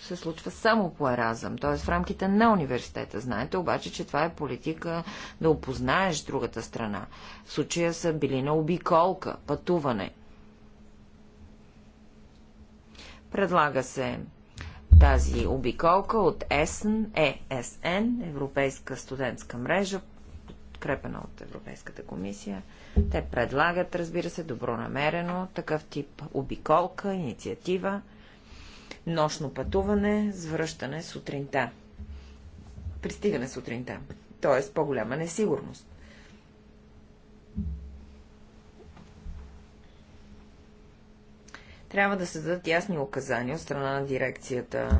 се случва само по еразъм, т.е. в рамките на университета. Знаете обаче, че това е политика да опознаеш другата страна. В случая са били на обиколка, пътуване. Предлага се тази обиколка от ЕСН, ЕСН, Европейска студентска мрежа, подкрепена от Европейската комисия. Те предлагат, разбира се, добронамерено такъв тип обиколка, инициатива – нощно пътуване с връщане сутринта. Пристигане сутринта. Тоест по-голяма несигурност. Трябва да се дадат ясни указания от страна на дирекцията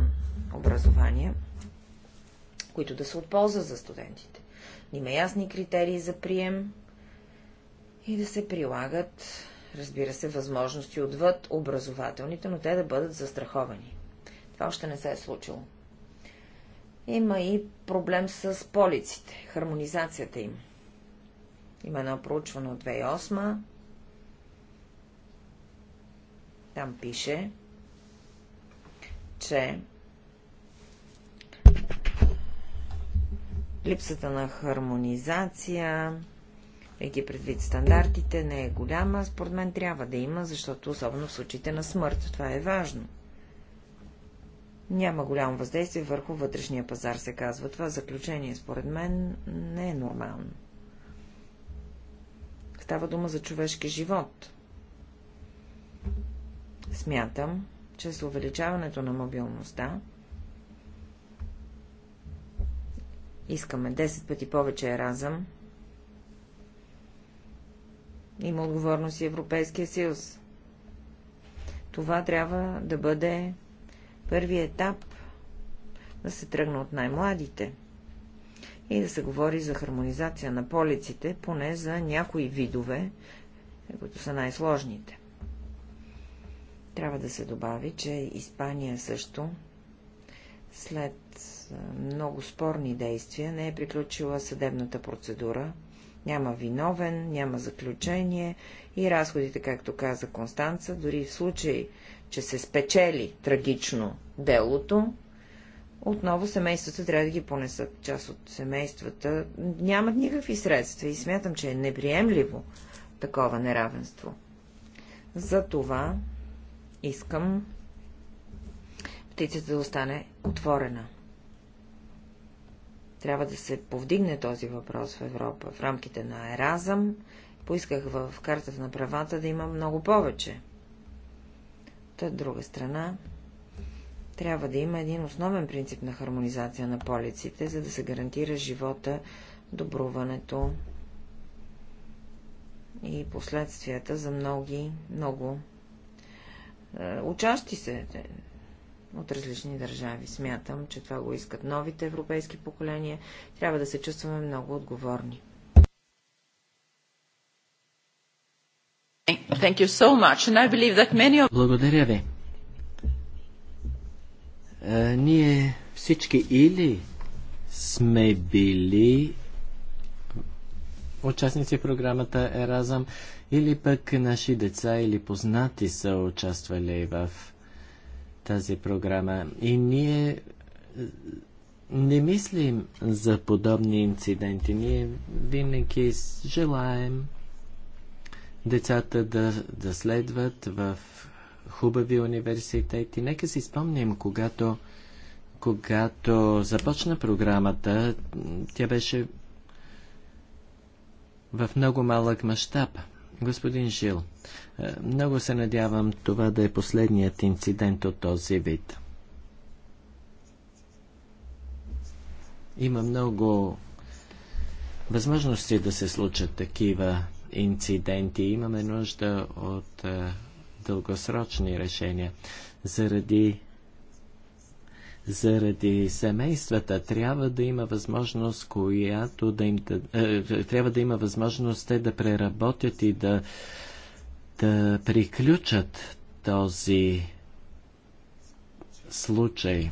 образование, които да се от за студентите. Има ясни критерии за прием и да се прилагат разбира се, възможности отвъд образователните, но те да бъдат застраховани. Това още не се е случило. Има и проблем с полиците, хармонизацията им. Има едно проучване от 2008. Там пише, че липсата на хармонизация, Веки предвид стандартите, не е голяма, според мен трябва да има, защото особено в случаите на смърт това е важно няма голямо въздействие върху вътрешния пазар, се казва. Това заключение, според мен, не е нормално. Става дума за човешки живот. Смятам, че с увеличаването на мобилността искаме 10 пъти повече еразъм. Има отговорност и Европейския съюз. Това трябва да бъде първи етап да се тръгне от най-младите и да се говори за хармонизация на полиците, поне за някои видове, които са най-сложните. Трябва да се добави, че Испания също след много спорни действия не е приключила съдебната процедура, няма виновен, няма заключение и разходите, както каза Констанца, дори в случай че се спечели трагично делото, отново семействата трябва да ги понесат. Част от семействата нямат никакви средства и смятам, че е неприемливо такова неравенство. Затова искам птицата да остане отворена. Трябва да се повдигне този въпрос в Европа. В рамките на Еразъм поисках в картата на правата да има много повече. От друга страна, трябва да има един основен принцип на хармонизация на полиците, за да се гарантира живота, добруването и последствията за многи, много е, учащи се от различни държави. Смятам, че това го искат новите европейски поколения. Трябва да се чувстваме много отговорни. So many... Благодаря ви. А, е, ние всички или сме били участници в програмата Еразъм, или пък наши деца или познати са участвали в тази програма. И ние е, не мислим за подобни инциденти. Ние винаги желаем децата да, да следват в хубави университети. Нека си спомним, когато, когато започна програмата, тя беше в много малък мащаб. Господин Жил, е, много се надявам това да е последният инцидент от този вид. Има много възможности да се случат такива инциденти. Имаме нужда от а, е, дългосрочни решения. Заради, заради семействата трябва да има възможност, която да им да, е, трябва да има възможност те да преработят и да, да приключат този случай.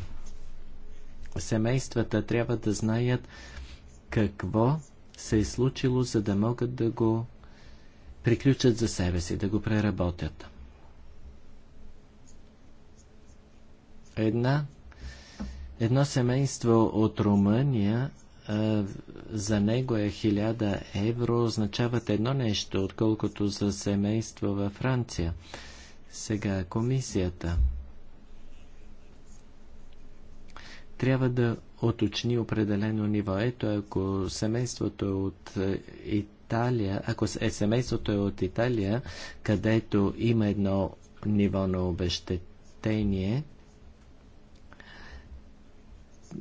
Семействата трябва да знаят какво се е случило, за да могат да го приключат за себе си, да го преработят. Една, едно семейство от Румъния за него е 1000 евро означават едно нещо, отколкото за семейство във Франция. Сега комисията трябва да оточни определено ниво. Ето, ако семейството е от, Италия, ако е семейството е от Италия, където има едно ниво на обещетение,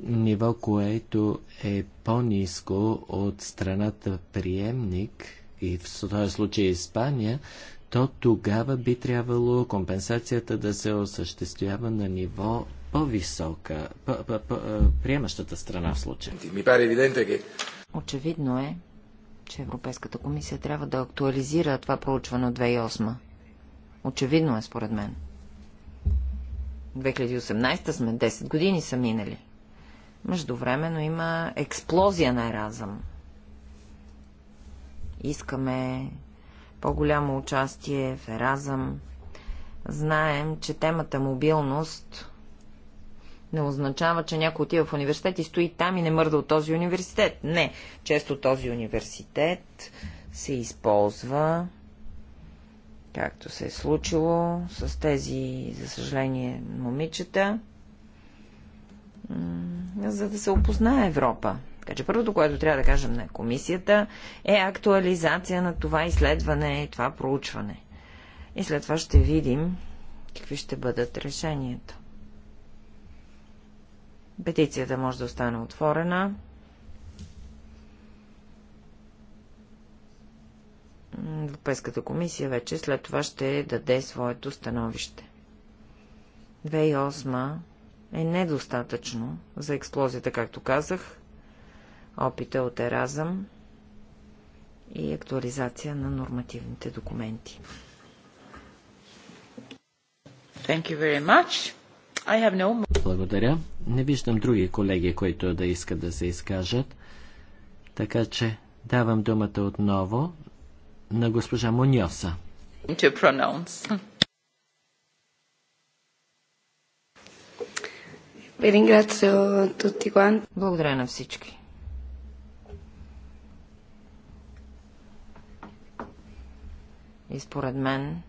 ниво, което е по-низко от страната приемник, и в този случай Испания, то тогава би трябвало компенсацията да се осъществява на ниво по-висока, приемащата страна в случая. Е е. Очевидно е, че Европейската комисия трябва да актуализира това проучване от 2008. Очевидно е, според мен. 2018 сме, 10 години са минали. Междувременно има експлозия на еразъм. Искаме по-голямо участие в еразъм. Знаем, че темата мобилност не означава, че някой отива в университет и стои там и не мърда от този университет. Не. Често този университет се използва, както се е случило с тези, за съжаление, момичета, за да се опознае Европа. Така че първото, което трябва да кажем на комисията, е актуализация на това изследване, и това проучване. И след това ще видим какви ще бъдат решенията. Петицията може да остане отворена. Европейската комисия вече след това ще даде своето становище. 2008 е недостатъчно за експлозията, както казах, опита от еразъм и актуализация на нормативните документи. Thank you very much. No... Благодаря. Не виждам други колеги, които да искат да се изкажат. Така че давам думата отново на госпожа Муньоса. Благодаря на всички. И според мен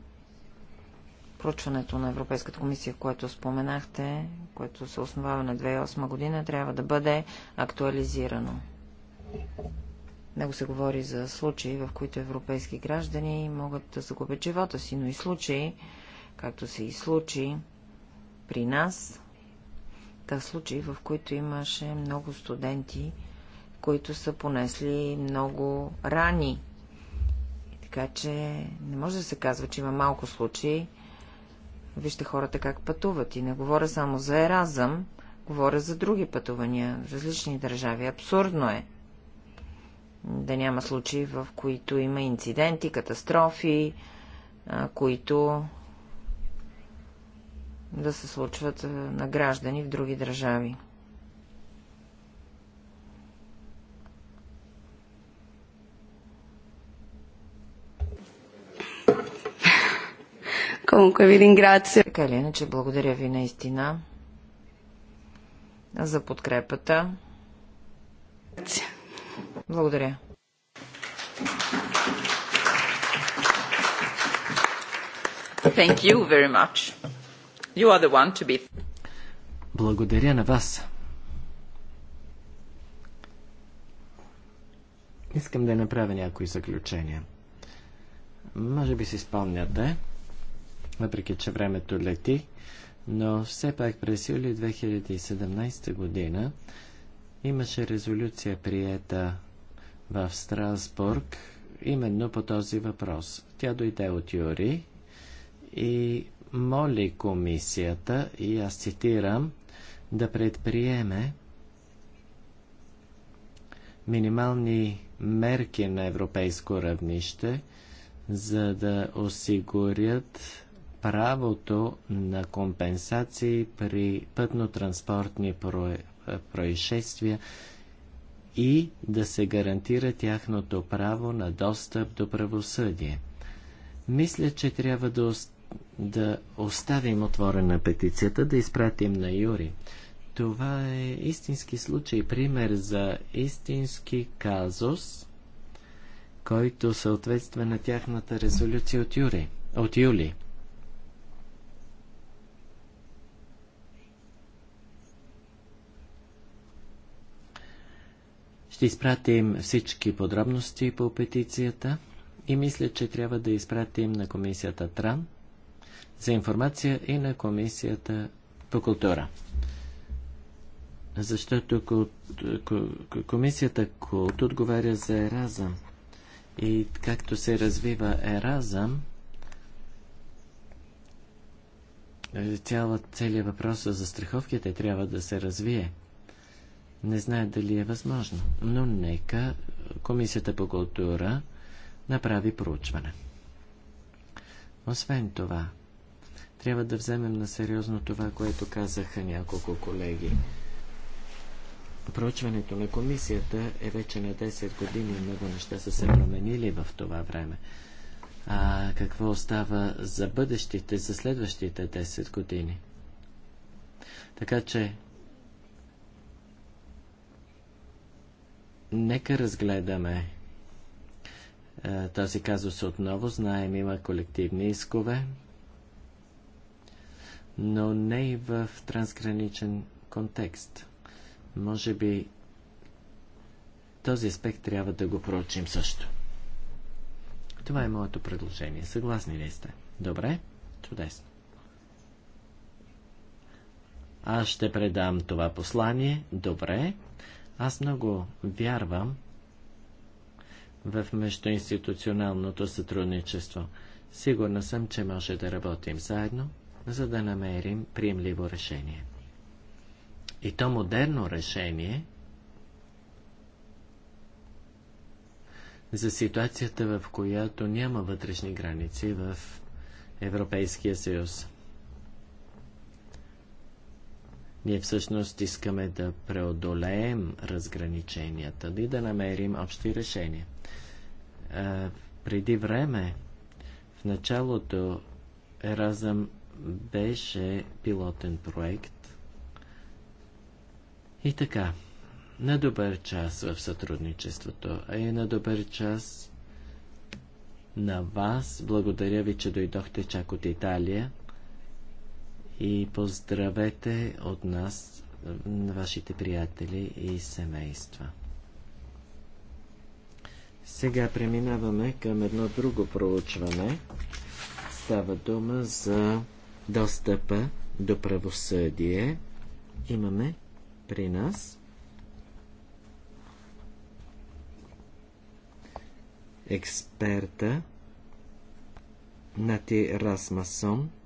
проучването на Европейската комисия, което споменахте, което се основава на 2008 година, трябва да бъде актуализирано. Него се говори за случаи, в които европейски граждани могат да загубят живота си, но и случаи, както се и случи при нас, да случаи, в които имаше много студенти, които са понесли много рани. Така че не може да се казва, че има малко случаи Вижте хората как пътуват и не говоря само за еразъм, говоря за други пътувания в различни държави. Абсурдно е да няма случаи, в които има инциденти, катастрофи, които да се случват на граждани в други държави. Comunque ви ringrazio. Така ли, иначе, благодаря ви наистина за подкрепата. Благодаря. Thank you very much. You are the one to be. Благодаря на вас. Искам да направя някои заключения. Може би си спомняте, въпреки че времето лети, но все пак през юли 2017 година имаше резолюция приета в Страсбург именно по този въпрос. Тя дойде от Юри и моли комисията, и аз цитирам, да предприеме минимални мерки на европейско равнище, за да осигурят правото на компенсации при пътно-транспортни происшествия и да се гарантира тяхното право на достъп до правосъдие. Мисля, че трябва да, да оставим отворена петицията, да изпратим на Юри. Това е истински случай, пример за истински казус, който съответства на тяхната резолюция от, юри, от юли. Ще изпратим всички подробности по петицията и мисля, че трябва да изпратим на комисията Тран за информация и на комисията по култура. Защото комисията Култ отговаря за Еразъм. И както се развива Еразъм, е, цяла, целият въпрос за страховките трябва да се развие. Не знае дали е възможно, но нека Комисията по култура направи проучване. Освен това, трябва да вземем на сериозно това, което казаха няколко колеги. Проучването на комисията е вече на 10 години. Много неща са се променили в това време. А какво остава за бъдещите, за следващите 10 години? Така че Нека разгледаме е, този казус отново. Знаем, има колективни искове, но не и в трансграничен контекст. Може би този аспект трябва да го проучим също. Това е моето предложение. Съгласни ли сте? Добре? Чудесно. Аз ще предам това послание. Добре. Аз много вярвам в междуинституционалното сътрудничество. Сигурна съм, че може да работим заедно, за да намерим приемливо решение. И то модерно решение за ситуацията, в която няма вътрешни граници в Европейския съюз. Ние всъщност искаме да преодолеем разграниченията и да намерим общи решения. А, преди време, в началото, Еразъм беше пилотен проект. И така, на добър час в сътрудничеството, а и на добър час на вас. Благодаря ви, че дойдохте чак от Италия и поздравете от нас вашите приятели и семейства. Сега преминаваме към едно друго проучване. Става дума за достъпа до правосъдие. Имаме при нас експерта Нати Расмасон –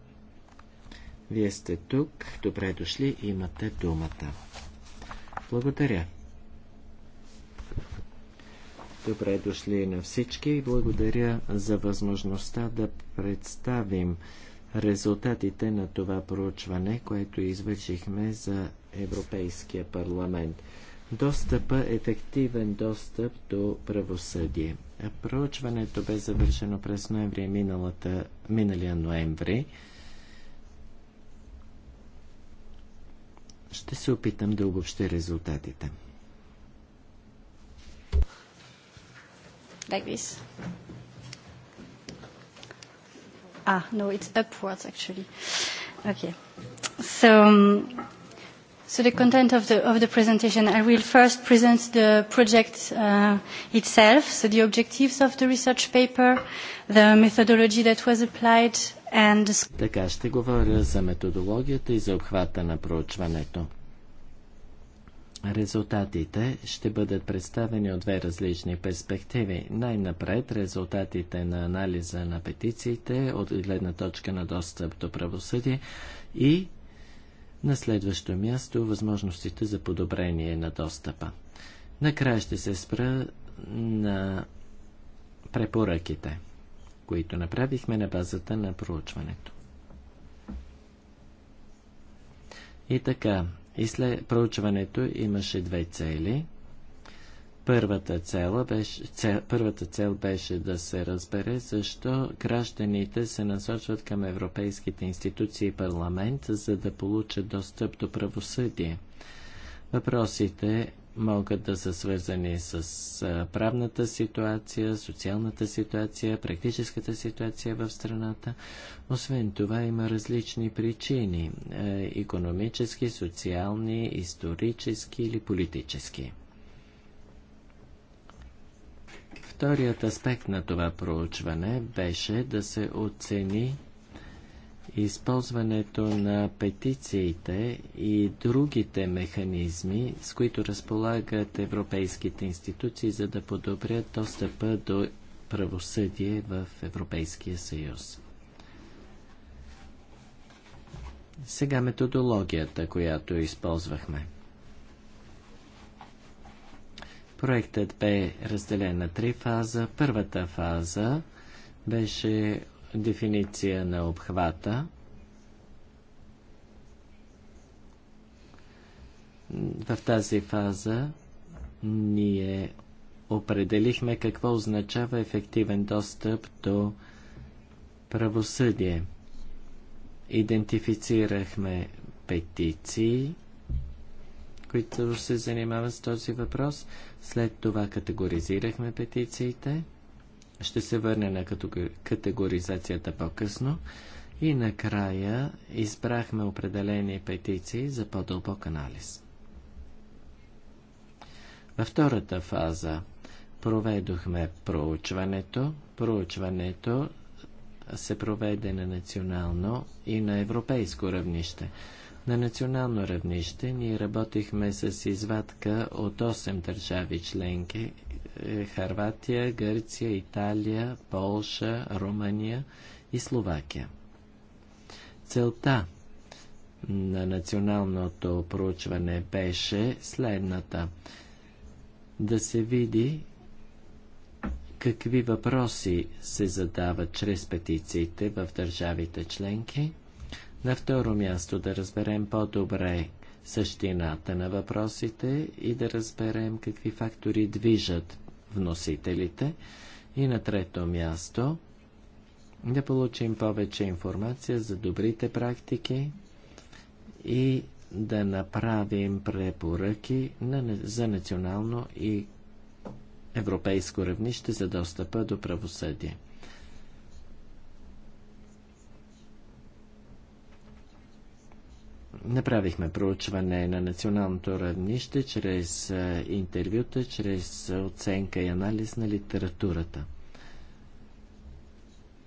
вие сте тук. Добре дошли. Имате думата. Благодаря. Добре дошли на всички и благодаря за възможността да представим резултатите на това проучване, което извършихме за Европейския парламент. Достъпа ефективен достъп до правосъдие. Проучването бе завършено през ноември миналата, миналия ноември. Ще се опитам да обобщя резултатите. Like this. Ah, no, it's upwards actually. Okay. So, so the content of the, of the presentation, I will first present the project uh, itself, so the objectives of the research paper, the methodology that was applied, така ще говоря за методологията и за обхвата на проучването. Резултатите ще бъдат представени от две различни перспективи. Най-напред резултатите на анализа на петициите от гледна точка на достъп до правосъдие и на следващо място възможностите за подобрение на достъпа. Накрая ще се спра на препоръките които направихме на базата на проучването. И така, и след проучването имаше две цели. Първата цел, беше, цел, първата цел беше да се разбере защо гражданите се насочват към европейските институции и парламент, за да получат достъп до правосъдие. Въпросите могат да са свързани с правната ситуация, социалната ситуация, практическата ситуация в страната. Освен това има различни причини – економически, социални, исторически или политически. Вторият аспект на това проучване беше да се оцени използването на петициите и другите механизми, с които разполагат европейските институции, за да подобрят достъпа до правосъдие в Европейския съюз. Сега методологията, която използвахме. Проектът бе разделен на три фаза. Първата фаза беше дефиниция на обхвата. В тази фаза ние определихме какво означава ефективен достъп до правосъдие. Идентифицирахме петиции, които се занимават с този въпрос. След това категоризирахме петициите – ще се върне на категоризацията по-късно. И накрая избрахме определени петиции за по-дълбок анализ. Във втората фаза проведохме проучването. Проучването се проведе на национално и на европейско равнище. На национално равнище ние работихме с извадка от 8 държави членки е, Харватия, Гърция, Италия, Полша, Румъния и Словакия. Целта на националното проучване беше следната да се види какви въпроси се задават чрез петициите в държавите членки – на второ място да разберем по-добре същината на въпросите и да разберем какви фактори движат вносителите. И на трето място да получим повече информация за добрите практики и да направим препоръки на, за национално и европейско равнище за достъпа до правосъдие. Направихме проучване на националното равнище чрез интервюта, чрез оценка и анализ на литературата.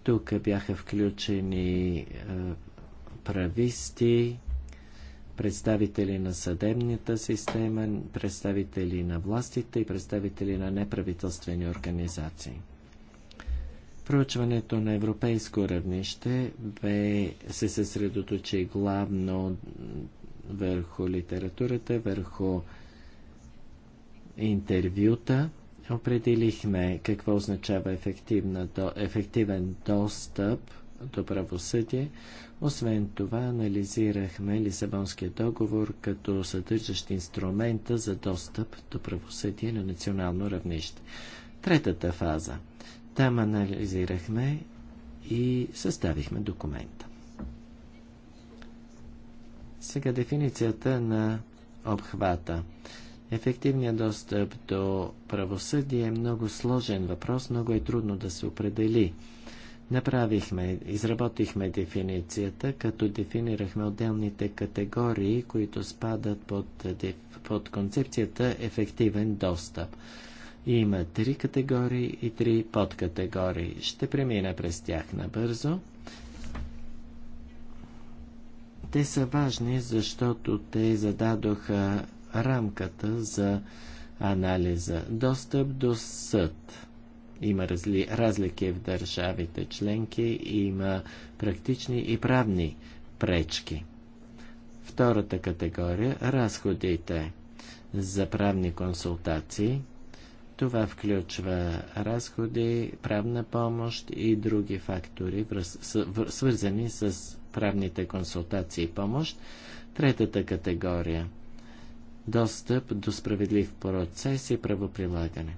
Тук бяха включени прависти, представители на съдебната система, представители на властите и представители на неправителствени организации. Проучването на европейско равнище бе, се съсредоточи главно върху литературата, върху интервюта. Определихме какво означава ефективен достъп до правосъдие. Освен това, анализирахме Лисабонския договор като съдържащ инструмента за достъп до правосъдие на национално равнище. Третата фаза – там анализирахме и съставихме документа. Сега дефиницията на обхвата. Ефективният достъп до правосъдие е много сложен въпрос, много е трудно да се определи. Направихме, изработихме дефиницията, като дефинирахме отделните категории, които спадат под, под концепцията ефективен достъп. Има три категории и три подкатегории. Ще премина през тях набързо. Те са важни, защото те зададоха рамката за анализа. Достъп до съд. Има разли... разлики в държавите членки, има практични и правни пречки. Втората категория – разходите за правни консултации – това включва разходи, правна помощ и други фактори, свързани с правните консултации и помощ. Третата категория – достъп до справедлив процес и правоприлагане.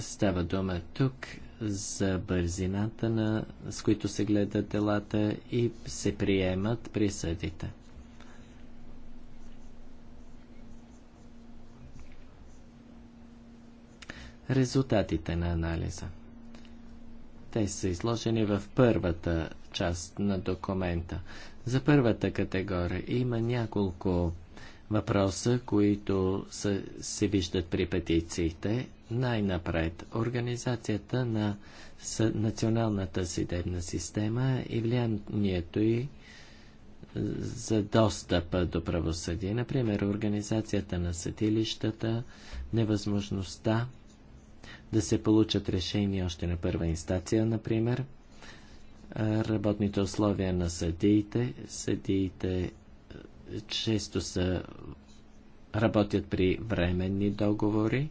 Става дума тук за бързината, на, с които се гледат делата и се приемат присъдите. резултатите на анализа. Те са изложени в първата част на документа. За първата категория има няколко въпроса, които са, се виждат при петициите. Най-напред, организацията на националната съдебна система и влиянието й е, за достъпа до правосъдие. Например, организацията на съдилищата, невъзможността да се получат решения още на първа инстанция, например. Работните условия на съдиите. Съдиите е, често са, работят при временни договори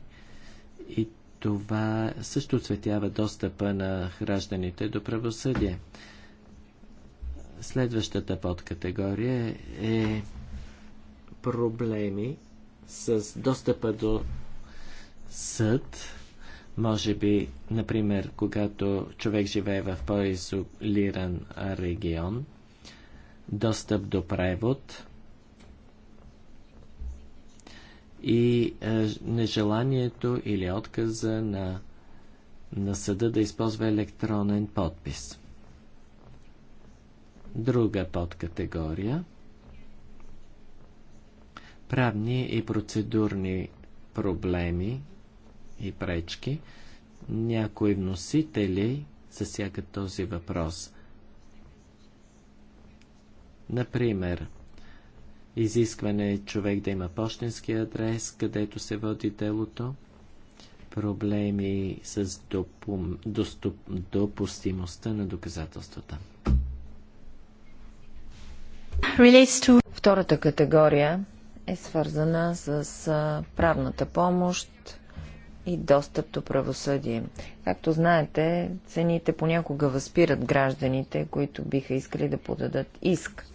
и това също цветява достъпа на гражданите до правосъдие. Следващата подкатегория е проблеми с достъпа до съд може би, например, когато човек живее в по-изолиран регион, достъп до превод и е, нежеланието или отказа на, на съда да използва електронен подпис. Друга подкатегория правни и процедурни проблеми и пречки. Някои вносители засягат този въпрос. Например, изискване е човек да има почтенски адрес, където се води делото, проблеми с допум... доступ... допустимостта на доказателствата. Втората категория е свързана с правната помощ и достъп до правосъдие. Както знаете, цените понякога възпират гражданите, които биха искали да подадат иск.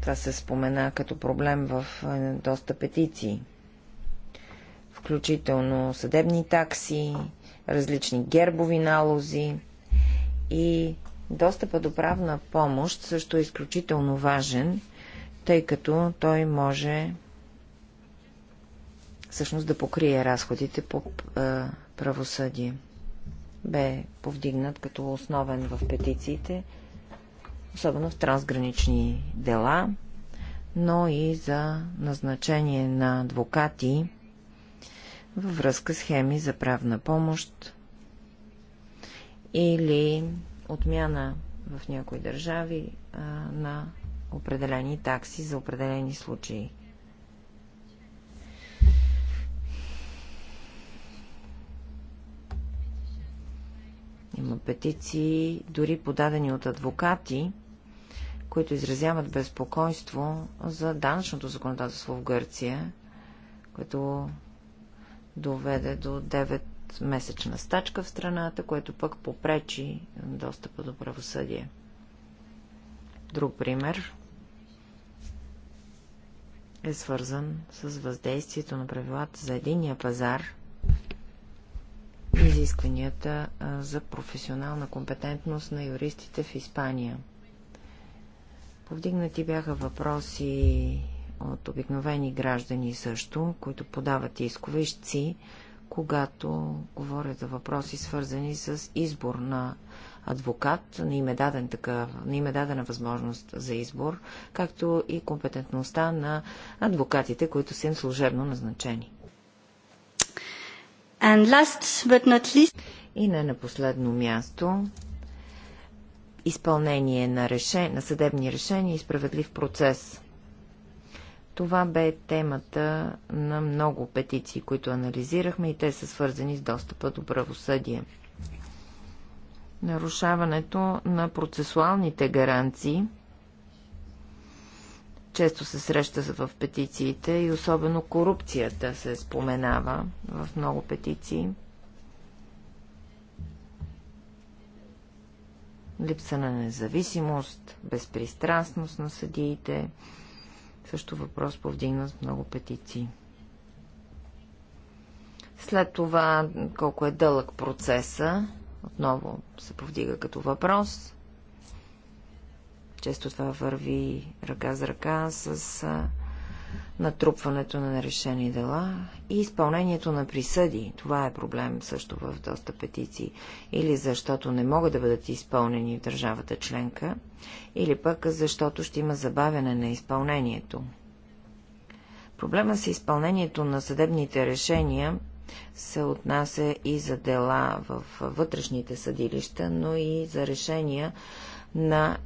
Това се спомена като проблем в е, доста петиции. Включително съдебни такси, различни гербови налози и достъпа до правна помощ също е изключително важен, тъй като той може всъщност да покрие разходите по е, правосъдие. Бе повдигнат като основен в петициите, особено в трансгранични дела, но и за назначение на адвокати във връзка с хеми за правна помощ или отмяна в някои държави а, на определени такси за определени случаи. Има петиции, дори подадени от адвокати, които изразяват безпокойство за данъчното законодателство в Гърция, което доведе до 9-месечна стачка в страната, което пък попречи достъпа до правосъдие. Друг пример е свързан с въздействието на правилата за единия пазар изискванията за професионална компетентност на юристите в Испания. Повдигнати бяха въпроси от обикновени граждани също, които подават искове ищци, когато говорят за въпроси свързани с избор на адвокат, не им е, даден такъв, не им е дадена възможност за избор, както и компетентността на адвокатите, които са им служебно назначени. And last but not least... И не на последно място, изпълнение на, реше... на съдебни решения и справедлив процес. Това бе темата на много петиции, които анализирахме и те са свързани с достъпа до правосъдие. Нарушаването на процесуалните гаранции – често се среща в петициите и особено корупцията се споменава в много петиции. Липса на независимост, безпристрастност на съдиите. Също въпрос повдигнат с много петиции. След това, колко е дълъг процеса, отново се повдига като въпрос. Често това върви ръка за ръка с натрупването на нерешени дела и изпълнението на присъди. Това е проблем също в доста петиции. Или защото не могат да бъдат изпълнени в държавата членка, или пък защото ще има забавяне на изпълнението. Проблема с изпълнението на съдебните решения се отнася и за дела в вътрешните съдилища, но и за решения на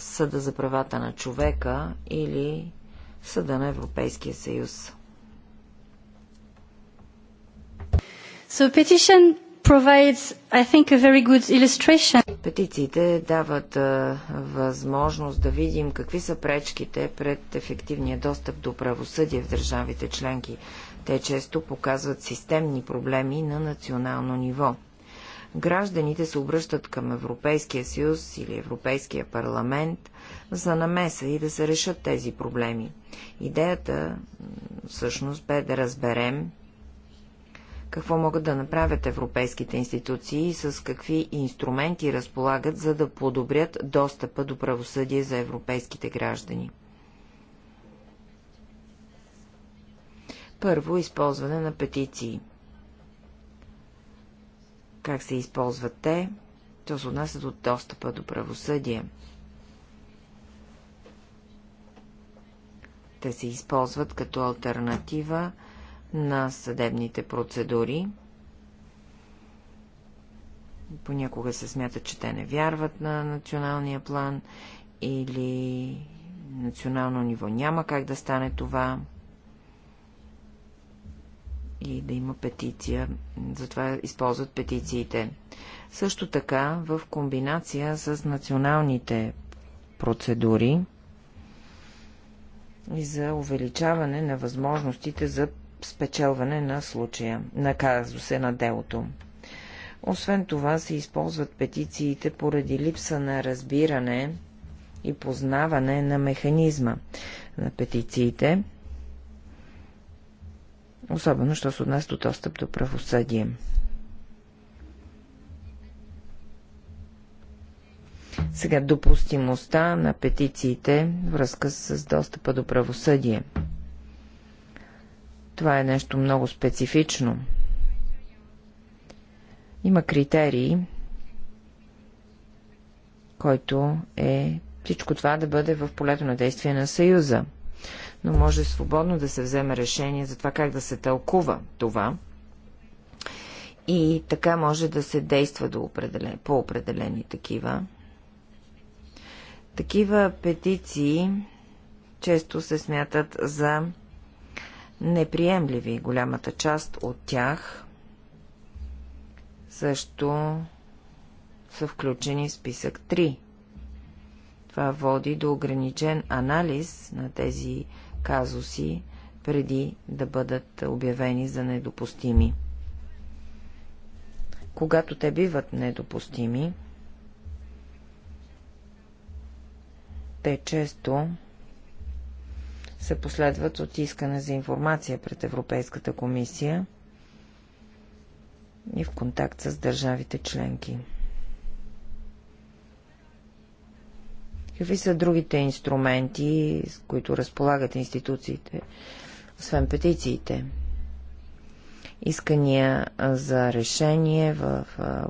Съда за правата на човека или Съда на Европейския съюз. So petition provides, I think, a very good illustration. Петициите дават а, възможност да видим какви са пречките пред ефективния достъп до правосъдие в държавите членки. Те често показват системни проблеми на национално ниво. Гражданите се обръщат към Европейския съюз или Европейския парламент за намеса и да се решат тези проблеми. Идеята всъщност бе да разберем какво могат да направят европейските институции и с какви инструменти разполагат, за да подобрят достъпа до правосъдие за европейските граждани. Първо, използване на петиции как се използват те, то се отнася до достъпа до правосъдие. Те се използват като альтернатива на съдебните процедури. Понякога се смята, че те не вярват на националния план или национално ниво няма как да стане това и да има петиция. Затова използват петициите. Също така, в комбинация с националните процедури и за увеличаване на възможностите за спечелване на случая, на казусе на делото. Освен това се използват петициите поради липса на разбиране и познаване на механизма на петициите, особено, що се отнася до достъп до правосъдие. Сега допустимостта на петициите връзка с достъпа до правосъдие. Това е нещо много специфично. Има критерии, който е всичко това да бъде в полето на действие на Съюза – но може свободно да се вземе решение за това как да се тълкува това. И така може да се действа до определен, по определени такива. Такива петиции често се смятат за неприемливи. Голямата част от тях също са включени в списък 3. Това води до ограничен анализ на тези казуси, преди да бъдат обявени за недопустими. Когато те биват недопустими, те често се последват от искане за информация пред Европейската комисия и в контакт с държавите членки. Какви са другите инструменти, с които разполагат институциите, освен петициите? Искания за решение в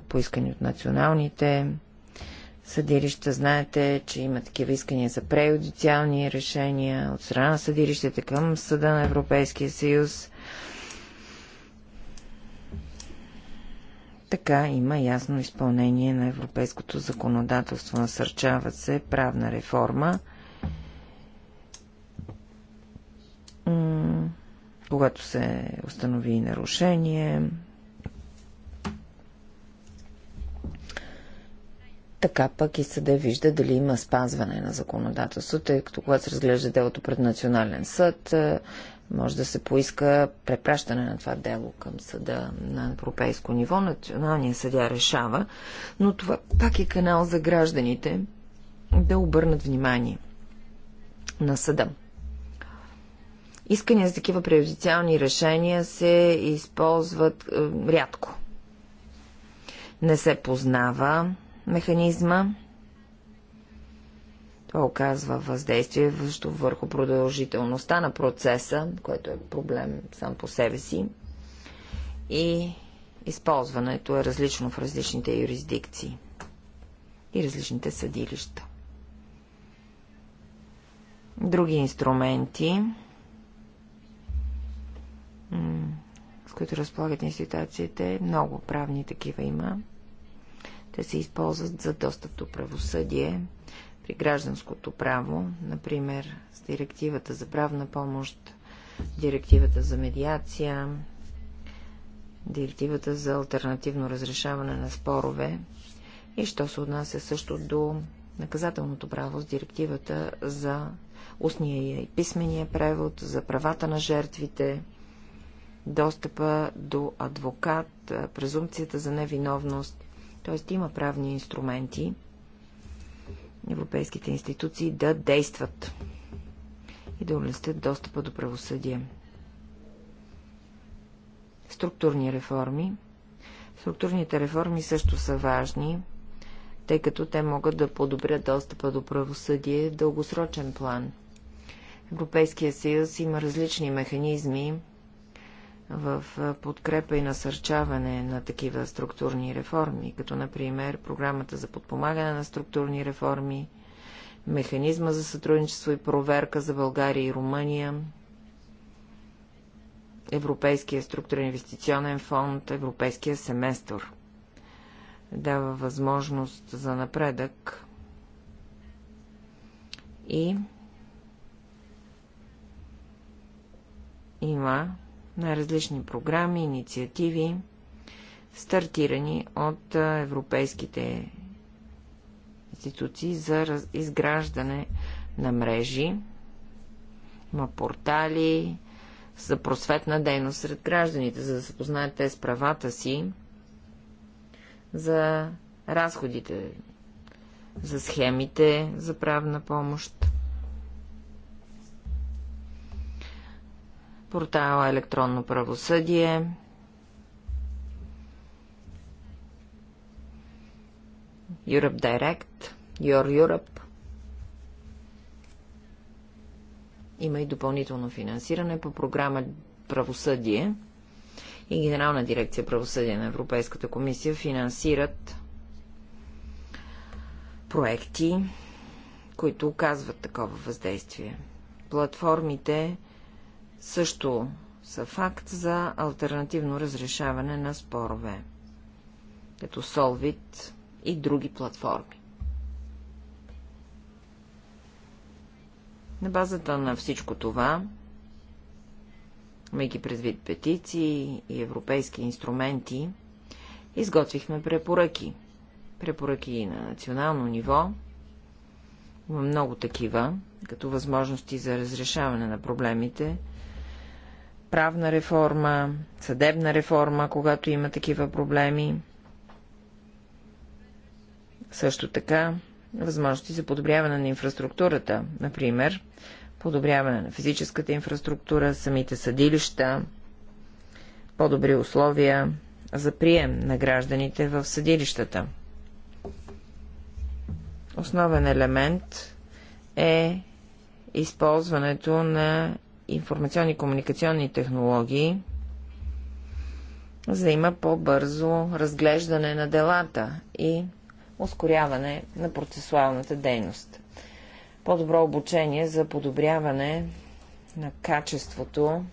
поискани от националните съдилища. Знаете, че има такива искания за преюдициални решения от страна на съдилищата към Съда на Европейския съюз. Така има ясно изпълнение на европейското законодателство. Насърчава се правна реформа. Когато се установи нарушение, така пък и съде вижда дали има спазване на законодателството, тъй като когато се разглежда делото пред Национален съд, може да се поиска препращане на това дело към съда на европейско ниво. Националният съдя решава, но това пак е канал за гражданите да обърнат внимание на съда. Искания за такива преюдициални решения се използват е, рядко. Не се познава механизма, това оказва въздействие върху продължителността на процеса, който е проблем сам по себе си. И използването е различно в различните юрисдикции и различните съдилища. Други инструменти, с които разполагат институциите, много правни такива има. Те се използват за достъп до правосъдие, при гражданското право, например с директивата за правна помощ, директивата за медиация, директивата за альтернативно разрешаване на спорове и що се отнася също до наказателното право с директивата за устния и писмения превод, за правата на жертвите, достъпа до адвокат, презумпцията за невиновност. Т.е. има правни инструменти, европейските институции да действат и да улестят достъпа до правосъдие. Структурни реформи. Структурните реформи също са важни, тъй като те могат да подобрят достъпа до правосъдие в дългосрочен план. Европейския съюз има различни механизми в подкрепа и насърчаване на такива структурни реформи, като например програмата за подпомагане на структурни реформи, механизма за сътрудничество и проверка за България и Румъния, Европейския структурен инвестиционен фонд, Европейския семестър. Дава възможност за напредък и има на различни програми, инициативи, стартирани от европейските институции за изграждане на мрежи, на портали за просветна дейност сред гражданите, за да се познаят те с правата си, за разходите, за схемите за правна помощ. портала Електронно правосъдие, Europe Direct, Your Europe. Има и допълнително финансиране по програма Правосъдие и Генерална дирекция Правосъдие на Европейската комисия финансират проекти, които оказват такова въздействие. Платформите също са факт за альтернативно разрешаване на спорове, като Solvit и други платформи. На базата на всичко това, имайки предвид петиции и европейски инструменти, изготвихме препоръки. Препоръки на национално ниво. Има много такива, като възможности за разрешаване на проблемите – правна реформа, съдебна реформа, когато има такива проблеми. Също така, възможности за подобряване на инфраструктурата, например, подобряване на физическата инфраструктура, самите съдилища, по-добри условия за прием на гражданите в съдилищата. Основен елемент е използването на информационни и комуникационни технологии, за да има по-бързо разглеждане на делата и ускоряване на процесуалната дейност. По-добро обучение за подобряване на качеството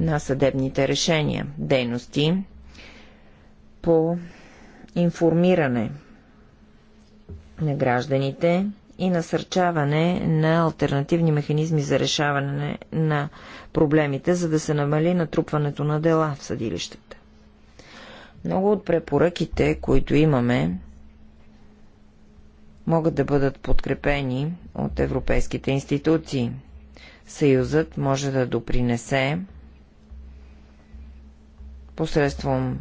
на съдебните решения, дейности по информиране на гражданите и насърчаване на альтернативни механизми за решаване на проблемите, за да се намали натрупването на дела в съдилищата. Много от препоръките, които имаме, могат да бъдат подкрепени от европейските институции. Съюзът може да допринесе посредством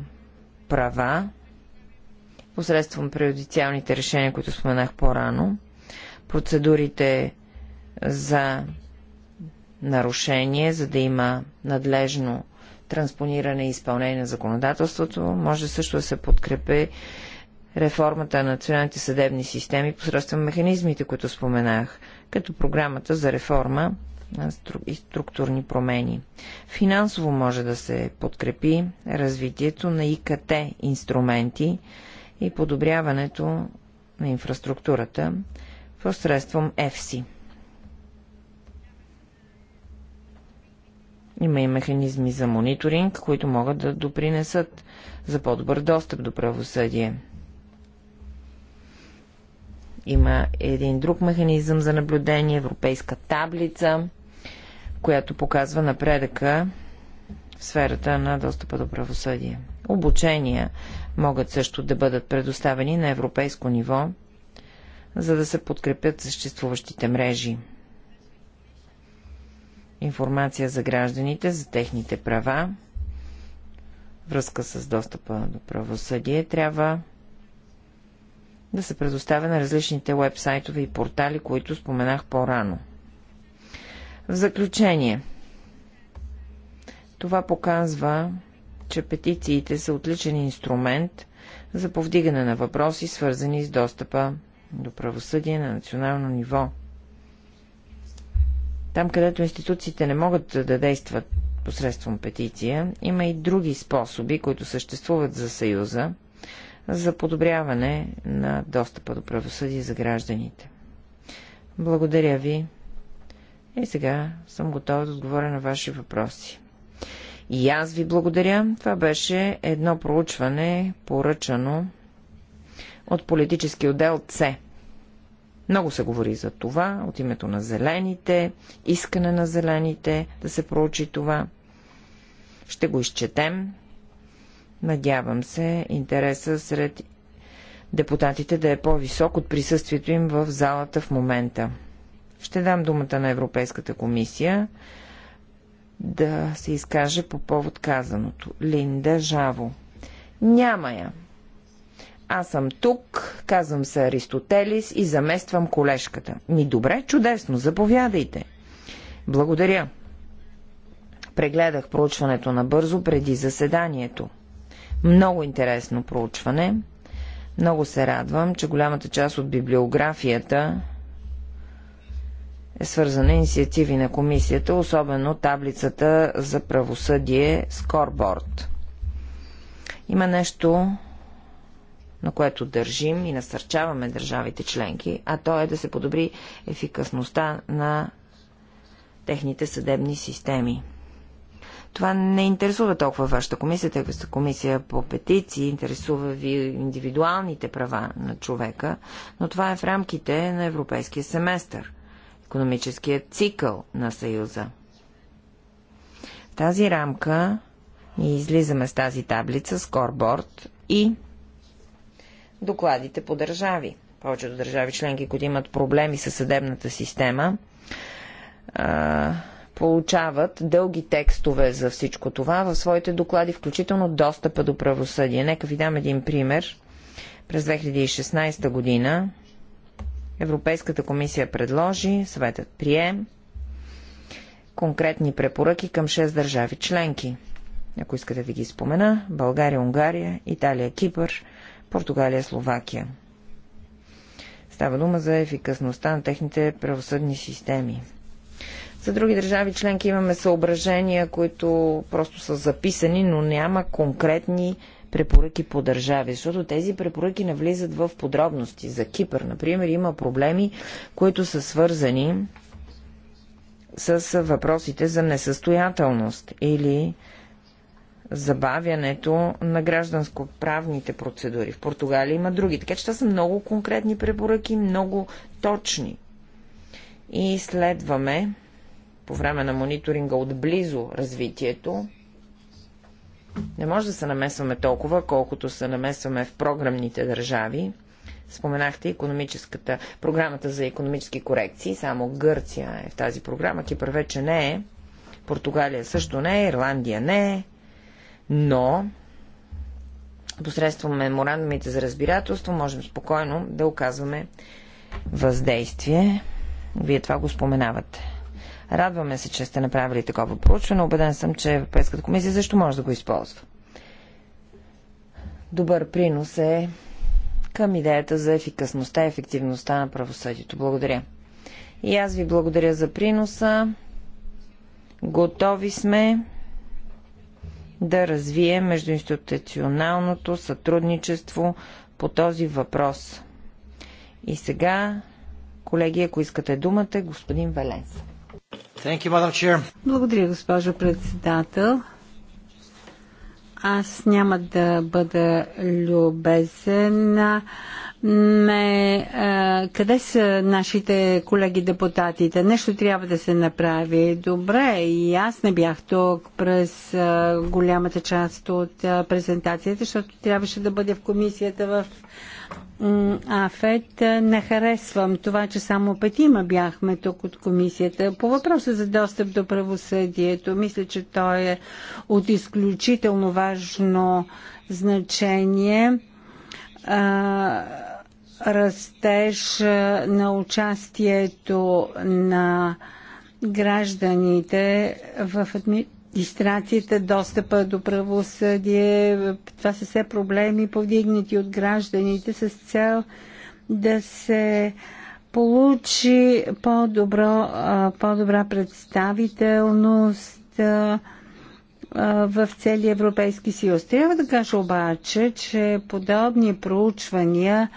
права, посредством преюдициалните решения, които споменах по-рано, процедурите за нарушение, за да има надлежно транспониране и изпълнение на законодателството. Може също да се подкрепи реформата на националните съдебни системи посредством механизмите, които споменах, като програмата за реформа и структурни промени. Финансово може да се подкрепи развитието на ИКТ инструменти и подобряването на инфраструктурата, посредством ЕФСИ. Има и механизми за мониторинг, които могат да допринесат за по-добър достъп до правосъдие. Има един друг механизъм за наблюдение, европейска таблица, която показва напредъка в сферата на достъпа до правосъдие. Обучения могат също да бъдат предоставени на европейско ниво за да се подкрепят съществуващите мрежи. Информация за гражданите, за техните права, връзка с достъпа до правосъдие трябва да се предоставя на различните вебсайтове и портали, които споменах по-рано. В заключение, това показва, че петициите са отличен инструмент за повдигане на въпроси, свързани с достъпа до правосъдие на национално ниво. Там, където институциите не могат да действат посредством петиция, има и други способи, които съществуват за Съюза, за подобряване на достъпа до правосъдие за гражданите. Благодаря ви. И сега съм готова да отговоря на ваши въпроси. И аз ви благодаря. Това беше едно проучване, поръчано от политически отдел С. Много се говори за това, от името на зелените, искане на зелените да се проучи това. Ще го изчетем. Надявам се, интереса сред депутатите да е по-висок от присъствието им в залата в момента. Ще дам думата на Европейската комисия да се изкаже по повод казаното. Линда Жаво. Няма я аз съм тук, казвам се Аристотелис и замествам колешката. Ми добре, чудесно, заповядайте. Благодаря. Прегледах проучването набързо преди заседанието. Много интересно проучване. Много се радвам, че голямата част от библиографията е свързана инициативи на комисията, особено таблицата за правосъдие Скорборд. Има нещо на което държим и насърчаваме държавите членки, а то е да се подобри ефикасността на техните съдебни системи. Това не интересува толкова вашата комисия, тъй като комисия по петиции, интересува ви индивидуалните права на човека, но това е в рамките на европейския семестър, економическият цикъл на Съюза. В тази рамка ние излизаме с тази таблица, скорборд и докладите по държави. Повечето държави членки, които имат проблеми с съдебната система, получават дълги текстове за всичко това в своите доклади, включително достъпа до правосъдие. Нека ви дам един пример. През 2016 година Европейската комисия предложи, съветът прие конкретни препоръки към 6 държави членки. Ако искате да ги спомена, България, Унгария, Италия, Кипър, Португалия, Словакия. Става дума за ефикасността на техните правосъдни системи. За други държави членки имаме съображения, които просто са записани, но няма конкретни препоръки по държави, защото тези препоръки не влизат в подробности. За Кипър, например, има проблеми, които са свързани с въпросите за несъстоятелност или забавянето на гражданско-правните процедури. В Португалия има други. Така че това са много конкретни препоръки, много точни. И следваме по време на мониторинга отблизо развитието. Не може да се намесваме толкова, колкото се намесваме в програмните държави. Споменахте економическата, програмата за економически корекции. Само Гърция е в тази програма. Кипър вече не е. Португалия също не е. Ирландия не е но посредством меморандумите за разбирателство можем спокойно да оказваме въздействие. Вие това го споменавате. Радваме се, че сте направили такова проучване. Обеден съм, че Европейската комисия също може да го използва. Добър принос е към идеята за ефикасността и ефективността на правосъдието. Благодаря. И аз ви благодаря за приноса. Готови сме да развие междуинституционалното сътрудничество по този въпрос. И сега, колеги, ако искате думата, господин Веленс. Благодаря, госпожо председател. Аз няма да бъда любезен ме, а, къде са нашите колеги депутатите? Нещо трябва да се направи. Добре, и аз не бях тук през а, голямата част от а, презентацията, защото трябваше да бъде в комисията в Афет. Не харесвам това, че само петима бяхме тук от комисията. По въпроса за достъп до правосъдието, мисля, че той е от изключително важно значение. А, растеж на участието на гражданите в администрацията, достъпа до правосъдие. Това са все проблеми, повдигнати от гражданите с цел да се получи по-добро, по-добра представителност в целия Европейски съюз. Трябва да кажа обаче, че подобни проучвания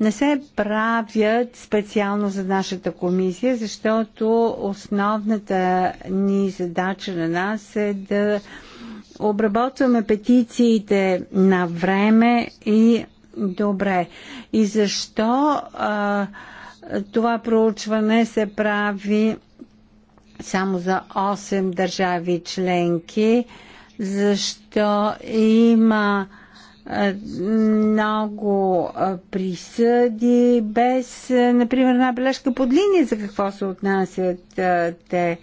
не се правят специално за нашата комисия, защото основната ни задача на нас е да обработваме петициите на време и добре. И защо а, това проучване се прави само за 8 държави членки? Защо има много присъди, без, например, една бележка под линия за какво се отнасят те.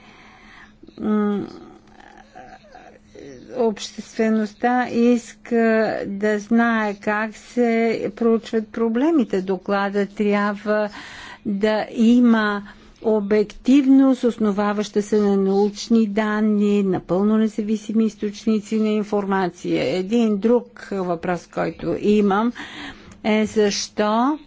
Обществеността иска да знае как се проучват проблемите. Доклада трябва да има обективност, основаваща се на научни данни, напълно независими източници на информация. Един друг въпрос, който имам е защо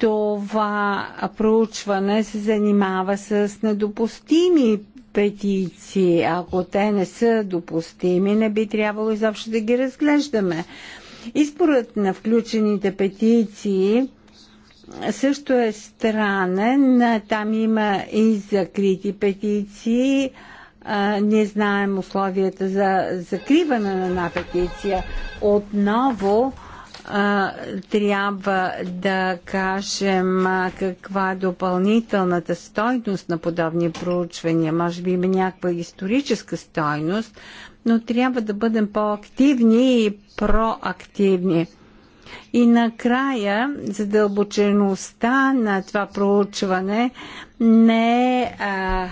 това проучване се занимава с недопустими петиции. Ако те не са допустими, не би трябвало изобщо да ги разглеждаме. И според на включените петиции, също е странен. Там има и закрити петиции. Не знаем условията за закриване на една петиция. Отново трябва да кажем каква е допълнителната стойност на подобни проучвания. Може би има някаква историческа стойност, но трябва да бъдем по-активни и проактивни. И накрая задълбочеността на това проучване не е а,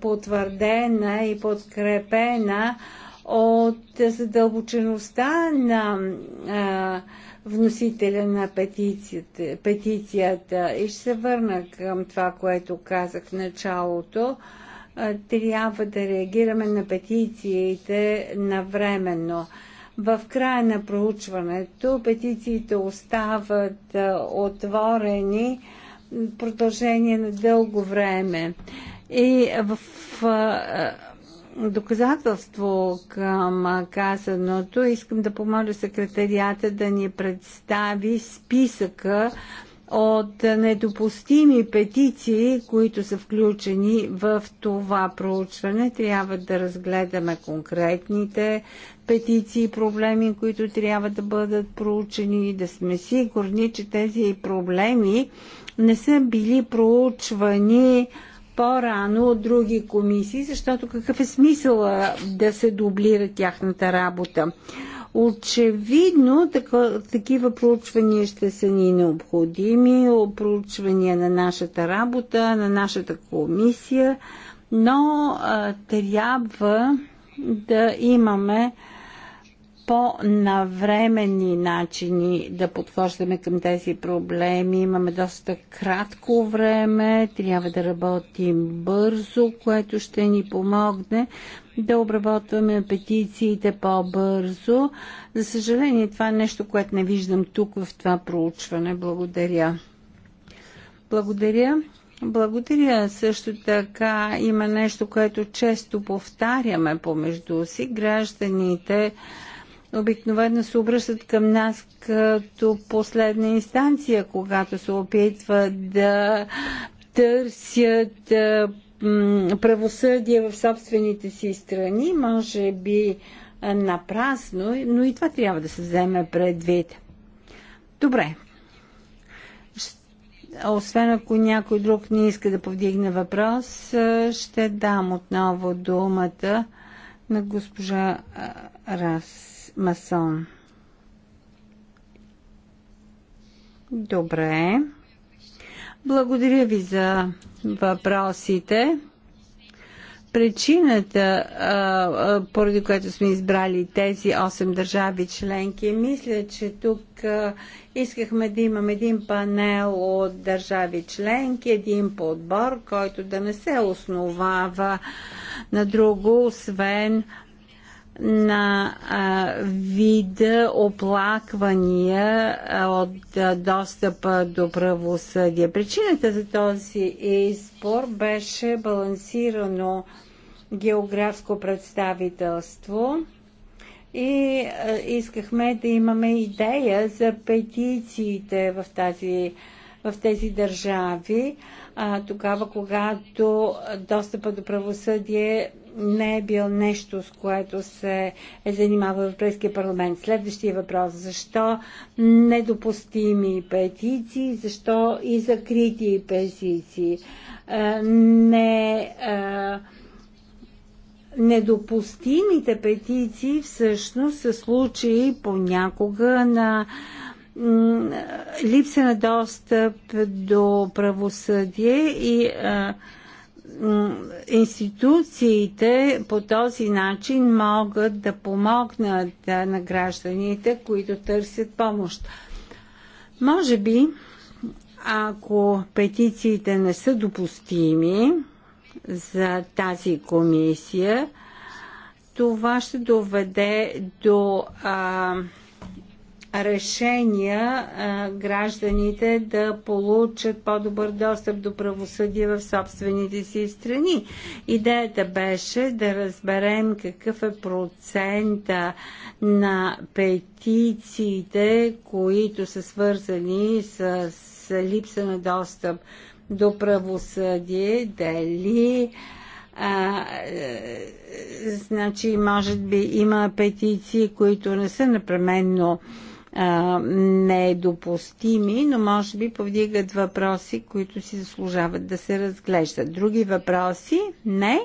потвърдена и подкрепена от задълбочеността на а, вносителя на петицията, петицията. И ще се върна към това, което казах в началото. А, трябва да реагираме на петициите навременно. В края на проучването петициите остават отворени в продължение на дълго време. И в доказателство към казаното, искам да помоля секретарията да ни представи списъка от недопустими петиции, които са включени в това проучване. Трябва да разгледаме конкретните петиции и проблеми, които трябва да бъдат проучени и да сме сигурни, че тези проблеми не са били проучвани по-рано от други комисии, защото какъв е смисъл да се дублира тяхната работа. Очевидно такива проучвания ще са ни необходими, проучвания на нашата работа, на нашата комисия, но а, трябва да имаме по-навремени начини да подхождаме към тези проблеми. Имаме доста кратко време, трябва да работим бързо, което ще ни помогне да обработваме петициите по-бързо. За съжаление, това е нещо, което не виждам тук в това проучване. Благодаря. Благодаря. Благодаря. Също така има нещо, което често повтаряме помежду си. Гражданите обикновено се обръщат към нас като последна инстанция, когато се опитват да търсят правосъдие в собствените си страни, може би напрасно, но и това трябва да се вземе предвид. Добре. Освен ако някой друг не иска да повдигне въпрос, ще дам отново думата на госпожа Рас. Масон. Добре. Благодаря ви за въпросите. Причината, поради която сме избрали тези 8 държави членки, мисля, че тук искахме да имам един панел от държави членки, един подбор, който да не се основава на друго, освен на а, вида оплаквания от а, достъпа до правосъдие. Причината за този избор беше балансирано географско представителство и а, искахме да имаме идея за петициите в тази в тези държави, а, тогава когато достъпа до правосъдие не е бил нещо, с което се е занимавал Европейския парламент. Следващия въпрос. Защо недопустими петиции? Защо и закрити петиции? Не недопустимите петиции всъщност са случаи понякога на липса на достъп до правосъдие и а, институциите по този начин могат да помогнат на гражданите, които търсят помощ. Може би, ако петициите не са допустими за тази комисия, това ще доведе до а, решения а, гражданите да получат по-добър достъп до правосъдие в собствените си страни. Идеята беше да разберем какъв е процента на петициите, които са свързани с, с липса на достъп до правосъдие, дали а, е, значи, може би има петиции, които не са непременно а, а, недопустими, но може би повдигат въпроси, които си заслужават да се разглеждат. Други въпроси? Не.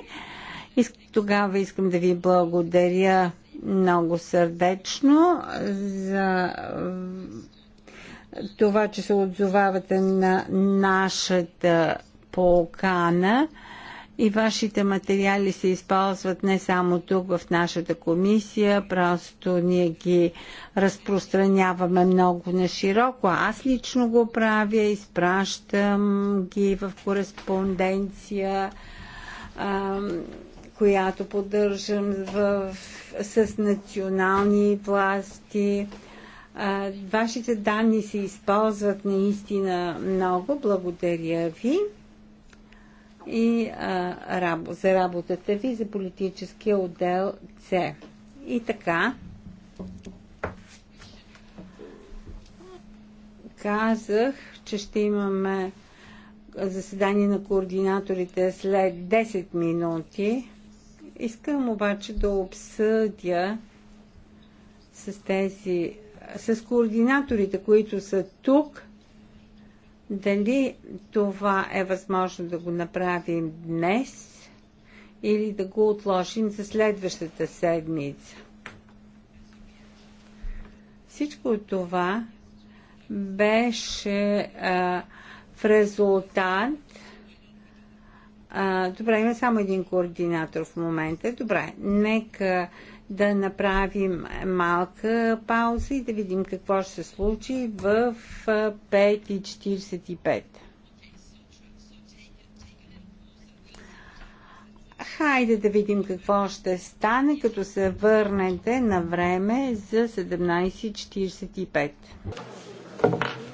Тогава искам да ви благодаря много сърдечно за това, че се отзовавате на нашата покана и вашите материали се използват не само тук в нашата комисия, просто ние ги разпространяваме много на широко. Аз лично го правя, изпращам ги в кореспонденция, която поддържам в, с национални власти. Вашите данни се използват наистина много. Благодаря ви и а, рабо, за работата ви за политическия отдел С. И така, казах, че ще имаме заседание на координаторите след 10 минути. Искам обаче да обсъдя с тези, с координаторите, които са тук, дали това е възможно да го направим днес или да го отложим за следващата седмица? Всичко това беше а, в резултат. А, добре, има само един координатор в момента. Добре, нека да направим малка пауза и да видим какво ще се случи в 5.45. Хайде да видим какво ще стане, като се върнете на време за 17.45.